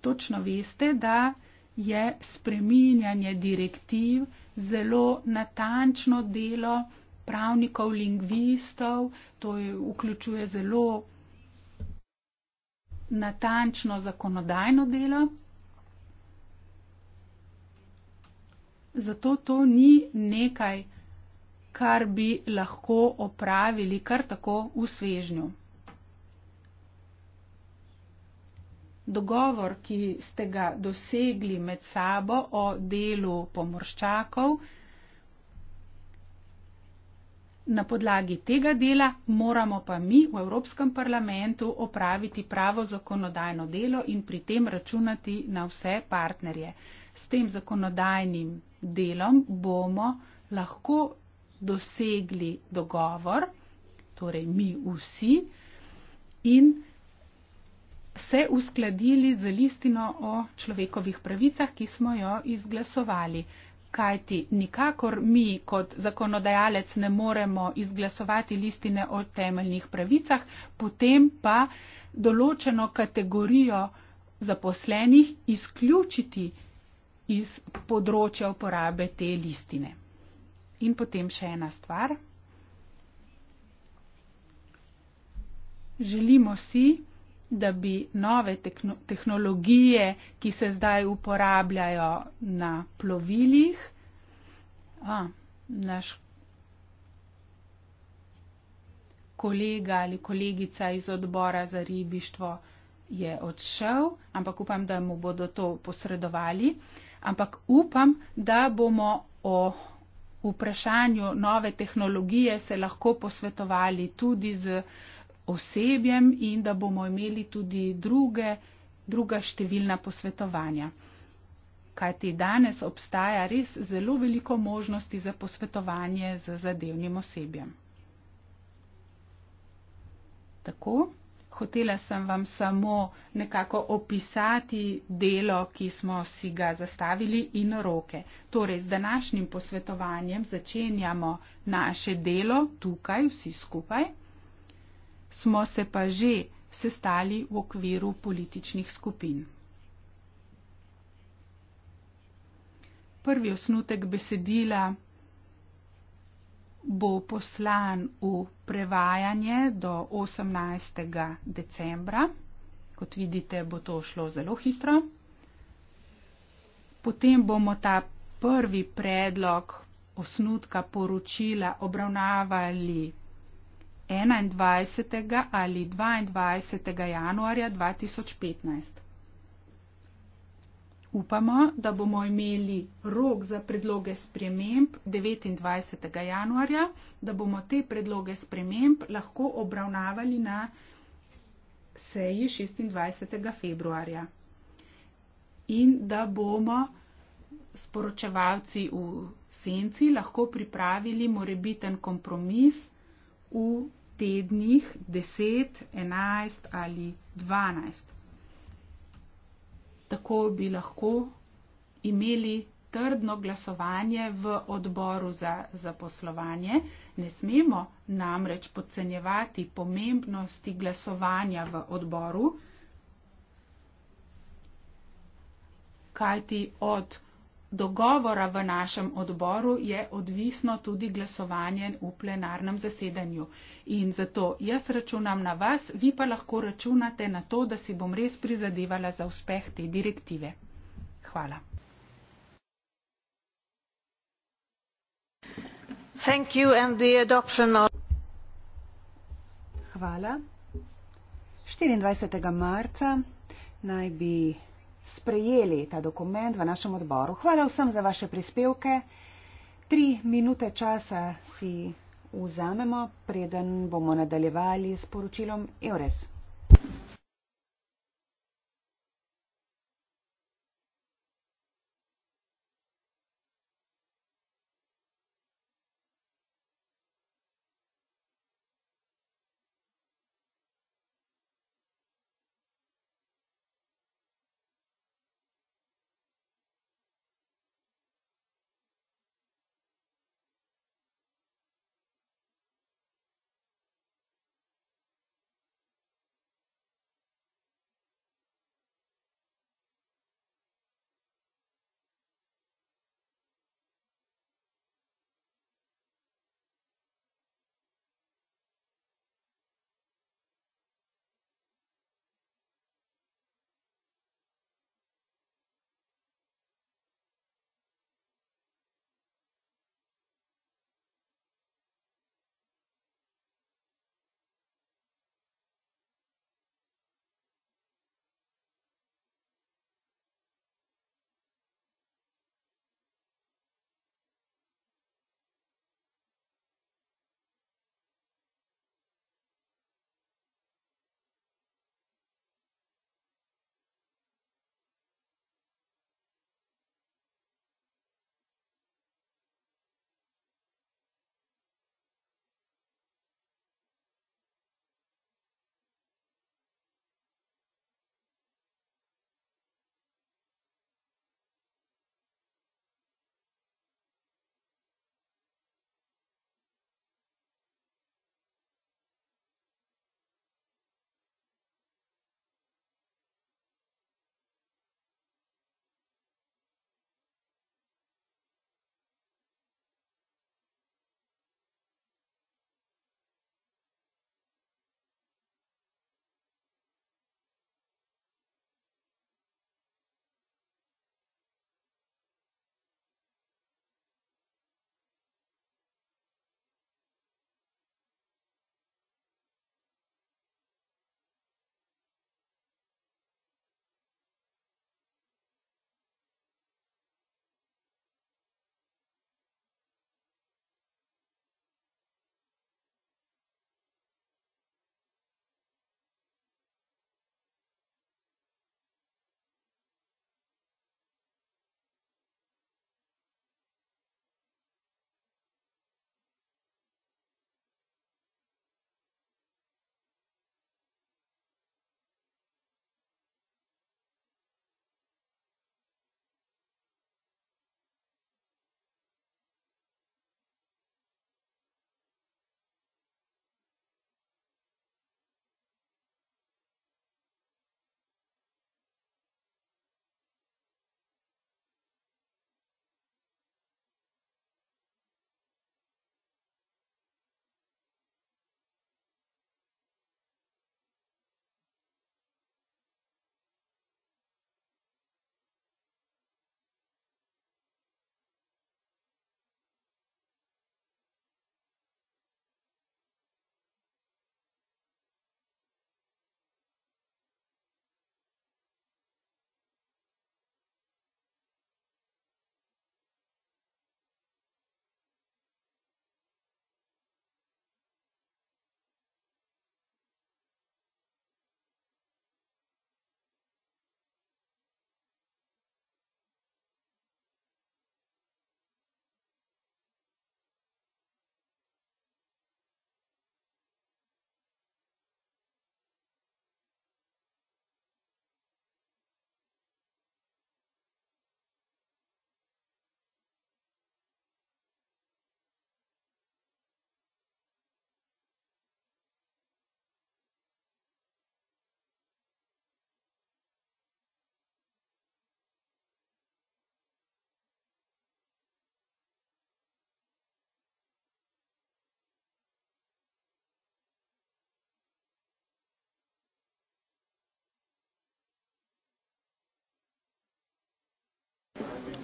Točno veste, da je spreminjanje direktiv zelo natančno delo pravnikov, lingvistov, to je, vključuje zelo natančno zakonodajno delo. Zato to ni nekaj, kar bi lahko opravili kar tako v svežnju. Dogovor, ki ste ga dosegli med sabo o delu pomorščakov, na podlagi tega dela moramo pa mi v Evropskem parlamentu opraviti pravo zakonodajno delo in pri tem računati na vse partnerje. S tem zakonodajnim delom bomo lahko dosegli dogovor, torej mi vsi, in se uskladili z listino o človekovih pravicah, ki smo jo izglasovali. Kajti nikakor mi kot zakonodajalec ne moremo izglasovati listine o temeljnih pravicah, potem pa določeno kategorijo zaposlenih izključiti iz področja uporabe te listine. In potem še ena stvar. Želimo si, da bi nove tehnologije, ki se zdaj uporabljajo na plovilih, a, naš kolega ali kolegica iz odbora za ribištvo je odšel, ampak upam, da mu bodo to posredovali, ampak upam, da bomo o vprašanju nove tehnologije se lahko posvetovali tudi z osebjem in da bomo imeli tudi druge, druga številna posvetovanja. Kajti danes obstaja res zelo veliko možnosti za posvetovanje z zadevnim osebjem. Tako hotela sem vam samo nekako opisati delo, ki smo si ga zastavili in roke. Torej, z današnjim posvetovanjem začenjamo naše delo tukaj, vsi skupaj. Smo se pa že sestali v okviru političnih skupin. Prvi osnutek besedila bo poslan v prevajanje do 18. decembra. Kot vidite, bo to šlo zelo hitro. Potem bomo ta prvi predlog osnutka poročila obravnavali 21. ali 22. januarja 2015. Upamo, da bomo imeli rok za predloge sprememb 29. januarja, da bomo te predloge sprememb lahko obravnavali na seji 26. februarja. In da bomo sporočevalci v senci lahko pripravili morebiten kompromis v tednih 10, 11 ali 12 tako bi lahko imeli trdno glasovanje v odboru za zaposlovanje. Ne smemo namreč podcenjevati pomembnosti glasovanja v odboru, kajti od dogovora v našem odboru je odvisno tudi glasovanje v plenarnem zasedanju. In zato jaz računam na vas, vi pa lahko računate na to, da si bom res prizadevala za uspeh te direktive. Hvala. Hvala. 24. marca naj bi sprejeli ta dokument v našem odboru. Hvala vsem za vaše prispevke. Tri minute časa si vzamemo, preden bomo nadaljevali s poročilom EURES.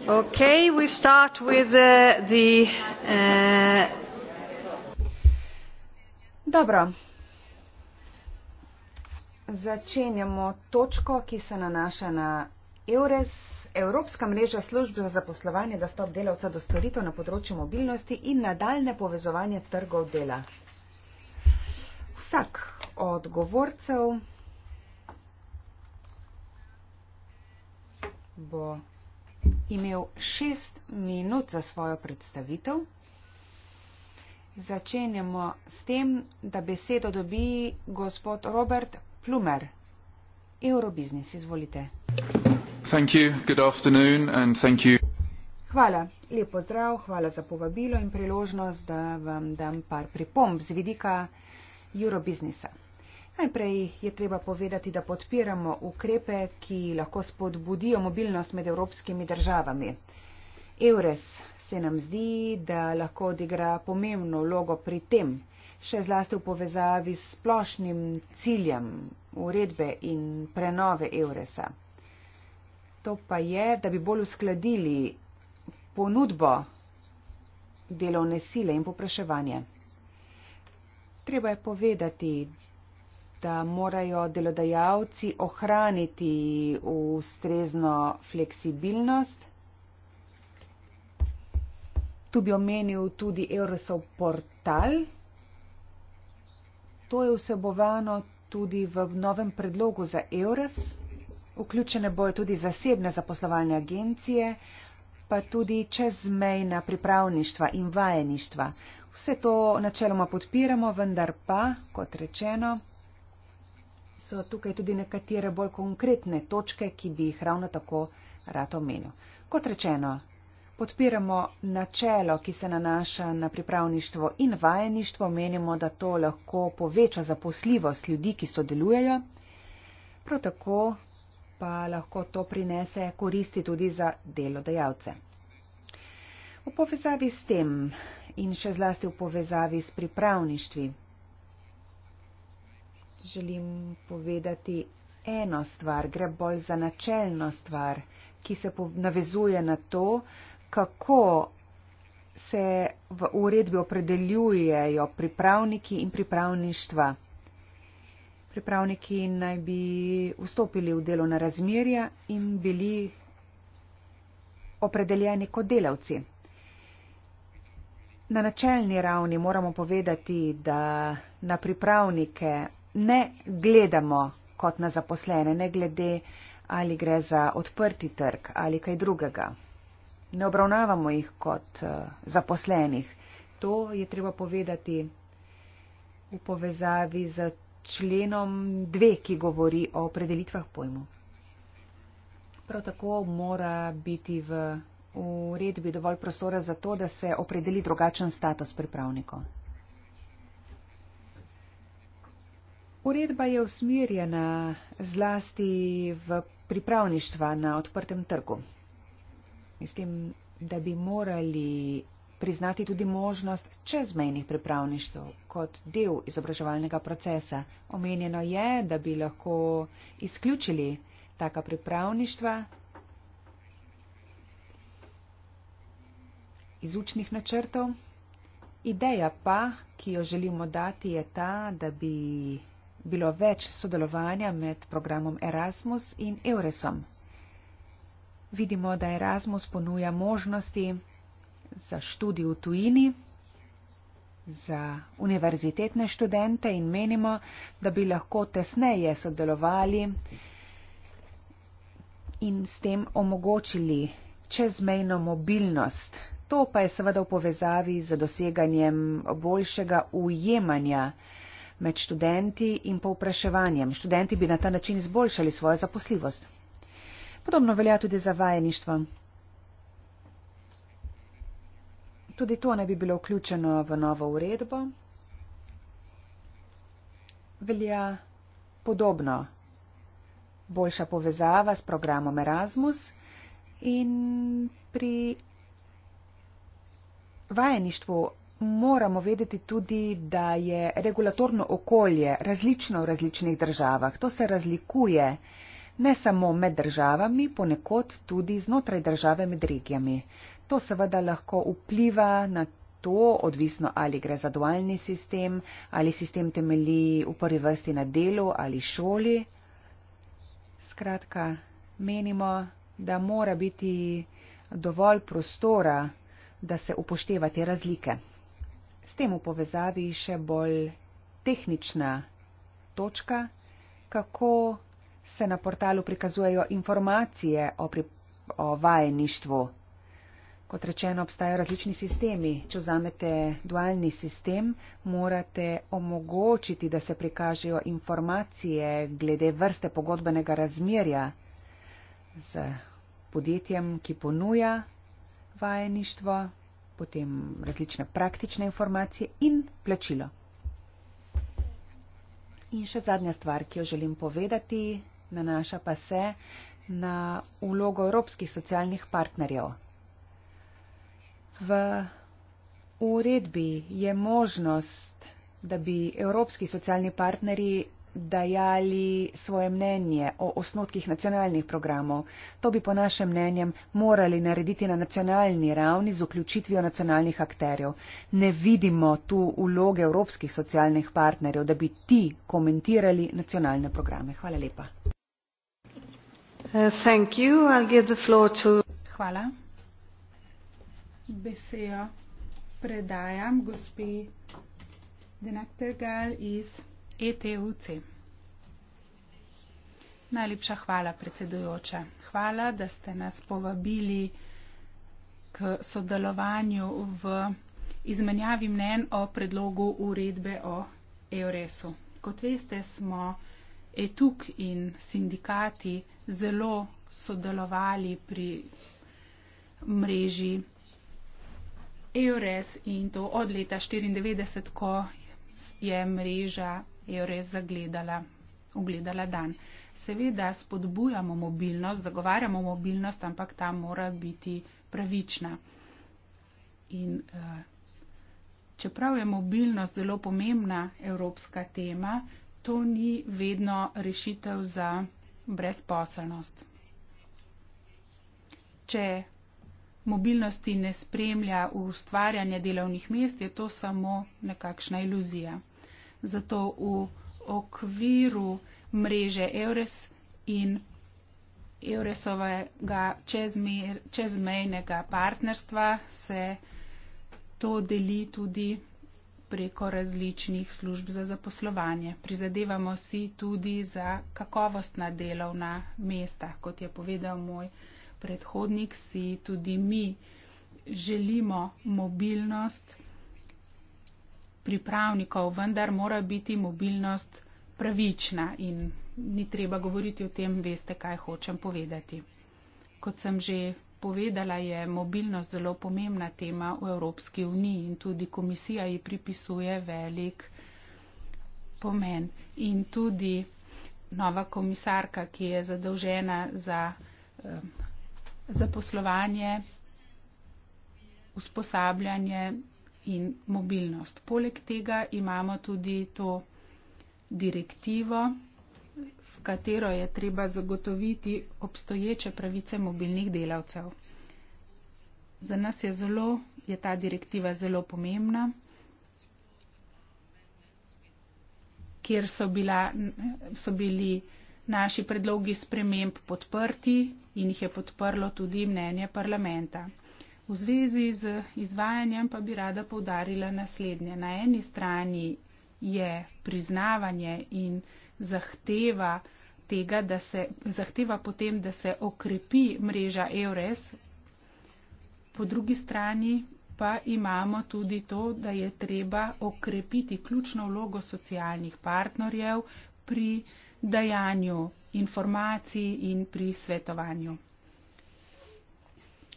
Okay, we start with uh, the. Uh... Dobro. Začenjamo točko, ki se nanaša na EURES, Evropska mreža služb za zaposlovanje, dostop delavca do storitev na področju mobilnosti in nadaljne povezovanje trgov dela. Vsak od govorcev bo imel šest minut za svojo predstavitev. Začenjamo s tem, da besedo dobi gospod Robert Plumer. Eurobiznis, izvolite. Hvala, lep pozdrav, hvala za povabilo in priložnost, da vam dam par pripomb z vidika Eurobiznisa. Najprej je treba povedati, da podpiramo ukrepe, ki lahko spodbudijo mobilnost med evropskimi državami. Eures se nam zdi, da lahko odigra pomembno vlogo pri tem, še zlasti v povezavi s splošnim ciljem uredbe in prenove Euresa. To pa je, da bi bolj uskladili ponudbo delovne sile in popraševanje. Treba je povedati, da morajo delodajalci ohraniti ustrezno fleksibilnost. Tu bi omenil tudi Eurosov portal. To je vsebovano tudi v novem predlogu za Eures. Vključene bojo tudi zasebne zaposlovalne agencije, pa tudi čezmejna pripravništva in vajeništva. Vse to načeloma podpiramo, vendar pa, kot rečeno, so tukaj tudi nekatere bolj konkretne točke, ki bi jih ravno tako rad omenil. Kot rečeno, podpiramo načelo, ki se nanaša na pripravništvo in vajeništvo, menimo, da to lahko poveča zaposljivost ljudi, ki sodelujejo, prav tako pa lahko to prinese koristi tudi za delodajalce. V povezavi s tem in še zlasti v povezavi s pripravništvi želim povedati eno stvar, gre bolj za načelno stvar, ki se navezuje na to, kako se v uredbi opredeljujejo pripravniki in pripravništva. Pripravniki naj bi vstopili v delo na razmerja in bili opredeljeni kot delavci. Na načelni ravni moramo povedati, da na pripravnike ne gledamo kot na zaposlene, ne glede ali gre za odprti trg ali kaj drugega. Ne obravnavamo jih kot eh, zaposlenih. To je treba povedati v povezavi z členom 2, ki govori o predelitvah pojmu. Prav tako mora biti v uredbi dovolj prostora za to, da se opredeli drugačen status pripravnikov. Uredba je usmerjena zlasti v pripravništva na odprtem trgu. Mislim, da bi morali priznati tudi možnost čezmejnih pripravništv kot del izobraževalnega procesa. Omenjeno je, da bi lahko izključili taka pripravništva iz učnih načrtov. Ideja pa, ki jo želimo dati, je ta, da bi bilo več sodelovanja med programom Erasmus in Euresom. Vidimo, da Erasmus ponuja možnosti za študij v tujini, za univerzitetne študente in menimo, da bi lahko tesneje sodelovali in s tem omogočili čezmejno mobilnost. To pa je seveda v povezavi z doseganjem boljšega ujemanja med študenti in povpraševanjem. Študenti bi na ta način izboljšali svojo zaposljivost. Podobno velja tudi za vajeništvo. Tudi to ne bi bilo vključeno v novo uredbo. Velja podobno boljša povezava s programom Erasmus in pri vajeništvu moramo vedeti tudi, da je regulatorno okolje različno v različnih državah. To se razlikuje ne samo med državami, ponekod tudi znotraj države med regijami. To seveda lahko vpliva na to, odvisno ali gre za dualni sistem, ali sistem temelji v prvi vrsti na delu ali šoli. Skratka, menimo, da mora biti dovolj prostora, da se upošteva te razlike. S tem v povezavi še bolj tehnična točka, kako se na portalu prikazujejo informacije o, pri, o vajeništvu. Kot rečeno, obstajajo različni sistemi. Če vzamete dualni sistem, morate omogočiti, da se prikažejo informacije glede vrste pogodbenega razmerja z podjetjem, ki ponuja vajeništvo potem različne praktične informacije in plačilo. In še zadnja stvar, ki jo želim povedati, nanaša pa se na ulogo evropskih socialnih partnerjev. V uredbi je možnost, da bi evropski socialni partnerji dajali svoje mnenje o osnotkih nacionalnih programov. To bi po našem mnenjem morali narediti na nacionalni ravni z vključitvijo nacionalnih akterjev. Ne vidimo tu uloge evropskih socialnih partnerjev, da bi ti komentirali nacionalne programe. Hvala lepa. Uh, Hvala. Besejo predajam gospi Denaktergal iz. ETUC. Najlepša hvala, predsedujoča. Hvala, da ste nas povabili k sodelovanju v izmenjavi mnen o predlogu uredbe o EURES-u. E Kot veste, smo ETUK in sindikati zelo sodelovali pri mreži EURES in to od leta 1994, ko je mreža je res zagledala, ugledala dan. Seveda spodbujamo mobilnost, zagovarjamo mobilnost, ampak ta mora biti pravična. In eh, čeprav je mobilnost zelo pomembna evropska tema, to ni vedno rešitev za brezposelnost. Če mobilnosti ne spremlja ustvarjanje delovnih mest, je to samo nekakšna iluzija zato v okviru mreže EURES in EURESovega čezmer, čezmejnega partnerstva se to deli tudi preko različnih služb za zaposlovanje. Prizadevamo si tudi za kakovostna delovna mesta. Kot je povedal moj predhodnik, si tudi mi želimo mobilnost pripravnikov, vendar mora biti mobilnost pravična in ni treba govoriti o tem, veste, kaj hočem povedati. Kot sem že povedala, je mobilnost zelo pomembna tema v Evropski uniji in tudi komisija ji pripisuje velik pomen. In tudi nova komisarka, ki je zadolžena za eh, zaposlovanje, usposabljanje in mobilnost. Poleg tega imamo tudi to direktivo, s katero je treba zagotoviti obstoječe pravice mobilnih delavcev. Za nas je, zelo, je ta direktiva zelo pomembna, kjer so, bila, so bili naši predlogi sprememb podprti in jih je podprlo tudi mnenje parlamenta. V zvezi z izvajanjem pa bi rada povdarila naslednje. Na eni strani je priznavanje in zahteva, tega, da se, zahteva potem, da se okrepi mreža EURES, po drugi strani pa imamo tudi to, da je treba okrepiti ključno vlogo socialnih partnerjev pri dajanju informacij in pri svetovanju.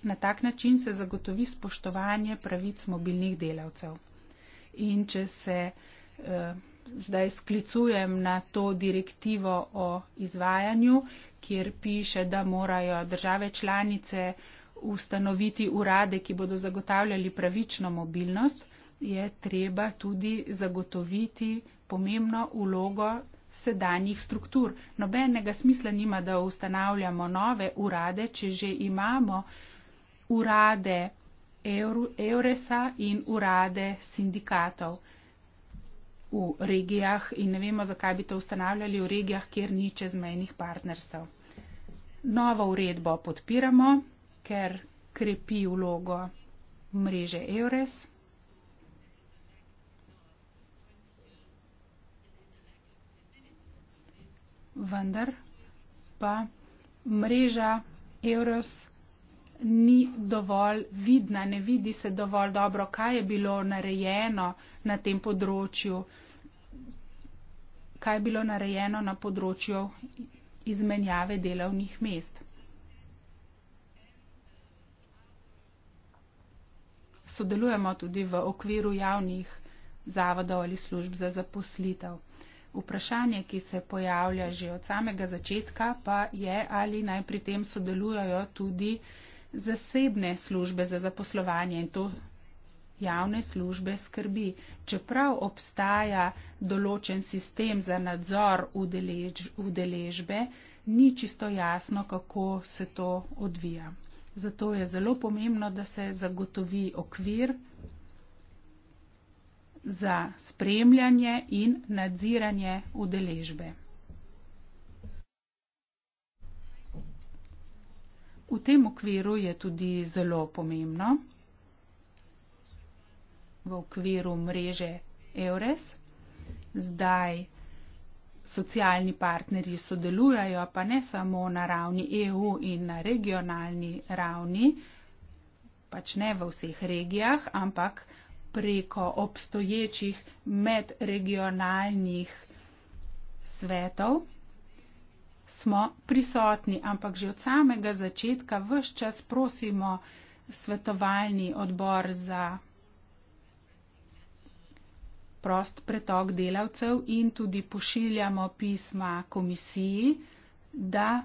Na tak način se zagotovi spoštovanje pravic mobilnih delavcev. In če se eh, zdaj sklicujem na to direktivo o izvajanju, kjer piše, da morajo države članice ustanoviti urade, ki bodo zagotavljali pravično mobilnost, je treba tudi zagotoviti pomembno ulogo sedanjih struktur. Nobenega smisla nima, da ustanavljamo nove urade, če že imamo eh, urade Euresa in urade sindikatov v regijah in ne vemo, zakaj bi to ustanavljali v regijah, kjer ni čezmejnih partnerstv. Novo uredbo podpiramo, ker krepi vlogo mreže Eures. Vendar pa mreža Euros ni dovolj vidna, ne vidi se dovolj dobro, kaj je bilo narejeno na tem področju, kaj je bilo narejeno na področju izmenjave delovnih mest. Sodelujemo tudi v okviru javnih zavodov ali služb za zaposlitev. Vprašanje, ki se pojavlja že od samega začetka, pa je, ali naj pri tem sodelujajo tudi uh, zasebne službe za zaposlovanje in to javne službe skrbi. Čeprav obstaja določen sistem za nadzor udelež, udeležbe, ni čisto jasno, kako se to odvija. Zato je zelo pomembno, da se zagotovi okvir za spremljanje in nadziranje udeležbe. V tem okviru je tudi zelo pomembno v okviru mreže EURES. Zdaj socialni partnerji sodelujajo, pa ne samo na ravni EU in na regionalni ravni, pač ne v vseh regijah, ampak preko obstoječih medregionalnih svetov smo prisotni, ampak že od samega začetka vse čas prosimo svetovalni odbor za prost pretok delavcev in tudi pošiljamo pisma komisiji, da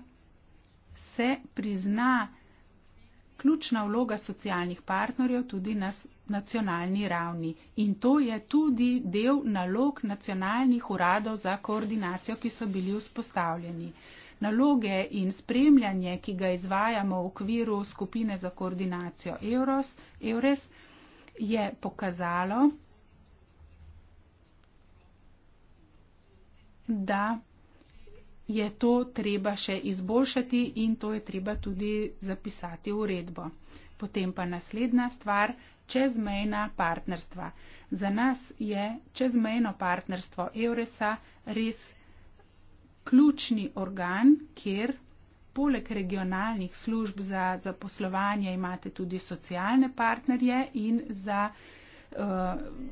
se prizna, da ključna vloga socialnih partnerjev tudi na nacionalni ravni. In to je tudi del nalog nacionalnih uradov za koordinacijo, ki so bili vzpostavljeni. Naloge in spremljanje, ki ga izvajamo v okviru skupine za koordinacijo Euros, EURES, je pokazalo, da je to treba še izboljšati in to je treba tudi zapisati v uredbo. Potem pa naslednja stvar, čezmejna partnerstva. Za nas je čezmejno partnerstvo Euresa res ključni organ, kjer poleg regionalnih služb za zaposlovanje imate tudi socialne partnerje in za uh,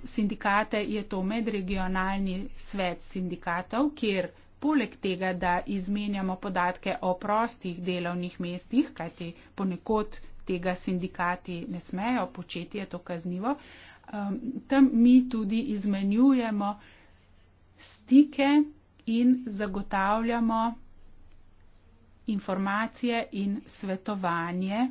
sindikate je to medregionalni svet sindikatov, kjer poleg tega, da izmenjamo podatke o prostih delovnih mestih, kajti ponekod tega sindikati ne smejo početi, je to kaznivo, um, tam mi tudi izmenjujemo stike in zagotavljamo informacije in svetovanje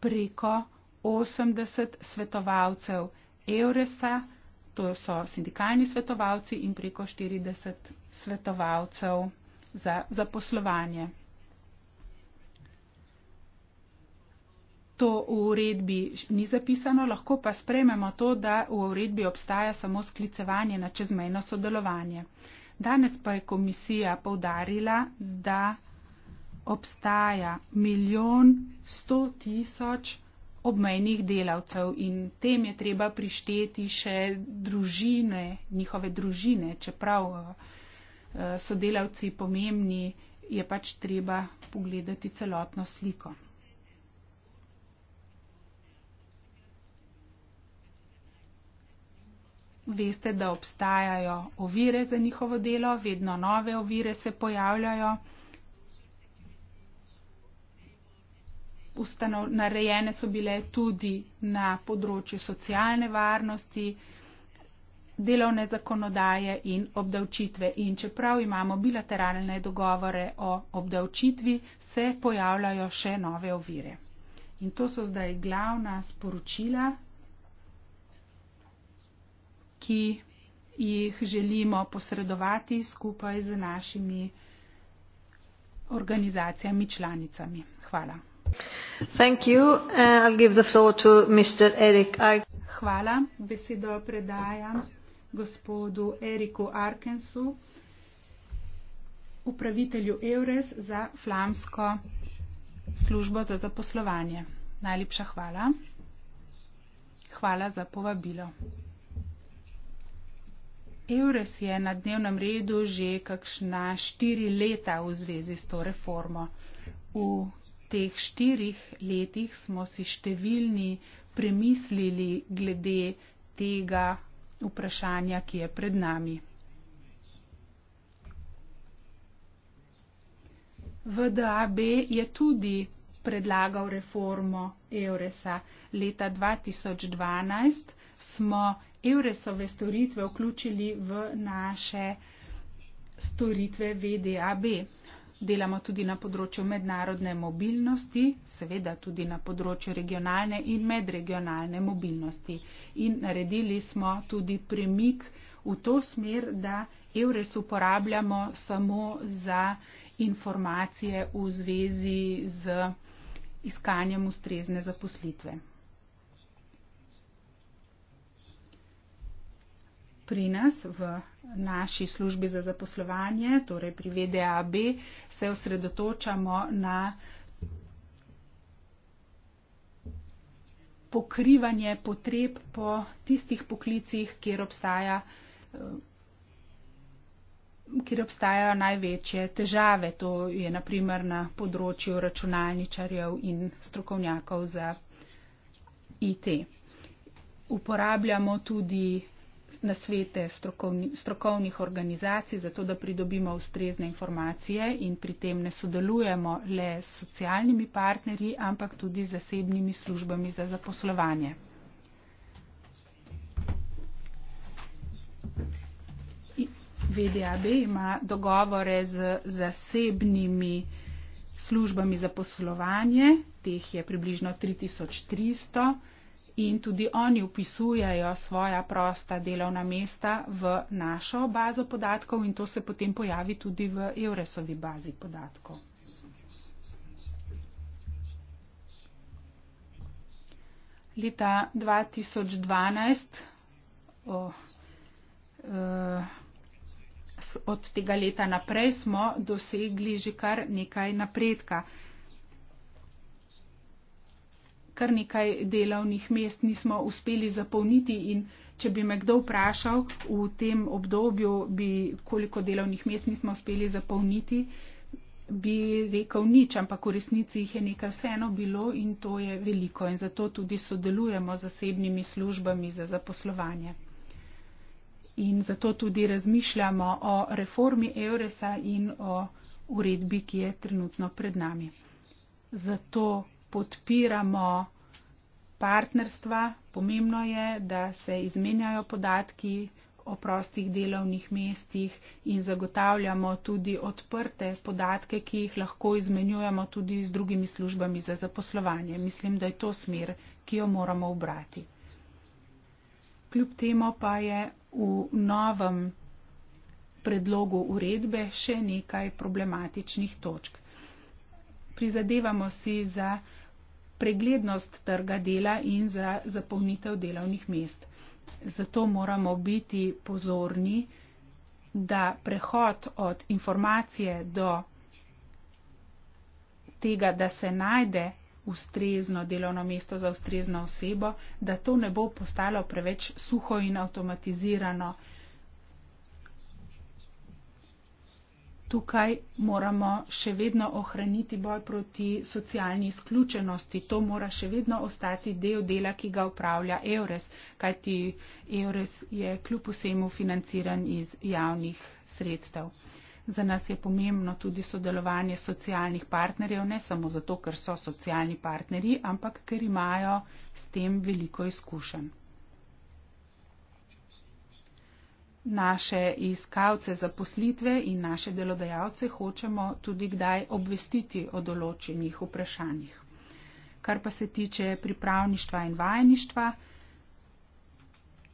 preko 80 svetovalcev Euresa, To so sindikalni svetovalci in preko 40 svetovalcev za zaposlovanje. To v uredbi ni zapisano, lahko pa sprememo to, da v uredbi obstaja samo sklicevanje na čezmejno sodelovanje. Danes pa je komisija povdarila, da obstaja milijon sto tisoč obmejnih delavcev in tem je treba prišteti še družine, njihove družine, čeprav eh, so delavci pomembni, je pač treba pogledati celotno sliko. Veste, da obstajajo ovire za njihovo delo, vedno nove ovire se pojavljajo. ustanov, narejene so bile tudi na področju socialne varnosti, delovne zakonodaje in obdavčitve. In čeprav imamo bilateralne dogovore o obdavčitvi, se pojavljajo še nove ovire. In to so zdaj glavna sporočila, ki jih želimo posredovati skupaj z našimi organizacijami članicami. Hvala. Uh, hvala. Besedo predajam gospodu Eriku Arkensu, upravitelju EURES za flamsko službo za zaposlovanje. Najlepša hvala. Hvala za povabilo. EURES je na dnevnem redu že kakšna štiri leta v zvezi s to reformo. V teh štirih letih smo si številni premislili glede tega vprašanja, ki je pred nami. VDAB je tudi predlagal reformo Euresa. Leta 2012 smo Euresove storitve vključili v naše storitve VDAB. Delamo tudi na področju mednarodne mobilnosti, seveda tudi na področju regionalne in medregionalne mobilnosti. In naredili smo tudi premik v to smer, da EURES uporabljamo samo za informacije v zvezi z iskanjem ustrezne zaposlitve. pri nas v naši službi za zaposlovanje, torej pri VDAB, se osredotočamo na pokrivanje potreb po tistih poklicih, kjer, obstaja, eh, kjer obstajajo največje težave. To je naprimer na področju računalničarjev in strokovnjakov za IT. Uporabljamo tudi na svete strokovni, strokovnih organizacij, zato da pridobimo ustrezne informacije in pri tem ne sodelujemo le s socialnimi partnerji, ampak tudi z zasebnimi službami za zaposlovanje. VDAB ima dogovore z zasebnimi službami za poslovanje, teh je približno 3300 in tudi oni upisujajo svoja prosta delovna mesta v našo bazo podatkov in to se potem pojavi tudi v Euresovi bazi podatkov. Leta 2012 o, e, od tega leta naprej smo dosegli že kar nekaj napredka kar nekaj delovnih mest nismo uspeli zapolniti in če bi me kdo vprašal v tem obdobju, bi koliko delovnih mest nismo uspeli zapolniti, bi rekel nič, ampak v resnici jih je nekaj vseeno bilo in to je veliko in zato tudi sodelujemo z zasebnimi službami za zaposlovanje. In zato tudi razmišljamo o reformi Euresa in o uredbi, ki je trenutno pred nami. Zato podpiramo partnerstva. Pomembno je, da se izmenjajo podatki o prostih delovnih mestih in zagotavljamo tudi odprte podatke, ki jih lahko izmenjujemo tudi z drugimi službami za zaposlovanje. Mislim, da je to smer, ki jo moramo obrati. Kljub temu pa je v novem predlogu uredbe še nekaj problematičnih točk. Prizadevamo si za preglednost trga dela in za zapolnitev delovnih mest. Zato moramo biti pozorni, da prehod od informacije do tega, da se najde ustrezno delovno mesto za ustrezno osebo, da to ne bo postalo preveč suho in avtomatizirano. tukaj moramo še vedno ohraniti boj proti socialni izključenosti. To mora še vedno ostati del dela, ki ga upravlja EURES, kajti EURES je kljub vsemu financiran iz javnih sredstev. Za nas je pomembno tudi sodelovanje socialnih partnerjev, ne samo zato, ker so socialni partnerji, ampak ker imajo s tem veliko izkušenj. naše iskalce zaposlitve in naše delodajalce hočemo tudi kdaj obvestiti o določenih vprašanjih. Kar pa se tiče pripravništva in vajeništva,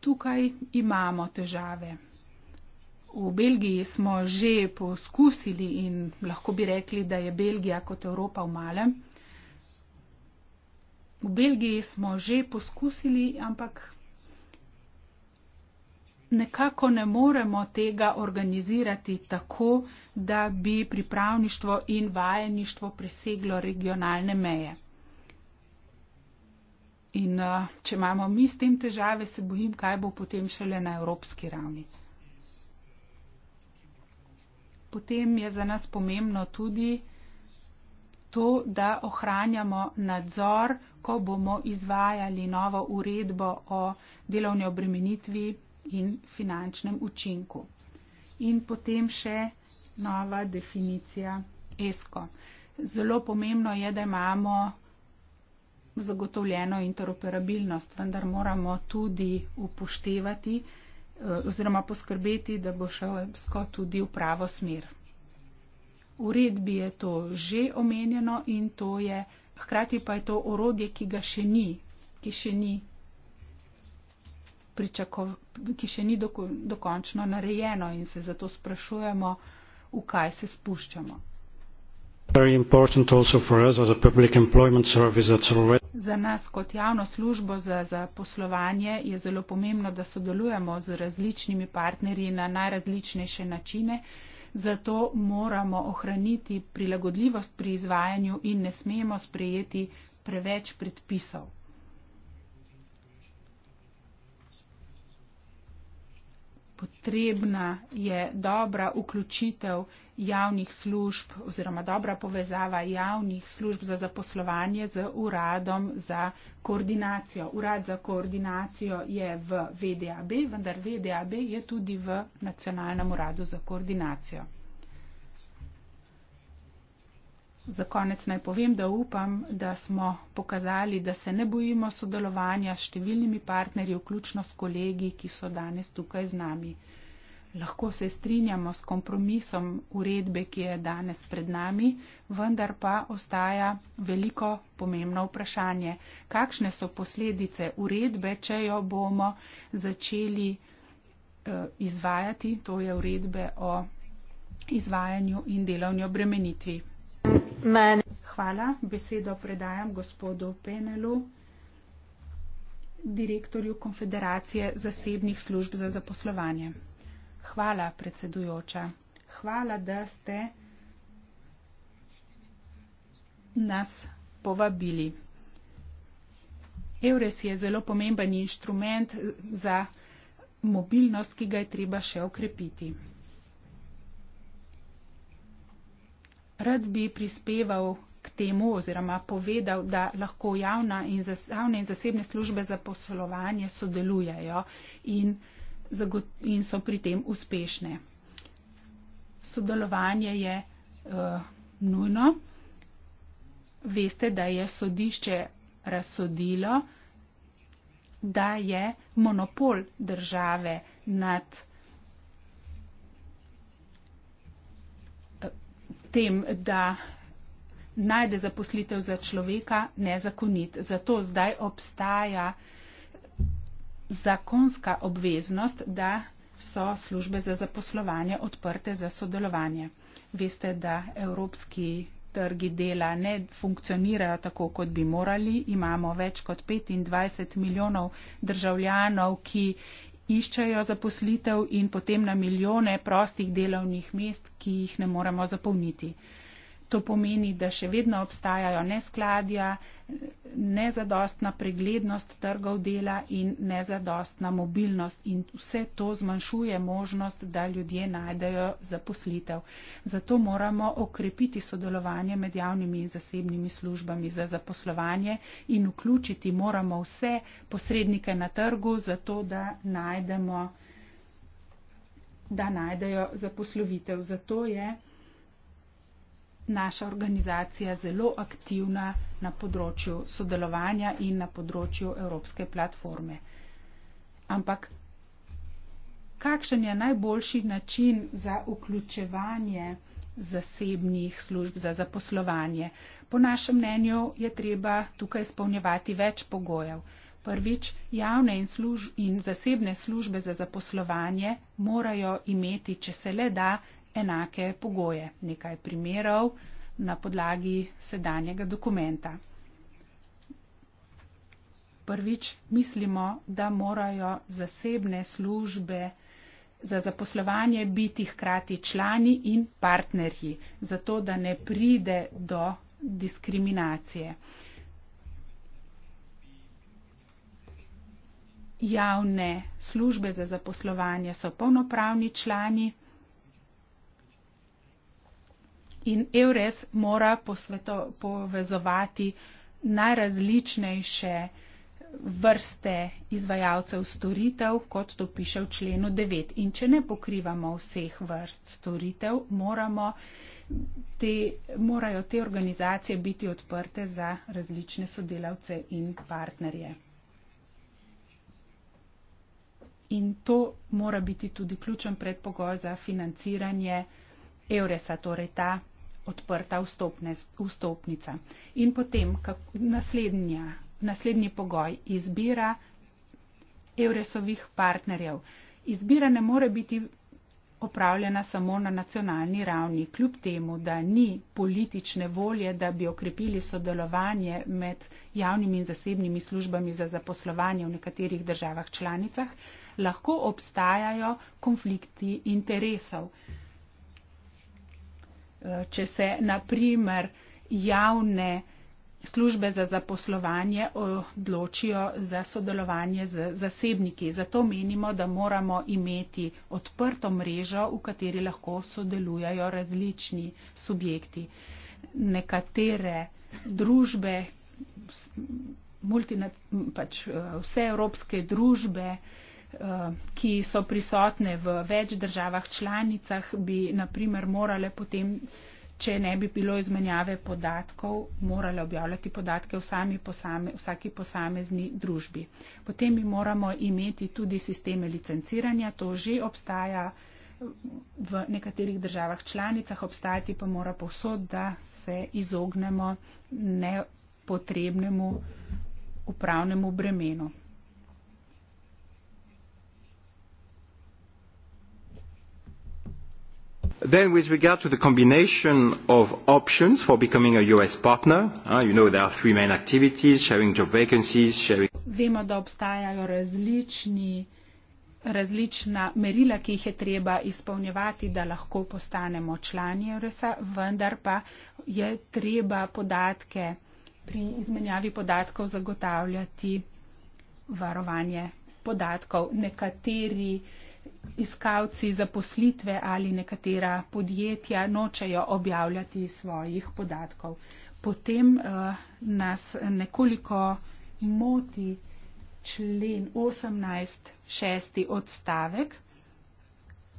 tukaj imamo težave. V Belgiji smo že poskusili in lahko bi rekli, da je Belgija kot Evropa v malem. V Belgiji smo že poskusili, ampak nekako ne moremo tega organizirati tako, da bi pripravništvo in vajeništvo preseglo regionalne meje. In eh, če imamo mi s tem težave, se bojim, kaj bo potem šele na evropski ravni. Potem je za nas pomembno tudi to, da ohranjamo nadzor, ko bomo izvajali novo uredbo o delovni obremenitvi in finančnem učinku. In potem še nova definicija ESCO. Zelo pomembno je, da imamo zagotovljeno interoperabilnost, vendar moramo tudi upoštevati eh, oziroma poskrbeti, da bo šel EBSCO tudi v pravo smer. V uredbi je to že omenjeno in to je, hkrati pa je to orodje, ki ga še ni, ki še ni pričakov, ki še ni do, dokončno narejeno in se zato sprašujemo, v kaj se spuščamo. Us, za nas kot javno službo za, za poslovanje je zelo pomembno, da sodelujemo z različnimi partnerji na najrazličnejše načine. Zato moramo ohraniti prilagodljivost pri izvajanju in ne smemo sprejeti preveč predpisov. potrebna je dobra vključitev javnih služb oziroma dobra povezava javnih služb za zaposlovanje z uradom za koordinacijo. Urad za koordinacijo je v VDAB, vendar VDAB je tudi v nacionalnem uradu za koordinacijo. Za konec naj povem, da upam, da smo pokazali, da se ne bojimo sodelovanja s številnimi partnerji, vključno s kolegi, ki so danes tukaj z nami. Lahko se strinjamo s kompromisom uredbe, ki je danes pred nami, vendar pa ostaja veliko pomembno vprašanje, kakšne so posledice uredbe, če jo bomo začeli eh, izvajati, to je uredbe o izvajanju in delovni obremenitvi. Amen. Hvala. Besedo predajam gospodu Penelu, direktorju Konfederacije zasebnih služb za zaposlovanje. Hvala, predsedujoča. Hvala, da ste nas povabili. Eures je zelo pomemben inštrument za mobilnost, ki ga je treba še okrepiti. rad bi prispeval k temu oziroma povedal, da lahko javna in zas, javne in zasebne službe za poslovanje sodelujejo in, zagot, in so pri tem uspešne. Sodelovanje je uh, nujno. Veste, da je sodišče razsodilo, da je monopol države nad. tem, da najde zaposlitev za človeka nezakonit. Zato zdaj obstaja zakonska obveznost, da so službe za zaposlovanje odprte za sodelovanje. Veste, da evropski trgi dela ne funkcionirajo tako, kot bi morali. Imamo več kot 25 milijonov državljanov, ki iščejo zaposlitev in potem na milijone prostih delovnih mest, ki jih ne moremo zapolniti. To pomeni, da še vedno obstajajo neskladja, nezadostna preglednost trgov dela in nezadostna mobilnost in vse to zmanjšuje možnost, da ljudje najdejo zaposlitev. Zato moramo okrepiti sodelovanje med javnimi in zasebnimi službami za zaposlovanje in vključiti moramo vse posrednike na trgu, zato da najdemo da najdejo zaposlovitev. Zato je naša organizacija zelo aktivna na področju sodelovanja in na področju evropske platforme. Ampak kakšen je najboljši način za vključevanje zasebnih služb za zaposlovanje? Po našem mnenju je treba tukaj spolnjevati več pogojev. Prvič, javne in, služ, in zasebne službe za zaposlovanje morajo imeti, če se le da, enake pogoje. Nekaj primerov na podlagi sedanjega dokumenta. Prvič mislimo, da morajo zasebne službe za zaposlovanje biti hkrati člani in partnerji, zato da ne pride do diskriminacije. Javne službe za zaposlovanje so polnopravni člani in EURES mora posveto, povezovati najrazličnejše vrste izvajalcev storitev, kot to piše v členu 9. In če ne pokrivamo vseh vrst storitev, moramo te, morajo te organizacije biti odprte za različne sodelavce in partnerje. In to mora biti tudi ključen predpogoj za financiranje EURES-a, torej ta odprta vstopnica. In potem naslednji pogoj izbira Euresovih partnerjev. Izbira ne more biti opravljena samo na nacionalni ravni, kljub temu, da ni politične volje, da bi okrepili sodelovanje med javnimi in zasebnimi službami za zaposlovanje v nekaterih državah članicah, lahko obstajajo konflikti interesov. Hmm. Eh, če se naprimer javne službe za zaposlovanje odločijo za sodelovanje z zasebniki. Zato menimo, da moramo imeti odprto mrežo, v kateri lahko sodelujajo različni subjekti. Nekatere družbe, pač eh, vse evropske družbe, Eh, ki so prisotne v več državah članicah, bi naprimer morale potem, če ne bi bilo izmenjave podatkov, morale objavljati podatke v sami posame, vsaki posamezni družbi. Potem bi moramo imeti tudi sisteme licenciranja, to že obstaja v nekaterih državah članicah, obstajati pa mora povsod, da se izognemo nepotrebnemu upravnemu bremenu. Then, with regard to the combination of options for becoming a U.S. partner, uh, you know there are three main activities: sharing job vacancies, sharing. Vemo, da obstajajo različni, različna merila, ki jih je treba izpolnjevati, da lahko postanemo člani Eurosa, vendar pa je treba podatke pri izmenjavi podatkov zagotavljati varovanje podatkov. Nekateri iskalci zaposlitve ali nekatera podjetja nočejo objavljati svojih podatkov. Potem eh, nas nekoliko moti člen 18.6. odstavek,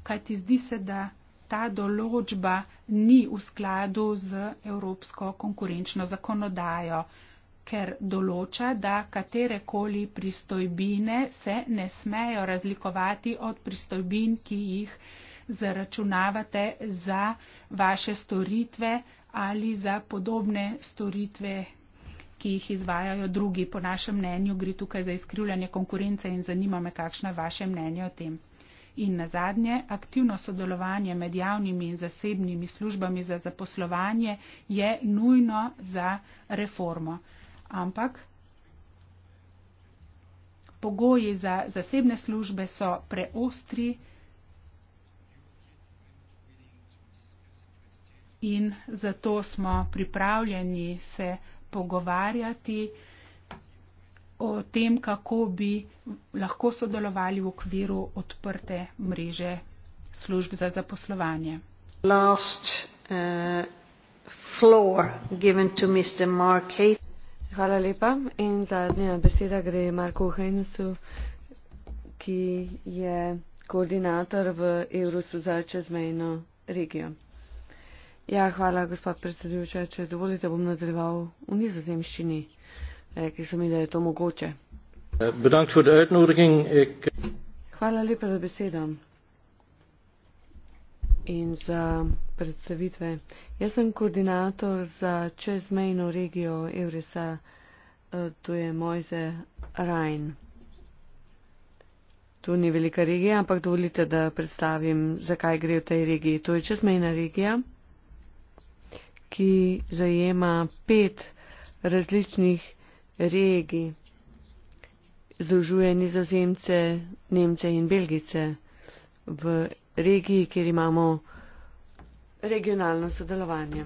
kajti zdi se, da ta določba ni v skladu z evropsko konkurenčno zakonodajo ker določa, da katerekoli pristojbine se ne smejo razlikovati od pristojbin, ki jih zaračunavate za vaše storitve ali za podobne storitve, ki jih izvajajo drugi. Po našem mnenju gre tukaj za izkrivljanje konkurence in zanima me, kakšno je vaše mnenje o tem. In na zadnje, aktivno sodelovanje med javnimi in zasebnimi službami za zaposlovanje je nujno za reformo ampak pogoji za zasebne službe so preostri in zato smo pripravljeni se pogovarjati o tem, kako bi lahko sodelovali v okviru odprte mreže služb za zaposlovanje. Last, uh, floor given to Mr. Mark Hayes. Hvala lepa. In zadnja beseda gre Marku Hensu, ki je koordinator v Eurosu za čezmejno regijo. Ja, hvala, gospod predsedujoča. Če dovolite, bom nadaljeval v nizozemščini, rekli so mi, da je to mogoče. Hvala lepa za besedo in za predstavitve. Jaz sem koordinator za čezmejno regijo Evresa, eh, to je Mojze Rajn. To ni velika regija, ampak dovolite, da predstavim, zakaj gre v tej regiji. To je čezmejna regija, ki zajema pet različnih regij. Združuje nizozemce, nemce in belgice v regiji, kjer imamo regionalno sodelovanje.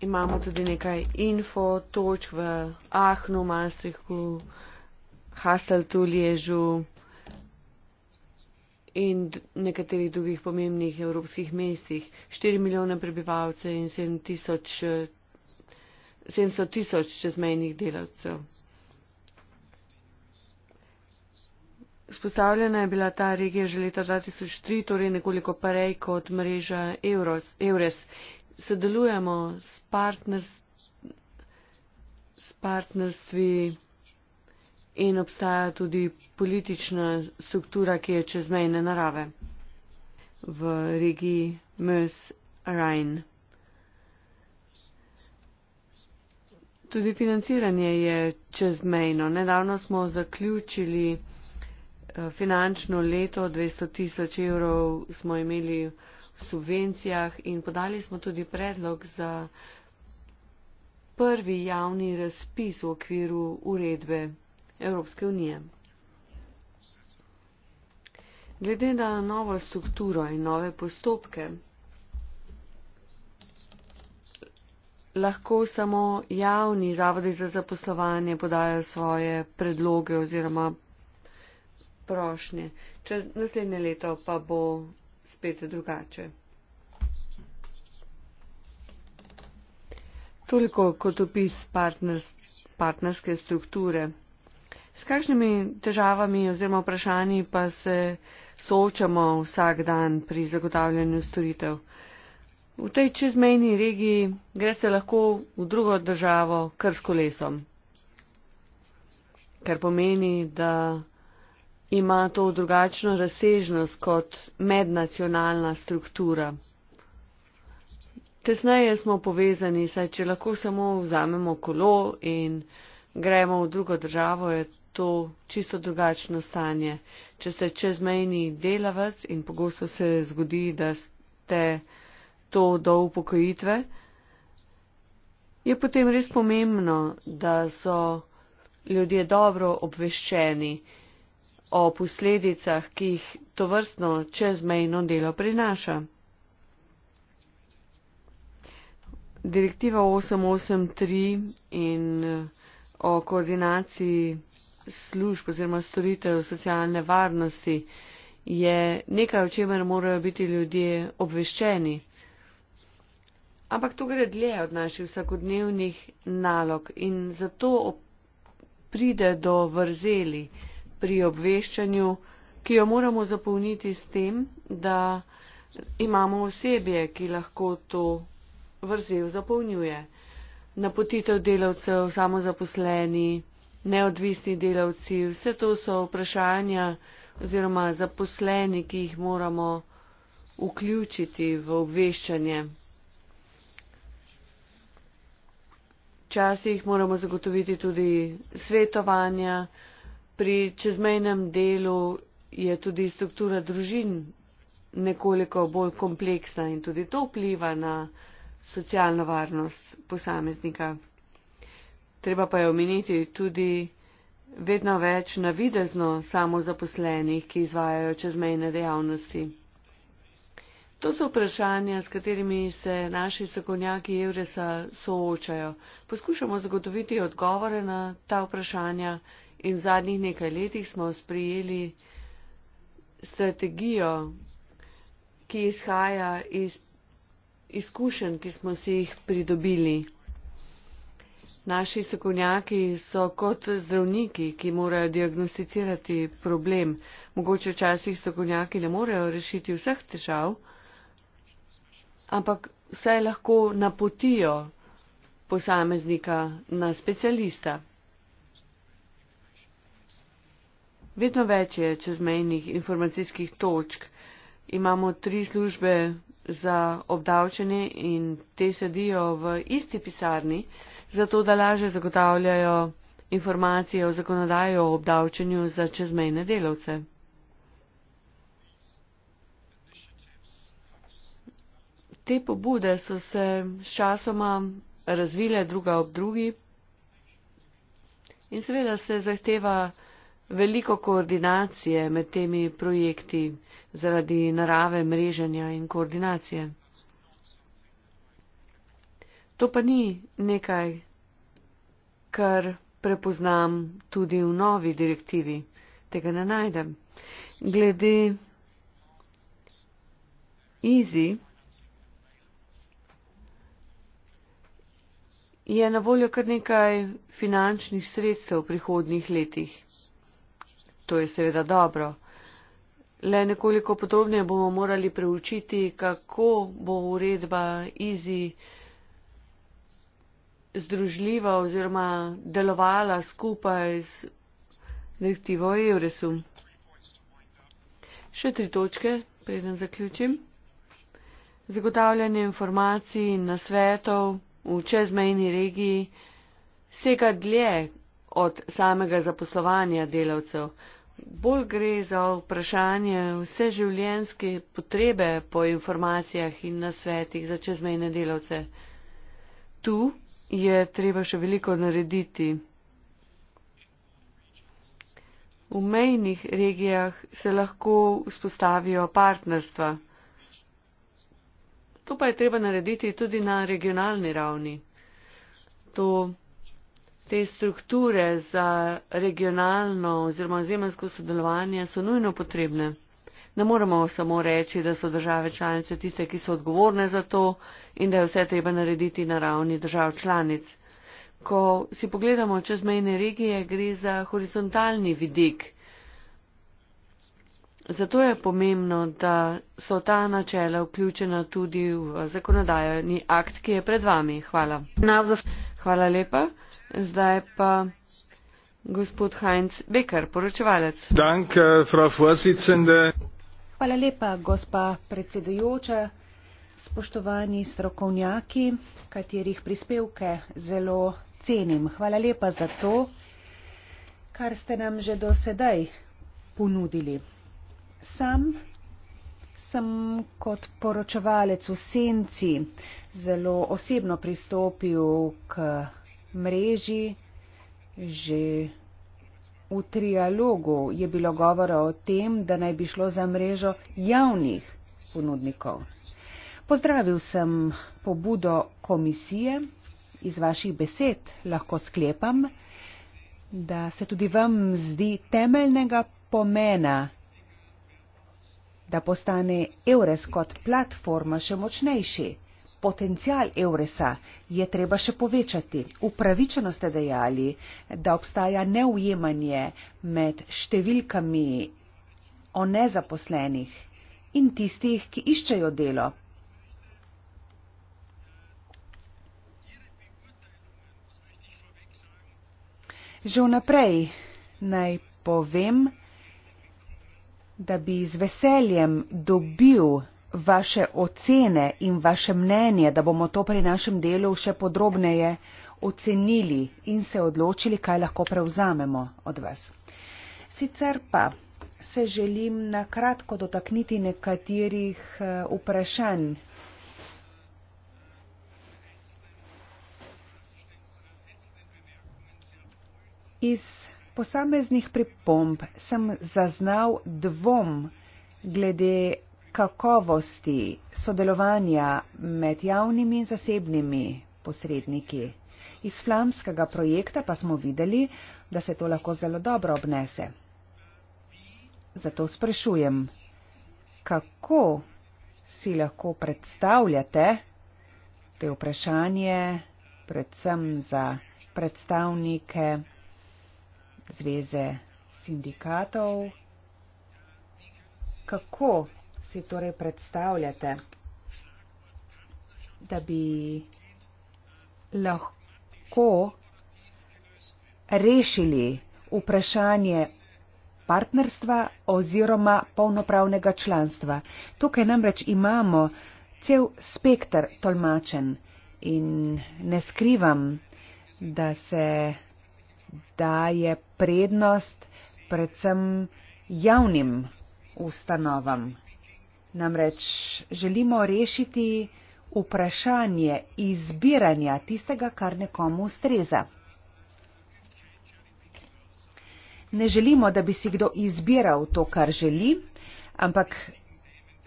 Imamo tudi nekaj info točk v Ahnu, Maastrichtu, Haseltu, Ježu in nekaterih drugih pomembnih evropskih mestih. 4 milijone prebivalcev in 700 tisoč čezmejnih delavcev. Vzpostavljena je bila ta regija že leta 2003, torej nekoliko prej kot mreža Euros, EURES. Sodelujemo s, partners, s partnerstvi in obstaja tudi politična struktura, ki je čezmejne narave v regiji Mers-Rhein. Tudi financiranje je čezmejno. Nedavno smo zaključili finančno leto 200 tisoč evrov smo imeli v subvencijah in podali smo tudi predlog za prvi javni razpis v okviru uredbe Evropske unije. Glede na novo strukturo in nove postopke, lahko samo javni zavodi za zaposlovanje podajo svoje predloge oziroma prošnje. Če naslednje leto pa bo spet drugače. Toliko kot opis partners, partnerske strukture. S kakšnimi težavami oziroma vprašanji pa se soočamo vsak dan pri zagotavljanju storitev? V tej čezmejni regiji gre se lahko v drugo državo kar s kolesom, kar pomeni, da ima to drugačno razsežnost kot mednacionalna struktura. Tesneje smo povezani, saj če lahko samo vzamemo kolo in gremo v drugo državo, je to čisto drugačno stanje. Če ste čezmejni delavec in pogosto se zgodi, da ste to do upokojitve, je potem res pomembno, da so ljudje dobro obveščeni o posledicah, ki jih to vrstno čezmejno delo prinaša. Direktiva 883 in eh, o koordinaciji služb oziroma storitev socialne varnosti je nekaj, o čemer morajo biti ljudje obveščeni. Ampak to gre dlje od naših vsakodnevnih nalog in zato pride do vrzeli pri obveščanju, ki jo moramo zapolniti s tem, da imamo osebje, ki lahko to vrzel zapolnjuje. Napotitev delavcev, samozaposleni, neodvisni delavci, vse to so vprašanja oziroma zaposleni, ki jih moramo vključiti v obveščanje. Včasih moramo zagotoviti tudi svetovanja, pri čezmejnem delu je tudi struktura družin nekoliko bolj kompleksna in tudi to vpliva na socialno varnost posameznika. Treba pa je omeniti tudi vedno več navidezno samozaposlenih, ki izvajajo čezmejne dejavnosti. To so vprašanja, s katerimi se naši strokovnjaki Evresa soočajo. Poskušamo zagotoviti odgovore na ta vprašanja, In v zadnjih nekaj letih smo sprejeli strategijo, ki izhaja iz izkušenj, ki smo si jih pridobili. Naši strokovnjaki so kot zdravniki, ki morajo diagnosticirati problem. Mogoče včasih strokovnjaki ne morejo rešiti vseh težav, ampak vse lahko napotijo posameznika na specialista. vedno več je čezmejnih informacijskih točk. Imamo tri službe za obdavčenje in te sedijo v isti pisarni, zato da laže zagotavljajo informacije o zakonodaji o obdavčenju za čezmejne delavce. Te pobude so se s časoma razvile druga ob drugi in seveda se zahteva veliko koordinacije med temi projekti zaradi narave mreženja in koordinacije. To pa ni nekaj, kar prepoznam tudi v novi direktivi. Tega ne najdem. Glede Easy je na voljo kar nekaj finančnih sredstev v prihodnih letih. To je seveda dobro. Le nekoliko podrobneje bomo morali preučiti, kako bo uredba izi združljiva oziroma delovala skupaj z direktivo Evresum. Še tri točke, preden zaključim. Zagotavljanje informacij in nasvetov v čezmejni regiji sega dlje od samega zaposlovanja delavcev bolj gre za vprašanje vse življenjske potrebe po informacijah in na svetih za čezmejne delavce. Tu je treba še veliko narediti. V mejnih regijah se lahko vzpostavijo partnerstva. To pa je treba narediti tudi na regionalni ravni. To te strukture za regionalno oziroma zemljsko sodelovanje so nujno potrebne. Ne moramo samo reči, da so države članice tiste, ki so odgovorne za to in da je vse treba narediti na ravni držav članic. Ko si pogledamo čezmejne regije, gre za horizontalni vidik. Zato je pomembno, da so ta načela vključena tudi v zakonodajni akt, ki je pred vami. Hvala. Hvala lepa. Zdaj pa gospod Heinz Becker, poročevalec. Dank, eh, Hvala lepa, gospa predsedujoča, spoštovani strokovnjaki, katerih prispevke zelo cenim. Hvala lepa za to, kar ste nam že do sedaj ponudili. Sam sem kot poročevalec v senci zelo osebno pristopil k mreži, že v trialogu je bilo govora o tem, da naj bi šlo za mrežo javnih ponudnikov. Pozdravil sem pobudo komisije, iz vaših besed lahko sklepam, da se tudi vam zdi temeljnega pomena, da postane Eures kot platforma še močnejši. Potencijal Euresa je treba še povečati. Upravičeno ste dejali, da obstaja neujemanje med številkami o nezaposlenih in tistih, ki iščejo delo. Že vnaprej naj povem, da bi z veseljem dobil vaše ocene in vaše mnenje, da bomo to pri našem delu še podrobneje ocenili in se odločili, kaj lahko prevzamemo od vas. Sicer pa se želim na kratko dotakniti nekaterih eh, vprašanj. Iz posameznih pripomb sem zaznal dvom glede kakovosti sodelovanja med javnimi in zasebnimi posredniki. Iz flamskega projekta pa smo videli, da se to lahko zelo dobro obnese. Zato sprašujem, kako si lahko predstavljate, to je vprašanje predvsem za predstavnike Zveze sindikatov, kako si torej predstavljate, da bi lahko rešili vprašanje partnerstva oziroma polnopravnega članstva. Tukaj namreč imamo cel spektr tolmačen in ne skrivam, da se daje prednost predvsem javnim ustanovam. Namreč želimo rešiti vprašanje izbiranja tistega, kar nekomu ustreza. Ne želimo, da bi si kdo izbiral to, kar želi, ampak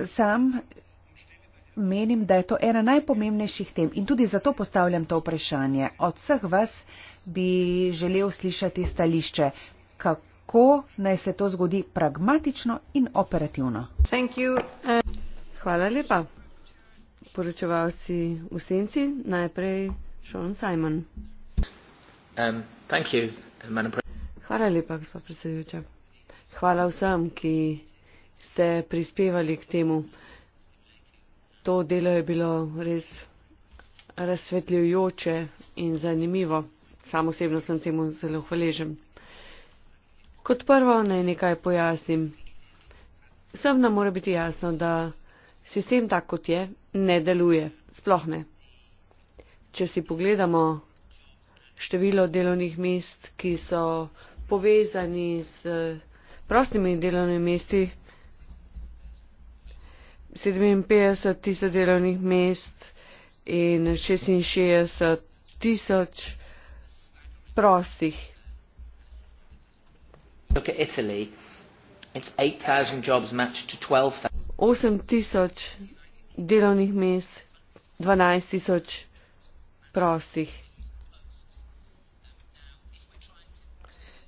sam menim, da je to ena najpomembnejših tem in tudi zato postavljam to vprašanje. Od vseh vas bi želel slišati stališče, kako kako naj se to zgodi pragmatično in operativno. Uh, Hvala lepa. Poročevalci v senci, najprej Sean Simon. Um, Hvala lepa, gospod predsedujoča. Hvala vsem, ki ste prispevali k temu. To delo je bilo res razsvetljujoče in zanimivo. Sam osebno sem temu zelo hvaležen. Kot prvo naj nekaj pojasnim. Sem nam mora biti jasno, da sistem tak, kot je, ne deluje. Sploh ne. Če si pogledamo število delovnih mest, ki so povezani z eh, prostimi delovnimi mesti, 57 tisoč delovnih mest in 66 tisoč prostih look at Italy, it's 8,000 jobs matched to 12,000. delovnih mest, 12 tisoč prostih.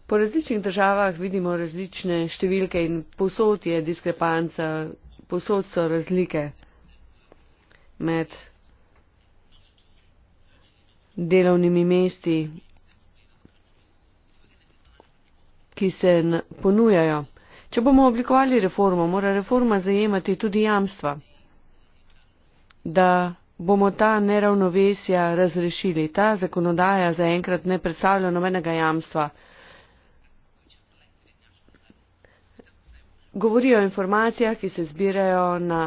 Po različnih državah vidimo različne številke in posod je diskrepanca, posod so razlike med delovnimi mesti ki se ponujajo. Če bomo oblikovali reformo, mora reforma zajemati tudi jamstva, da bomo ta neravnovesja razrešili. Ta zakonodaja zaenkrat ne predstavlja nobenega jamstva. Govorijo o informacijah, ki se zbirajo na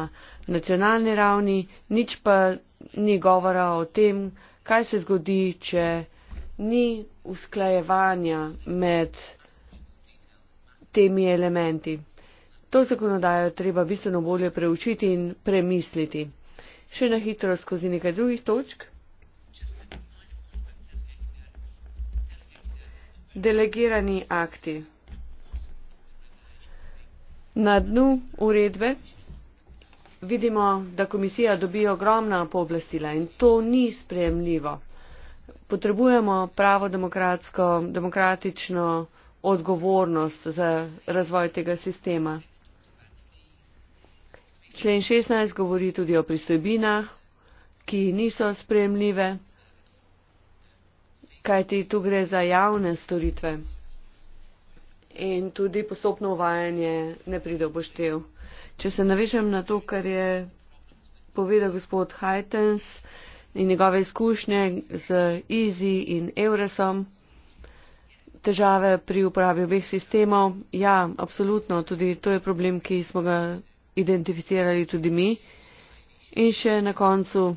nacionalni ravni, nič pa ni govora o tem, kaj se zgodi, če ni usklajevanja med temi elementi. To zakonodajo treba bistveno bolje preučiti in premisliti. Še na hitro skozi nekaj drugih točk. Delegirani akti. Na dnu uredbe vidimo, da komisija dobijo ogromna pooblastila in to ni sprejemljivo. Potrebujemo pravo demokratsko, demokratično odgovornost za razvoj tega sistema. Člen 16 govori tudi o pristojbinah, ki niso spremljive, kajti tu gre za javne storitve in tudi postopno uvajanje ne pride oboštev. Če se navežem na to, kar je povedal gospod Hajtens in njegove izkušnje z Easy in Euresom, težave pri uporabi obeh sistemov. Ja, absolutno, tudi to je problem, ki smo ga identificirali tudi mi. In še na koncu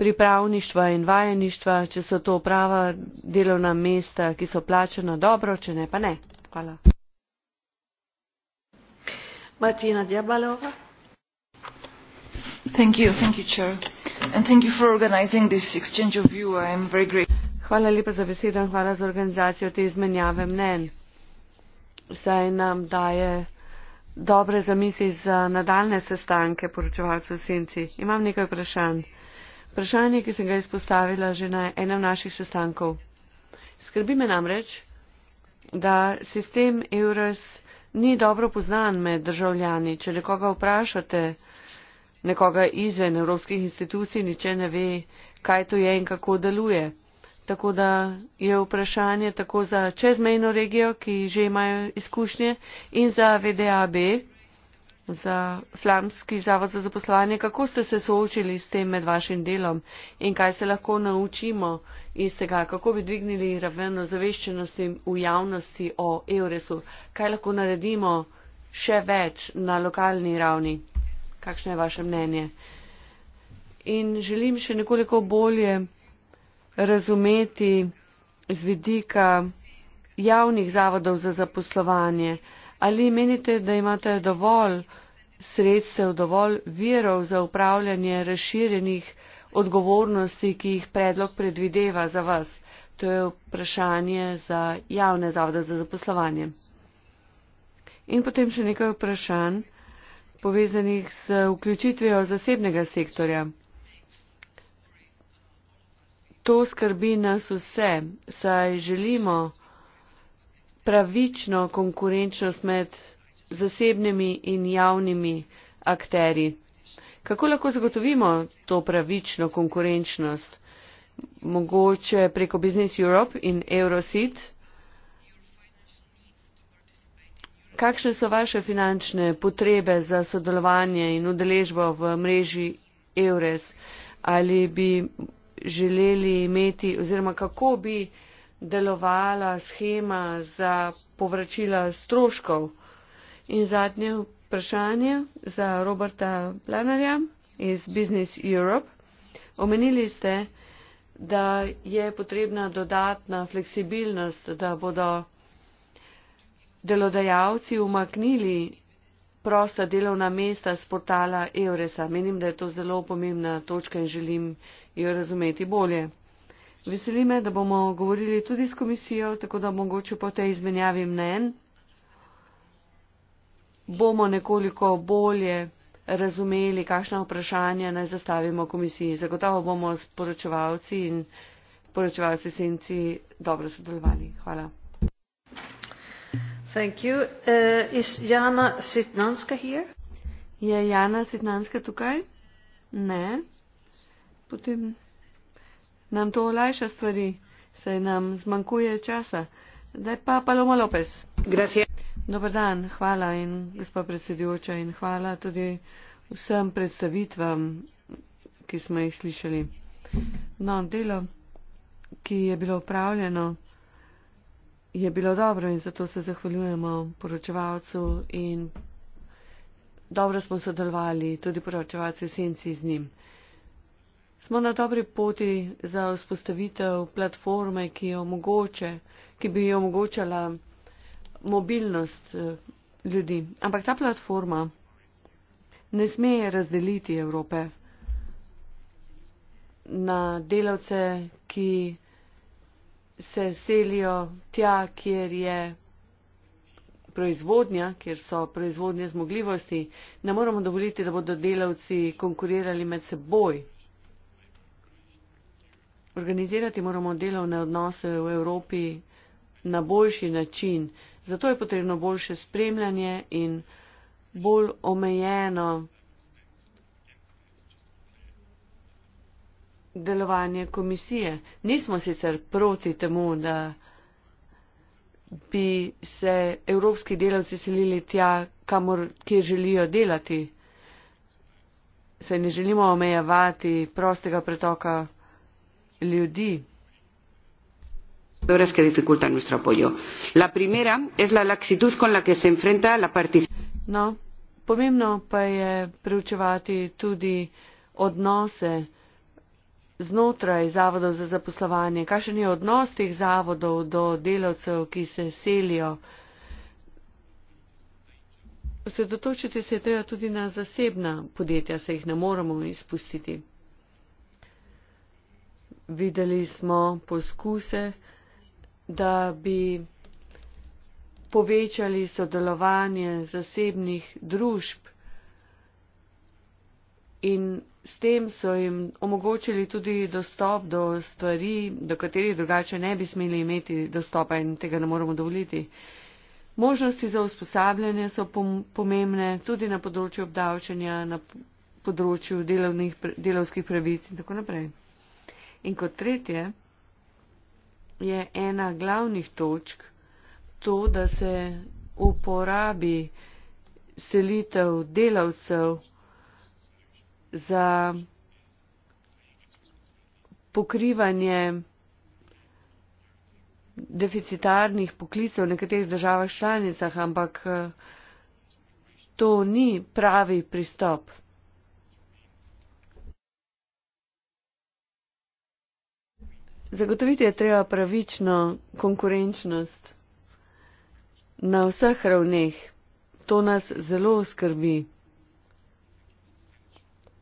pripravništva in vajeništva, če so to prava delovna mesta, ki so plačena dobro, če ne pa ne. Hvala. Martina Djabalova. Thank you, thank you, Chair. And thank you for organizing this exchange of view. I am very grateful. Hvala lepa za besedo in hvala za organizacijo te izmenjave mnen. Saj nam daje dobre zamisli za nadaljne sestanke poročevalcev senci. Imam nekaj vprašanj. Vprašanje, ki sem ga izpostavila že na enem naših sestankov. Skrbi me namreč, da sistem EURES ni dobro poznan med državljani. Če nekoga vprašate, nekoga izven evropskih institucij, niče ne ve, kaj to je in kako deluje. Tako da je vprašanje tako za čezmejno regijo, ki že imajo izkušnje, in za VDAB, za Flamski zavod za zaposlovanje, kako ste se soočili s tem med vašim delom in kaj se lahko naučimo iz tega, kako bi dvignili raven ozaveščenosti v javnosti o Euresu, kaj lahko naredimo še več na lokalni ravni, kakšno je vaše mnenje. In želim še nekoliko bolje razumeti z vidika javnih zavodov za zaposlovanje. Ali menite, da imate dovolj sredstev, dovolj virov za upravljanje razširjenih odgovornosti, ki jih predlog predvideva za vas? To je vprašanje za javne zavode za zaposlovanje. In potem še nekaj vprašanj povezanih z vključitvijo zasebnega sektorja. To skrbi nas vse, saj želimo pravično konkurenčnost med zasebnimi in javnimi akteri. Kako lahko zagotovimo to pravično konkurenčnost? Mogoče preko Business Europe in Eurosit? Kakšne so vaše finančne potrebe za sodelovanje in udeležbo v mreži Eures? Ali bi želeli imeti oziroma kako bi delovala schema za povračila stroškov. In zadnje vprašanje za Roberta Planarja iz Business Europe. Omenili ste, da je potrebna dodatna fleksibilnost, da bodo delodajalci umaknili prosta delovna mesta z portala Euresa. Menim, da je to zelo pomembna točka in želim jo razumeti bolje. Veseli me, da bomo govorili tudi s komisijo, tako da mogoče po tej izmenjavi mnen bomo nekoliko bolje razumeli, kakšna vprašanja naj zastavimo komisiji. Zagotovo bomo s poročevalci in poročevalci senci dobro sodelovali. Hvala. Thank you. Uh, is Jana Sitnanska here? Je Jana Sitnanska tukaj? Ne. Potem nam to olajša stvari, saj nam zmanjkuje časa. Zdaj pa Paloma Lopez. Gracias. Dobar dan, hvala in gospod predsedujoča in hvala tudi vsem predstavitvam, ki smo jih slišali. No, delo, ki je bilo upravljeno je bilo dobro in zato se zahvaljujemo poročevalcu in dobro smo sodelovali tudi poročevalcu Esenci z njim. Smo na dobri poti za vzpostavitev platforme, ki, omogoče, ki bi omogočala mobilnost eh, ljudi. Ampak ta platforma ne sme razdeliti Evrope na delavce, ki se selijo tja, kjer je proizvodnja, kjer so proizvodne zmogljivosti. Ne moramo dovoliti, da bodo delavci konkurirali med seboj. Organizirati moramo delovne odnose v Evropi na boljši način. Zato je potrebno boljše spremljanje in bolj omejeno delovanje komisije. Nismo sicer proti temu, da bi se evropski delavci selili tja, kamor, kjer želijo delati. Se ne želimo omejevati prostega pretoka ljudi. No, pomembno pa je preučevati tudi odnose znotraj zavodov za zaposlovanje, kakšen je odnos teh zavodov do delavcev, ki se selijo. Osredotočiti se je treba tudi na zasebna podjetja, se jih ne moremo izpustiti. Videli smo poskuse, da bi povečali sodelovanje zasebnih družb in s tem so jim omogočili tudi dostop do stvari, do katerih drugače ne bi smeli imeti dostopa in tega ne moramo dovoliti. Možnosti za usposabljanje so pomembne tudi na področju obdavčanja, na področju delovnih, delovskih pravic in tako naprej. In kot tretje je ena glavnih točk to, da se uporabi selitev delavcev za pokrivanje deficitarnih poklicev v nekaterih državah članicah, ampak eh, to ni pravi pristop. Zagotoviti je treba pravično konkurenčnost na vseh ravneh. To nas zelo skrbi.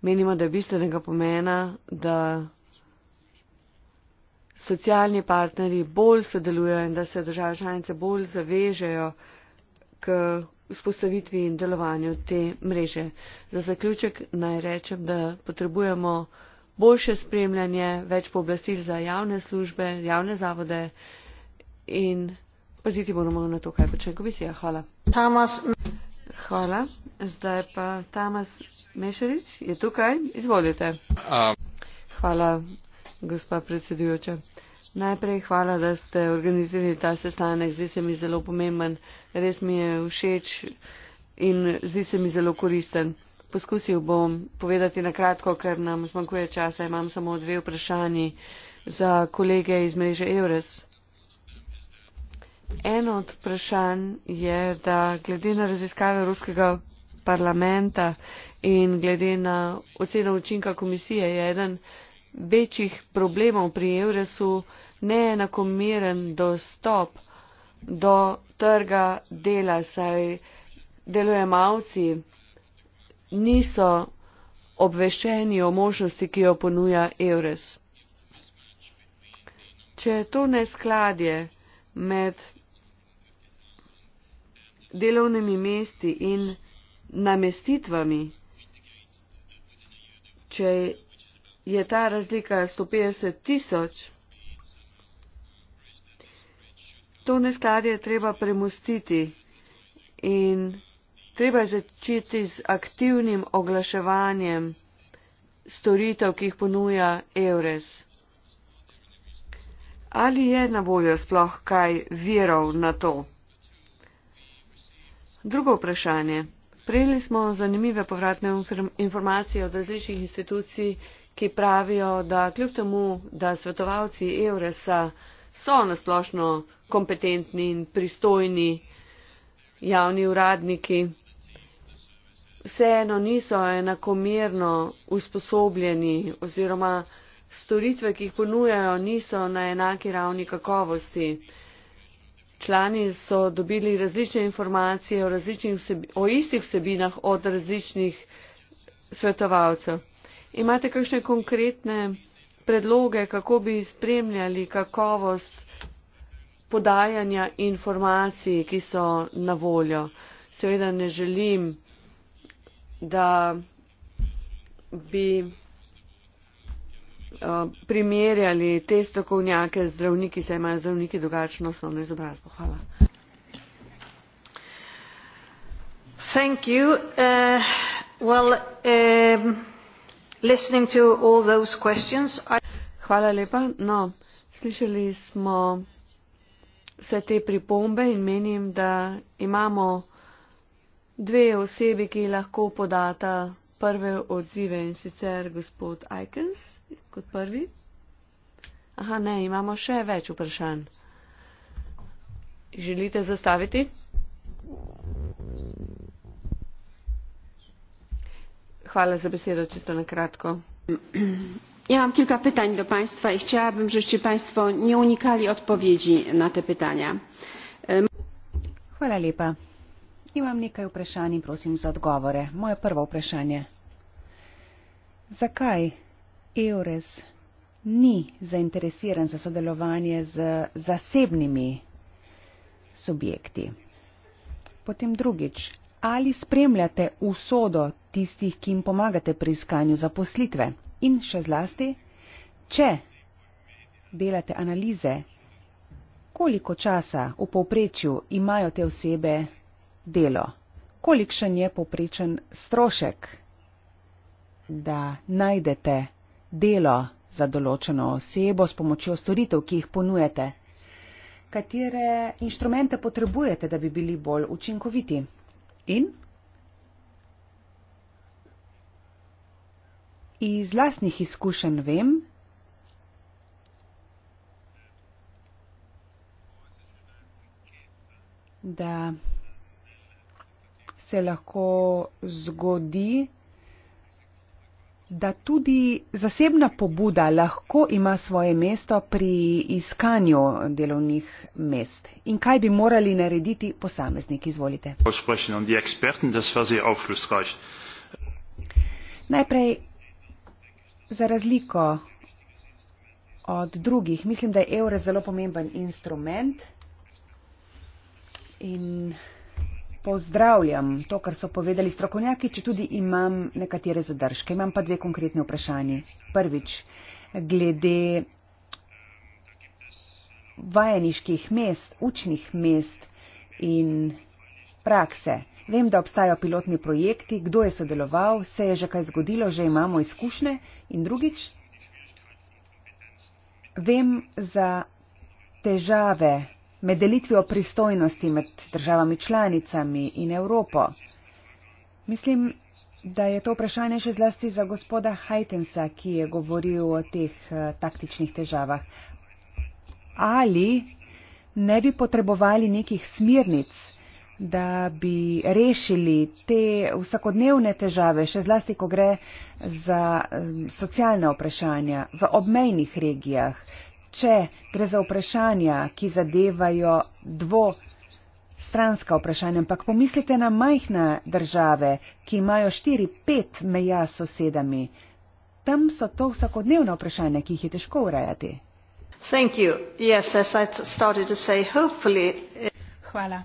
Menimo, da je bistvenega pomena, da socialni partnerji bolj sodelujejo in da se države članice bolj zavežejo k vzpostavitvi in delovanju te mreže. Za zaključek naj rečem, da potrebujemo boljše spremljanje, več pooblastil za javne službe, javne zavode in paziti moramo na to, kaj počne komisija. Hvala. Thomas. Hvala. Zdaj pa Tamas Mešerič je tukaj. Izvolite. Hvala, gospa predsedujoča. Najprej hvala, da ste organizirali ta sestanek. Zdi se mi zelo pomemben. Res mi je všeč in zdi se mi zelo koristen. Poskusil bom povedati na kratko, ker nam zmanjkuje časa. Imam samo dve vprašanji za kolege iz mreže Eures. Eno od vprašanj je, da glede na raziskave Ruskega parlamenta in glede na oceno učinka komisije je eden večjih problemov pri Euresu neenakomeren dostop do trga dela, saj delojemalci niso obveščeni o možnosti, ki jo ponuja Eures. Če je to neskladje med delovnimi mesti in namestitvami, če je ta razlika 150 tisoč, to neskladje treba premustiti in treba začeti z aktivnim oglaševanjem storitev, ki jih ponuja EURES. Ali je na voljo sploh kaj virov na to? Drugo vprašanje. Prejeli smo zanimive povratne informacije od različnih institucij, ki pravijo, da kljub temu, da svetovalci Euresa so nasplošno kompetentni in pristojni javni uradniki, vseeno niso enakomerno usposobljeni oziroma storitve, ki jih ponujajo, niso na enaki ravni kakovosti člani so dobili različne informacije o, o istih vsebinah od različnih svetovalcev. Imate kakšne konkretne predloge, kako bi spremljali kakovost podajanja informacij, ki so na voljo? Seveda ne želim, da bi Eh, primerjali te strokovnjake z zdravniki, saj imajo zdravniki drugačno osnovno izobrazbo. Hvala. Thank you. Uh, well, um, listening to all those questions, I... Hvala lepa. No, slišali smo vse te pripombe in menim, da imamo dve osebi, ki lahko podata prve odzive in sicer gospod Aikens kot prvi. Aha, ne, imamo še več vprašanj. Želite zastaviti? Hvala za besedo, če ste na kratko. Ja mam kilka pytań do Państwa i chciałabym, żebyście Państwo nie unikali odpowiedzi na te pytania. Hvala lepa. Imam nekaj vprašanj in prosim za odgovore. Moje prvo vprašanje. Zakaj EURES ni zainteresiran za sodelovanje z zasebnimi subjekti? Potem drugič, ali spremljate usodo tistih, ki jim pomagate pri iskanju zaposlitve? In še zlasti, če delate analize, koliko časa v povprečju imajo te osebe delo. Kolikšen je poprečen strošek, da najdete delo za določeno osebo s pomočjo storitev, ki jih ponujete? Katere inštrumente potrebujete, da bi bili bolj učinkoviti? In iz lastnih izkušenj vem, da se lahko zgodi, da tudi zasebna pobuda lahko ima svoje mesto pri iskanju delovnih mest. In kaj bi morali narediti posamezniki? Izvolite. Um Najprej, za razliko od drugih, mislim, da je evro zelo pomemben instrument. In pozdravljam to, kar so povedali strokovnjaki, če tudi imam nekatere zadržke. Imam pa dve konkretne vprašanje. Prvič, glede vajeniških mest, učnih mest in prakse. Vem, da obstajajo pilotni projekti, kdo je sodeloval, se je že kaj zgodilo, že imamo izkušnje. In drugič, vem za težave med delitvijo pristojnosti med državami članicami in Evropo. Mislim, da je to vprašanje še zlasti za gospoda Hajtensa, ki je govoril o teh eh, taktičnih težavah. Ali ne bi potrebovali nekih smirnic, da bi rešili te vsakodnevne težave, še zlasti, ko gre za eh, socialne vprašanja v obmejnih regijah, če gre za vprašanja, ki zadevajo dvo. Stranska vprašanja, ampak pomislite na majhne države, ki imajo 4-5 meja s sosedami. Tam so to vsakodnevna vprašanja, ki jih je težko urejati. Yes, say, Hvala.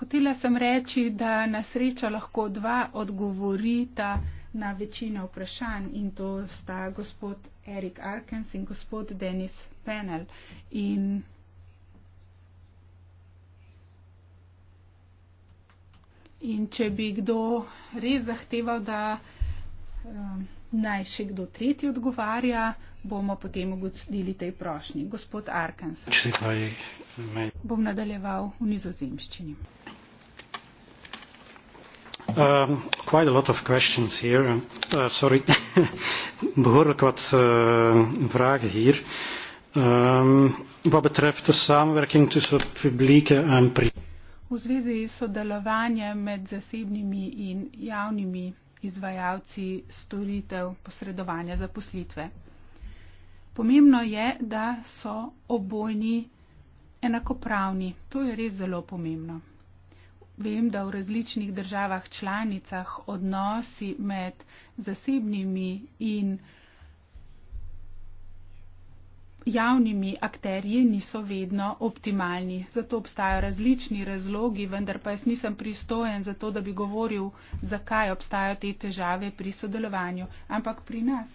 Hotela sem reči, da na srečo lahko dva odgovorita na večino vprašanj in to sta gospod Erik Arkens in gospod Denis Penel. In In če bi kdo res zahteval, da um, naj še kdo tretji odgovarja, bomo potem ugodili tej prošnji. Gospod Arkansas. Bom nadaljeval v nizozemščini. Um, quite a lot of questions here. Uh, sorry. Behoorlijk wat uh, vragen hier. Um, wat betreft de samenwerking tussen publieke en privé. V zvezi s sodelovanjem med zasebnimi in javnimi izvajalci storitev posredovanja zaposlitve. Pomembno je, da so obojni enakopravni. To je res zelo pomembno vem, da v različnih državah članicah odnosi med zasebnimi in javnimi akterji niso vedno optimalni. Zato obstajajo različni razlogi, vendar pa jaz nisem pristojen za to, da bi govoril, zakaj obstajajo te težave pri sodelovanju. Ampak pri nas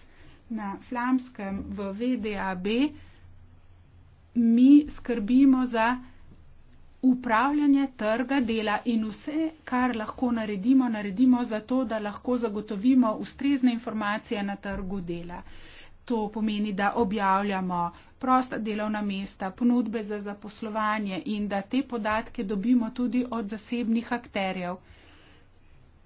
na Flamskem v VDAB mi skrbimo za upravljanje trga dela in vse, kar lahko naredimo, naredimo zato, da lahko zagotovimo ustrezne informacije na trgu dela. To pomeni, da objavljamo prosta delovna mesta, ponudbe za zaposlovanje in da te podatke dobimo tudi od zasebnih akterjev.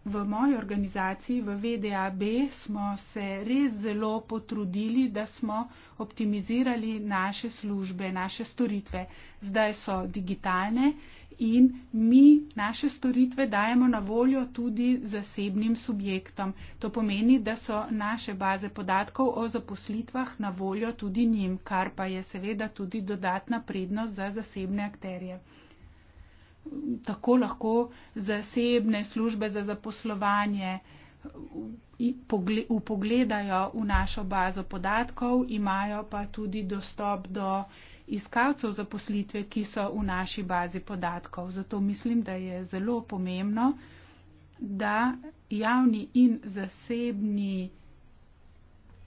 V moji organizaciji, v VDAB, smo se res zelo potrudili, da smo optimizirali naše službe, naše storitve. Zdaj so digitalne in mi naše storitve dajemo na voljo tudi zasebnim subjektom. To pomeni, da so naše baze podatkov o zaposlitvah na voljo tudi njim, kar pa je seveda tudi dodatna prednost za zasebne akterje tako lahko zasebne službe za zaposlovanje upogledajo v našo bazo podatkov, imajo pa tudi dostop do iskalcev zaposlitve, ki so v naši bazi podatkov. Zato mislim, da je zelo pomembno, da javni in zasebni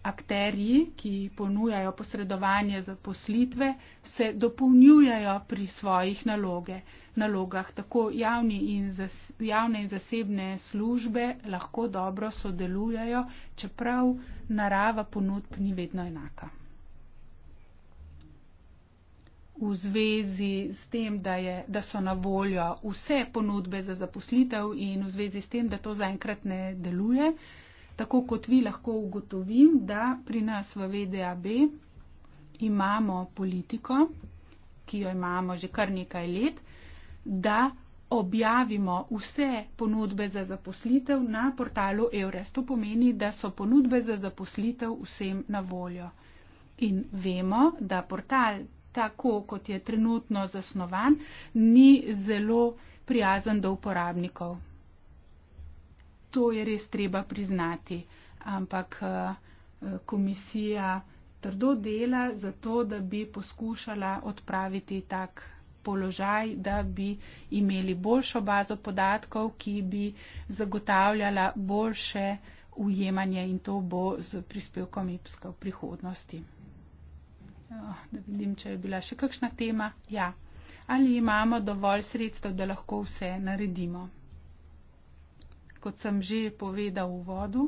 akterji, ki ponujajo posredovanje za poslitve, se dopolnjujajo pri svojih naloge. nalogah. Tako javni in zas, javne in zasebne službe lahko dobro sodelujajo, čeprav narava ponudb ni vedno enaka. V zvezi s tem, da, je, da so na voljo vse ponudbe za zaposlitev in v zvezi s tem, da to zaenkrat ne deluje, uh, tako kot vi lahko ugotovim, da pri nas v VDAB imamo politiko, ki jo imamo že kar nekaj let, da objavimo vse ponudbe za zaposlitev na portalu EURES. To pomeni, da so ponudbe za zaposlitev vsem na voljo. In vemo, da portal, tako kot je trenutno zasnovan, ni zelo prijazen do uporabnikov to je res treba priznati. Ampak eh, komisija trdo dela za to, da bi poskušala odpraviti tak položaj, da bi imeli boljšo bazo podatkov, ki bi zagotavljala boljše ujemanje in to bo z prispevkom IPSKA v prihodnosti. Oh, da vidim, če je bila še kakšna tema. Ja. Ali imamo dovolj sredstev, da lahko vse naredimo? kot sem že povedal v vodu,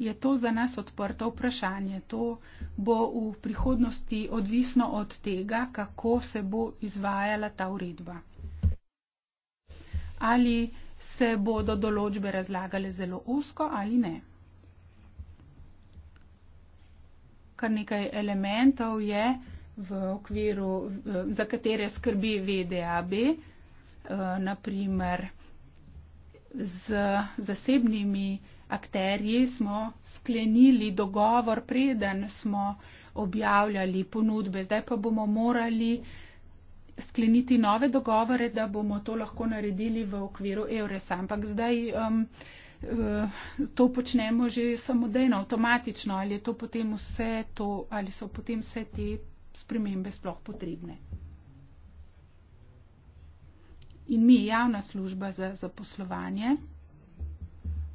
je to za nas odprto vprašanje. To bo v prihodnosti odvisno od tega, kako se bo izvajala ta uredba. Ali se bodo določbe razlagale zelo usko ali ne. Kar nekaj elementov je v okviru, za katere skrbi VDAB, eh, naprimer z zasebnimi akterji smo sklenili dogovor, preden smo objavljali ponudbe. Zdaj pa bomo morali skleniti nove dogovore, da bomo to lahko naredili v okviru EURES. Ampak zdaj um, uh, to počnemo že samodejno, avtomatično. Ali, to potem vse to, ali so potem vse te spremembe sploh potrebne? in mi javna služba za zaposlovanje,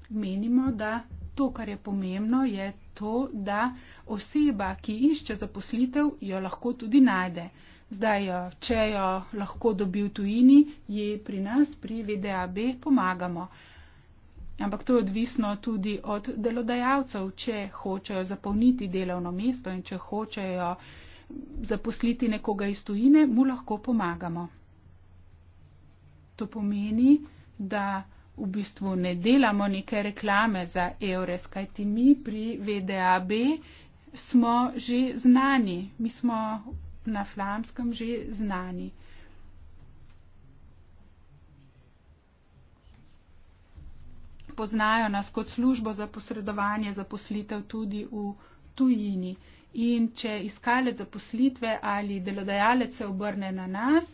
menimo, da to, kar je pomembno, je to, da oseba, ki išče zaposlitev, jo lahko tudi najde. Zdaj, eh, če jo lahko dobi v tujini, ji pri nas, pri VDAB, pomagamo. Ampak to je odvisno tudi od delodajalcev, če hočejo zapolniti delovno mesto in če hočejo zaposliti nekoga iz tujine, mu lahko pomagamo. To pomeni, da v bistvu ne delamo neke reklame za EURES, kajti mi pri VDAB smo že znani, mi smo na flamskem že znani. Poznajo nas kot službo za posredovanje zaposlitev tudi v tujini. In če iskalec zaposlitve ali delodajalec se obrne na nas,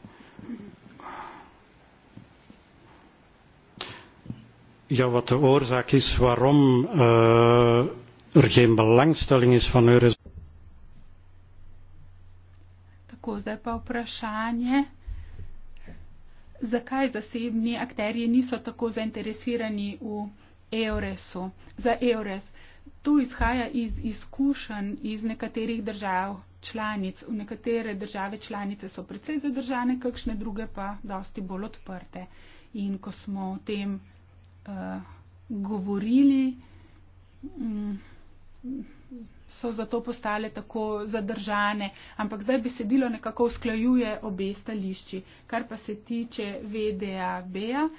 Ja, wat de oorzaak is waarom uh, er geen belangstelling is van Eurus. Tako, zdaj pa vprašanje, zakaj zasebni akterji niso tako zainteresirani v Euresu, za Eures. To izhaja iz izkušenj iz nekaterih držav, članic, v nekatere države članice so precej zadržane, kakšne druge pa dosti bolj odprte. In ko smo o tem uh, govorili, um, so zato postale tako zadržane, ampak zdaj besedilo nekako usklajuje obe stališči. Kar pa se tiče VDA-BEA, uh,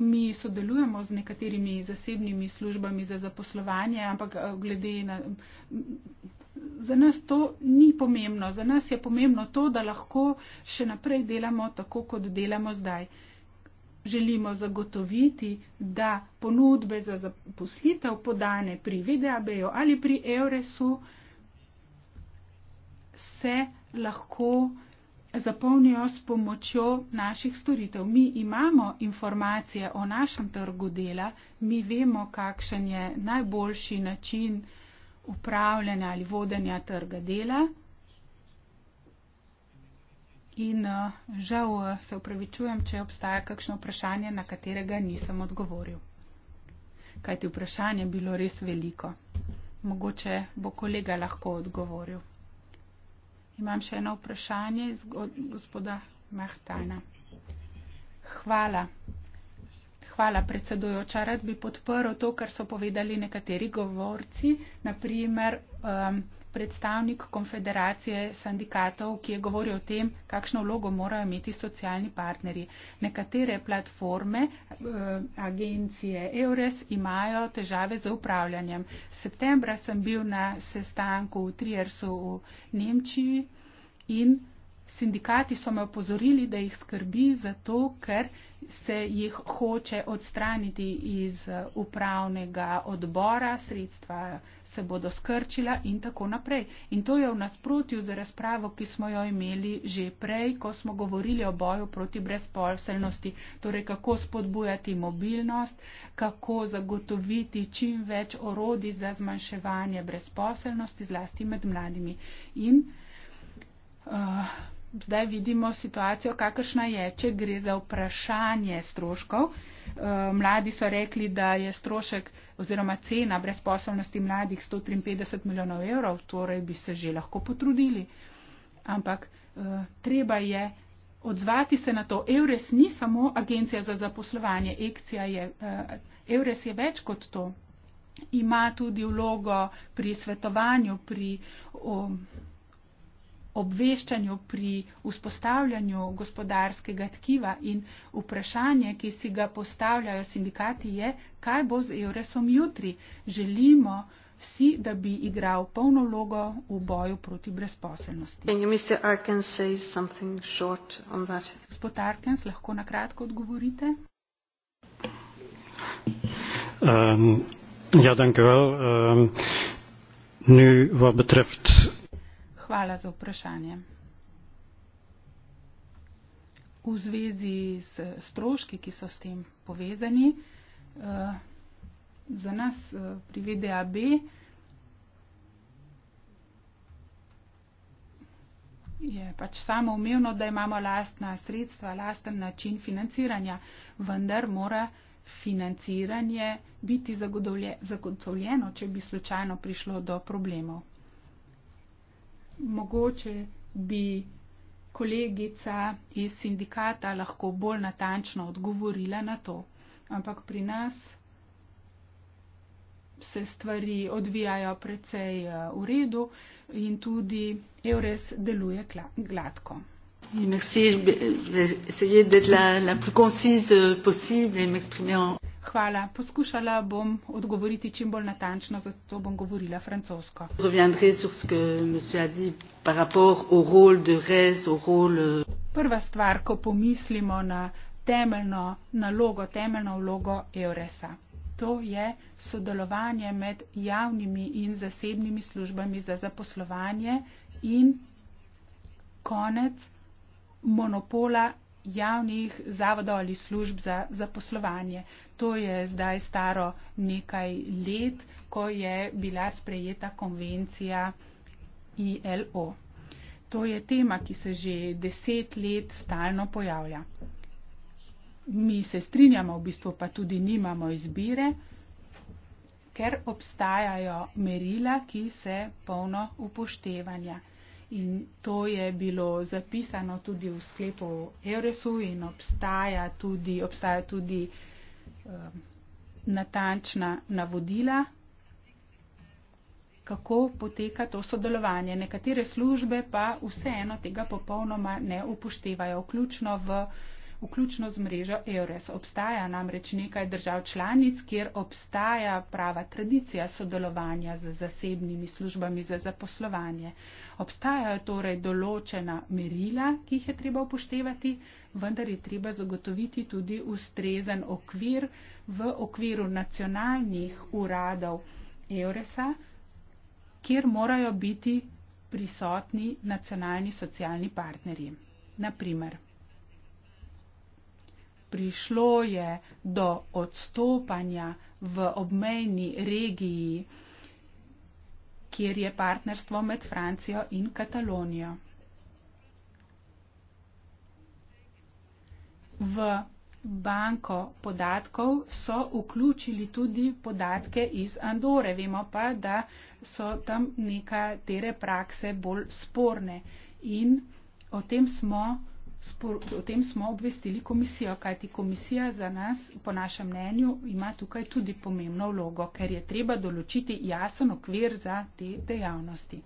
mi sodelujemo z nekaterimi zasebnimi službami za zaposlovanje, ampak eh, glede na. Za nas to ni pomembno. Za nas je pomembno to, da lahko še naprej delamo tako, kot delamo zdaj. Želimo zagotoviti, da ponudbe za zaposlitev podane pri VDAB-ju ali pri EURES-u se lahko uh, zapolnijo s pomočjo naših storitev. Mi imamo informacije o našem trgu dela, mi vemo, kakšen je najboljši način upravljanja ali vodenja trga dela. In eh, žal eh, se upravičujem, če obstaja kakšno vprašanje, na katerega nisem odgovoril. Kajti vprašanje je bilo res veliko. Mogoče bo kolega lahko odgovoril. Imam še eno vprašanje iz gospoda Mahtana. Hvala. Hvala, predsedujoča. Rad bi podprl to, kar so povedali nekateri govorci, naprimer. Um, predstavnik konfederacije sindikatov, ki je govoril o tem, kakšno vlogo morajo imeti socialni partnerji. Nekatere platforme, eh, agencije EURES imajo težave z upravljanjem. Septembra sem bil na sestanku v Triersu v Nemčiji in sindikati so me opozorili, da jih skrbi zato, ker se jih hoče odstraniti iz eh, upravnega odbora, sredstva se bodo skrčila in tako naprej. In to je v nasprotju z razpravo, ki smo jo imeli že prej, ko smo govorili o boju proti brezposelnosti, torej kako spodbujati mobilnost, kako zagotoviti čim več orodi za zmanjševanje brezposelnosti, zlasti med mladimi. In uh, zdaj vidimo situacijo, kakršna je, če gre za vprašanje stroškov. Eh, mladi so rekli, da je strošek oziroma cena brezposobnosti mladih 153 milijonov evrov, torej bi se že lahko potrudili. Ampak eh, treba je odzvati se na to. EURES ni samo agencija za zaposlovanje, je, eh, EURES je več kot to. Ima tudi vlogo pri svetovanju, pri. O, obveščanju, pri vzpostavljanju gospodarskega tkiva in vprašanje, ki si ga postavljajo sindikati, je, kaj bo z Euresom jutri. Želimo vsi, da bi igral polno vlogo v boju proti brezposelnosti. Gospod Arkens, lahko na kratko odgovorite? Um, ja, dank u wel. Um, nu wat betreft Hvala za vprašanje. V zvezi s stroški, ki so s tem povezani, eh, za nas eh, pri VDAB je pač samo umevno, da imamo lastna sredstva, lasten način financiranja, vendar mora financiranje biti zagotovljeno, če bi slučajno prišlo do problemov mogoče bi kolegica iz sindikata lahko bolj natančno odgovorila na to. Ampak pri nas se stvari odvijajo precej eh, v redu in tudi EURES deluje gladko. Merci, j'essayais d'être la, la plus concise possible et m'exprimer en. Hvala. Poskušala bom odgovoriti čim bolj natančno, zato bom govorila francosko. Prva stvar, ko pomislimo na temeljno nalogo, temeljno vlogo EURES-a, to je sodelovanje med javnimi in zasebnimi službami za zaposlovanje in konec monopola javnih zavodov ali služb za zaposlovanje to je zdaj staro nekaj let, ko je bila sprejeta konvencija ILO. To je tema, ki se že deset let stalno pojavlja. Mi se strinjamo, v bistvu pa tudi nimamo izbire, ker obstajajo merila, ki se polno upoštevanja. In to je bilo zapisano tudi v sklepu Euresu in obstaja tudi, obstaja tudi uh, Um, natančna navodila, kako poteka to sodelovanje. Nekatere službe pa vseeno tega popolnoma ne upoštevajo, vključno, v, vključno z mrežo EURES. Obstaja namreč nekaj držav članic, kjer obstaja prava tradicija sodelovanja z zasebnimi službami za zaposlovanje. Obstajajo torej določena merila, ki jih je treba upoštevati, vendar je treba zagotoviti tudi ustrezen okvir v okviru nacionalnih uradov Euresa, kjer morajo biti prisotni nacionalni socialni partnerji. Naprimer, prišlo je do odstopanja v obmejni regiji, kjer je partnerstvo med Francijo in Katalonijo. v banko podatkov so vključili tudi podatke iz Andore. Vemo pa, da so tam nekatere prakse bolj sporne in o tem smo. O tem smo obvestili komisijo, kajti komisija za nas, po našem mnenju, ima tukaj tudi pomembno vlogo, ker je treba določiti jasen okvir za te dejavnosti.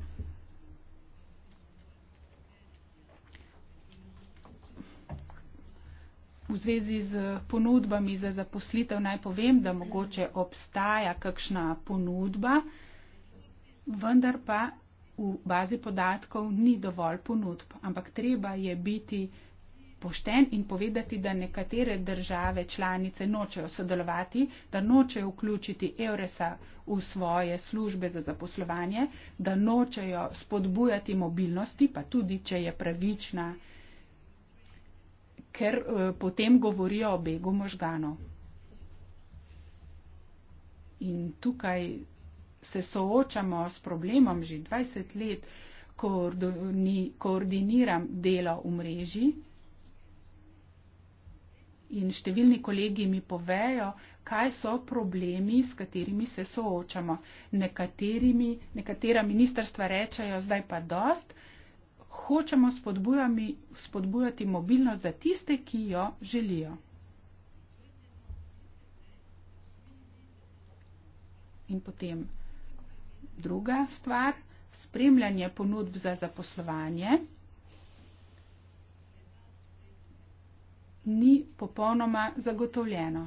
V zvezi z ponudbami za zaposlitev naj povem, da mogoče obstaja kakšna ponudba, vendar pa v bazi podatkov ni dovolj ponudb, ampak treba je biti pošten in povedati, da nekatere države članice nočejo sodelovati, da nočejo vključiti Euresa v svoje službe za zaposlovanje, da nočejo spodbujati mobilnosti, pa tudi, če je pravična ker eh, potem govorijo o begu možganov. In tukaj se soočamo s problemom že 20 let, koordiniram delo v mreži in številni kolegi mi povejo, kaj so problemi, s katerimi se soočamo. Nekaterimi, nekatera ministrstva rečejo, zdaj pa dost, hočemo spodbujati mobilnost za tiste, ki jo želijo. In potem druga stvar, spremljanje ponudb za zaposlovanje ni popolnoma zagotovljeno.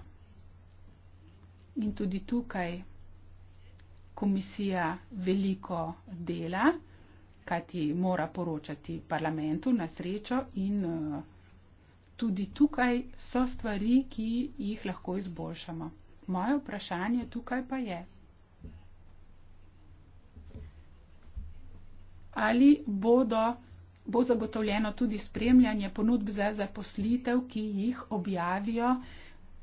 In tudi tukaj komisija veliko dela kajti mora poročati parlamentu na srečo in eh, tudi tukaj so stvari, ki jih lahko izboljšamo. Moje vprašanje tukaj pa je, ali bodo, bo zagotovljeno tudi spremljanje ponudb za zaposlitev, ki jih objavijo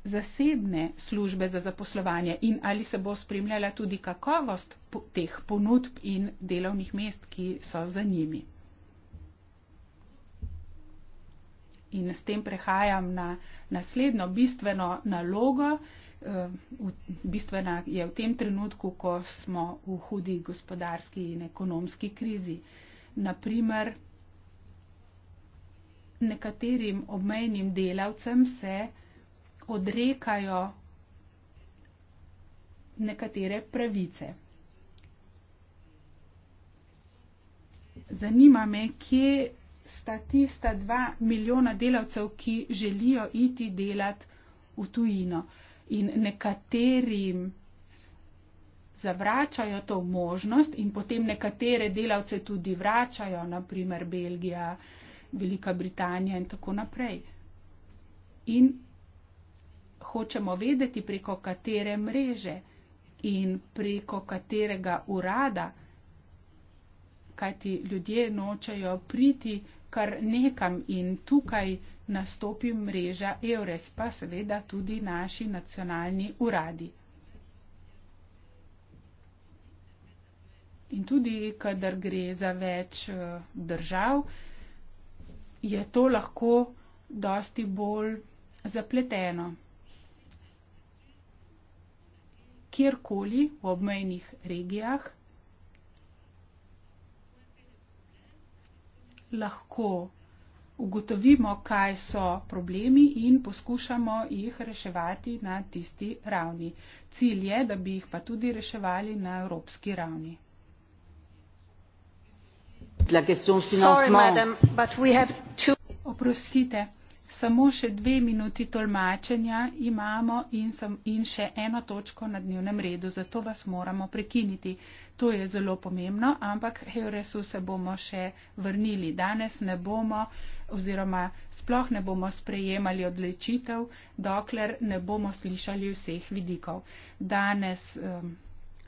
zasebne službe za zaposlovanje in ali se bo spremljala tudi kakovost teh ponudb in delovnih mest, ki so za njimi. In s tem prehajam na naslednjo bistveno nalogo. Eh, bistvena je v tem trenutku, ko smo v hudi gospodarski in ekonomski krizi. Naprimer, nekaterim obmejnim delavcem se odrekajo nekatere pravice. Zanima me, kje sta tista dva milijona delavcev, ki želijo iti delati v tujino in nekaterim zavračajo to možnost in potem nekatere delavce tudi vračajo, naprimer Belgija, Velika Britanija in tako naprej. In hočemo vedeti, preko katere mreže in preko katerega urada, kajti ljudje nočejo priti kar nekam in tukaj nastopi mreža EURES, pa seveda tudi naši nacionalni uradi. In tudi, kadar gre za več eh, držav, je to lahko dosti bolj zapleteno. kjerkoli v obmejnih regijah, lahko ugotovimo, kaj so problemi in poskušamo jih reševati na tisti ravni. Cilj je, da bi jih pa tudi reševali na evropski ravni. La question financement. Sorry, madam, but we have two... Oprostite samo še dve minuti tolmačenja imamo in, sam, in še eno točko na dnevnem redu, zato vas moramo prekiniti. To je zelo pomembno, ampak Heuresu se bomo še vrnili. Danes ne bomo oziroma sploh ne bomo sprejemali odločitev, dokler ne bomo slišali vseh vidikov. Danes um,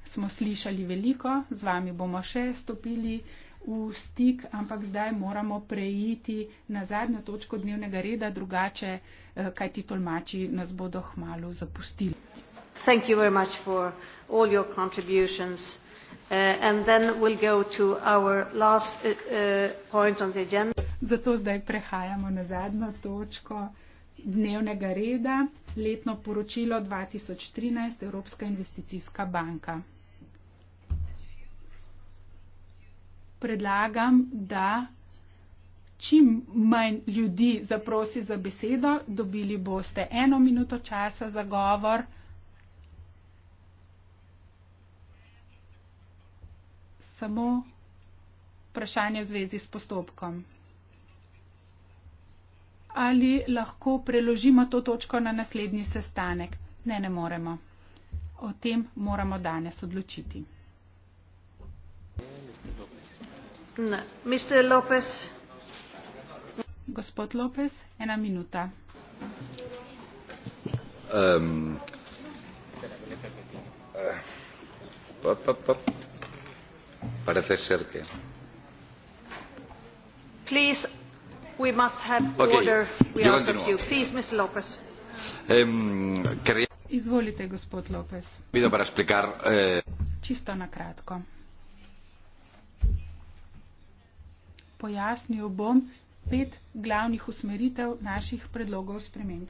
smo slišali veliko, z vami bomo še stopili v stik, ampak zdaj moramo preiti na zadnjo točko dnevnega reda, drugače, eh, kaj ti tolmači nas bodo hmalo zapustili. Thank you very much for all your contributions. Uh, and then we'll go to our last uh, point on the agenda. Zato zdaj prehajamo na zadnjo točko dnevnega reda, letno poročilo 2013 Evropska investicijska banka. predlagam, da čim manj ljudi zaprosi za besedo, dobili boste eno minuto časa za govor. Samo vprašanje v zvezi s postopkom. Ali lahko preložimo to točko na naslednji sestanek? Ne, ne moremo. O tem moramo danes odločiti. Ne, ne parece ser que please we must have okay. order we Yo ask you please mr lopez um, Izvolite, gospod Lopez. Pido para explicar. Eh... Čisto na kratko. pojasnil bom pet glavnih usmeritev naših predlogov sprememb.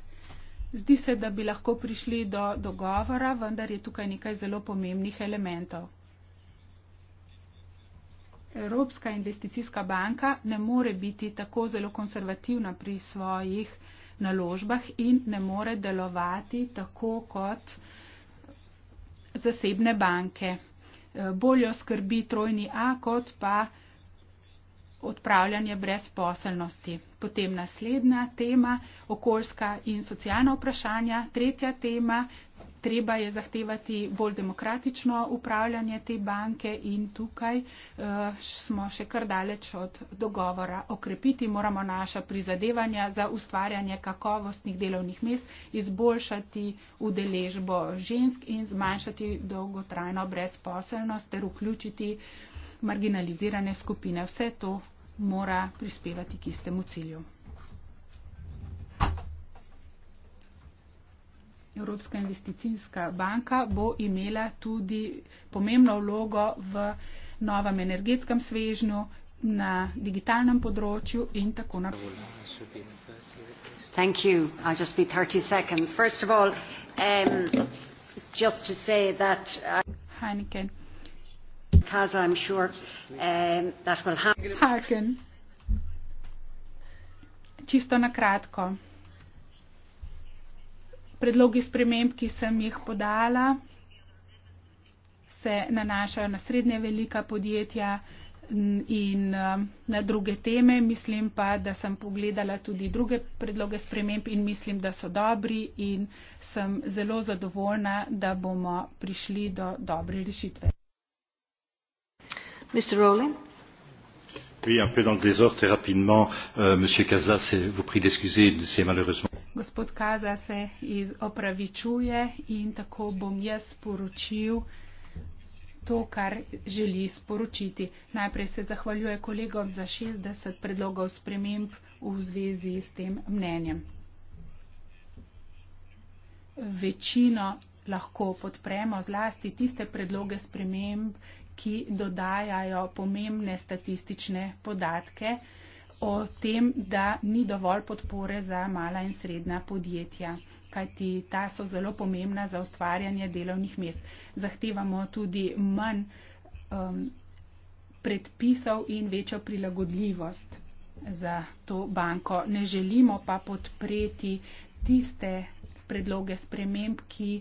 Zdi se, da bi lahko prišli do dogovora, vendar je tukaj nekaj zelo pomembnih elementov. Evropska investicijska banka ne more biti tako zelo konservativna pri svojih naložbah in ne more delovati tako kot zasebne banke. Bolje skrbi trojni A kot pa odpravljanje brezposelnosti. Potem naslednja tema, okoljska in socialna vprašanja. Tretja tema, treba je zahtevati bolj demokratično upravljanje te banke in tukaj uh, smo še kar daleč od dogovora. Okrepiti moramo naša prizadevanja za ustvarjanje kakovostnih delovnih mest, izboljšati udeležbo žensk in zmanjšati dolgotrajno brezposelnost ter vključiti uh, marginalizirane skupine. Vse to mora prispevati k istemu cilju. Evropska investicijska banka bo imela tudi pomembno vlogo v novem energetskem svežnju na digitalnem področju in tako naprej. Um, uh, Heineken. Casa, I'm sure, um, that will happen. Čisto na kratko. Predlogi sprememb, ki sem jih podala, se nanašajo na srednje velika podjetja in um, na druge teme. Mislim pa, da sem pogledala tudi druge predloge sprememb in mislim, da so dobri in sem zelo zadovoljna, da bomo prišli do dobre rešitve. Euh, gospod kaza se opravičuje in tako bom jaz sporočil to, kar želi sporočiti. Najprej se zahvaljuje kolegom za 60 predlogov sprememb v zvezi s tem mnenjem. Večino lahko podpremo zlasti tiste predloge sprememb ki dodajajo pomembne statistične podatke o tem, da ni dovolj podpore za mala in srednja podjetja, kajti ta so zelo pomembna za ustvarjanje delovnih mest. Zahtevamo tudi manj um, predpisov in večjo prilagodljivost za to banko. Ne želimo pa podpreti tiste predloge sprememb, ki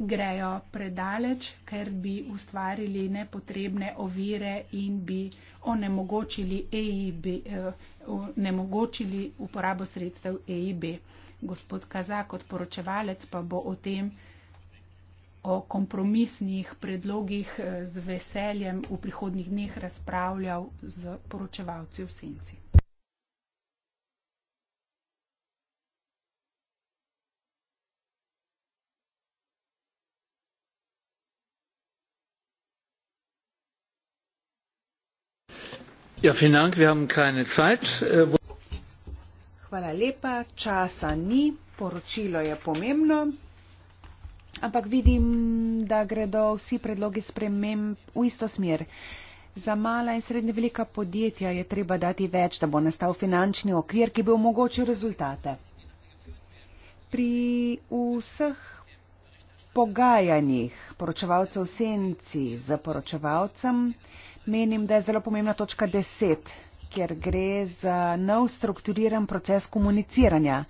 grejo predaleč, ker bi ustvarili nepotrebne ovire in bi onemogočili, EIB, eh, onemogočili uporabo sredstev EIB. Gospod Kazak kot poročevalec pa bo o tem, o kompromisnih predlogih eh, z veseljem v prihodnjih dneh razpravljal z poročevalci v senci. Ja, vielen Dank, wir haben keine Zeit. Äh, Hvala lepa, časa ni, poročilo je pomembno, ampak vidim, da gredo vsi predlogi sprememb v isto smer. Za mala in srednje velika podjetja je treba dati več, da bo nastal finančni okvir, ki bi omogočil rezultate. Pri vseh pogajanjih poročevalcev senci z poročevalcem, menim, da je zelo pomembna točka 10, kjer gre za nov strukturiran proces komuniciranja.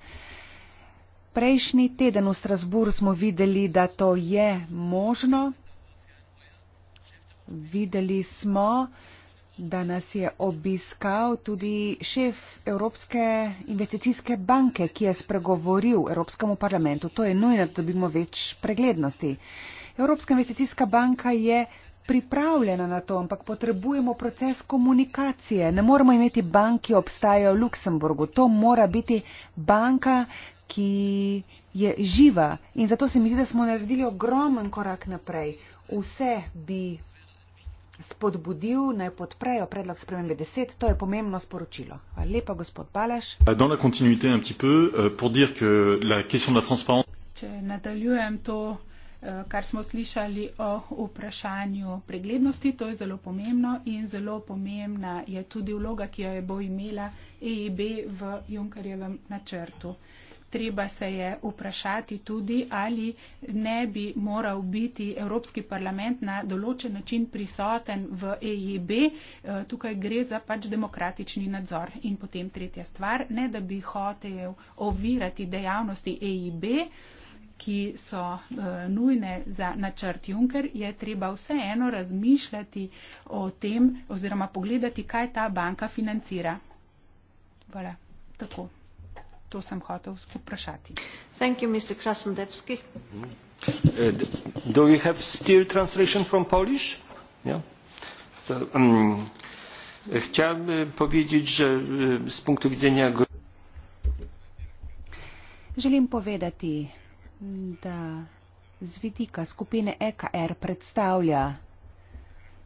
Prejšnji teden v Strasburu smo videli, da to je možno. Videli smo, da nas je obiskal tudi šef Evropske investicijske banke, ki je spregovoril Evropskemu parlamentu. To je nujno, da dobimo več preglednosti. Evropska investicijska banka je pripravljena na to, ampak potrebujemo proces komunikacije. Ne moremo imeti banke, ki obstajajo v Luksemburgu. To mora biti banka, ki je živa. In zato se mi zdi, da smo naredili ogromen korak naprej. Vse bi spodbudil, naj podprejo predlog spremembe 10. To je pomembno sporočilo. Hvala lepa, gospod Balaš. Euh, Če nadaljujem to Eh, kar smo slišali o vprašanju preglednosti, to je zelo pomembno in zelo pomembna je tudi vloga, ki jo je bo imela EIB v Junkarjevem načrtu. Treba se je vprašati tudi, ali ne bi moral biti Evropski parlament na določen način prisoten v EIB. Eh, tukaj gre za pač demokratični nadzor. In potem tretja stvar, ne da bi hotel ovirati dejavnosti EIB ki so eh, nujne za načrt Juncker, je treba vseeno razmišljati o tem oziroma pogledati, kaj ta banka financira. Vole, tako. To sem hotel vprašati. Thank you, Mr. Krasnodebski. Mm-hmm. Uh, do we have still translation from Polish? Yeah. So, um, chciałbym e, powiedzieć, że e, z punktu widzenia. Želim povedati, da z vidika skupine EKR predstavlja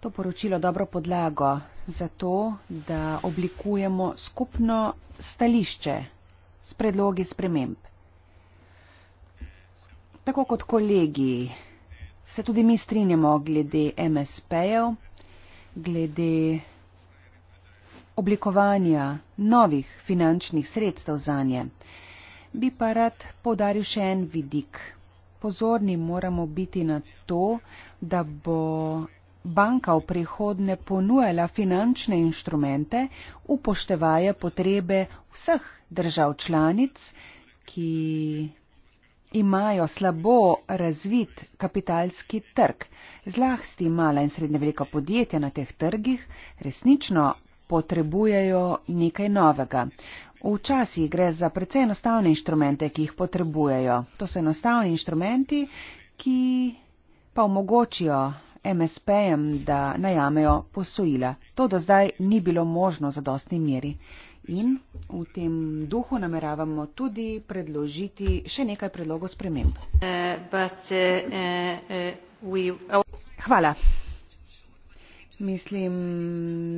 to poročilo dobro podlago za to, da oblikujemo skupno stališče s predlogi sprememb. Tako kot kolegi se tudi mi strinjamo glede MSP-jev, glede oblikovanja novih finančnih sredstev za nje bi pa rad podaril še en vidik. Pozorni moramo biti na to, da bo banka v prihodne ponujala finančne inštrumente, upoštevaje potrebe vseh držav članic, ki imajo slabo razvit kapitalski trg. Zlahsti mala in srednje velika podjetja na teh trgih resnično potrebujejo nekaj novega. Včasih gre za precej enostavne inštrumente, ki jih potrebujejo. To so enostavni inštrumenti, ki pa omogočijo MSP-jem, da najamejo posojila. To do zdaj ni bilo možno za dostni meri. In v tem duhu nameravamo tudi predložiti še nekaj predlogov sprememb. Uh, but, uh, uh, we... Hvala. Mislim,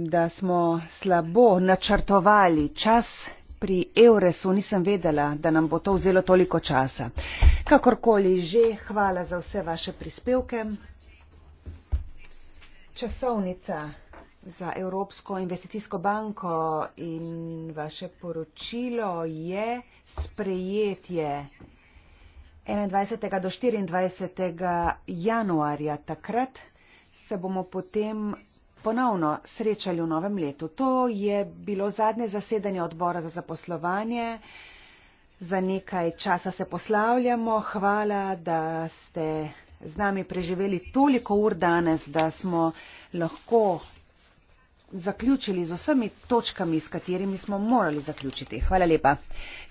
da smo slabo načrtovali čas. Pri Euresu nisem vedela, da nam bo to vzelo toliko časa. Kakorkoli že, hvala za vse vaše prispevke. Časovnica za Evropsko investicijsko banko in vaše poročilo je sprejetje 21. do 24. januarja. Takrat se bomo potem ponovno srečali v novem letu. To je bilo zadnje zasedanje odbora za zaposlovanje. Za nekaj časa se poslavljamo. Hvala, da ste z nami preživeli toliko ur danes, da smo lahko zaključili z vsemi točkami, s katerimi smo morali zaključiti. Hvala lepa.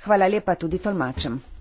Hvala lepa tudi tolmačem.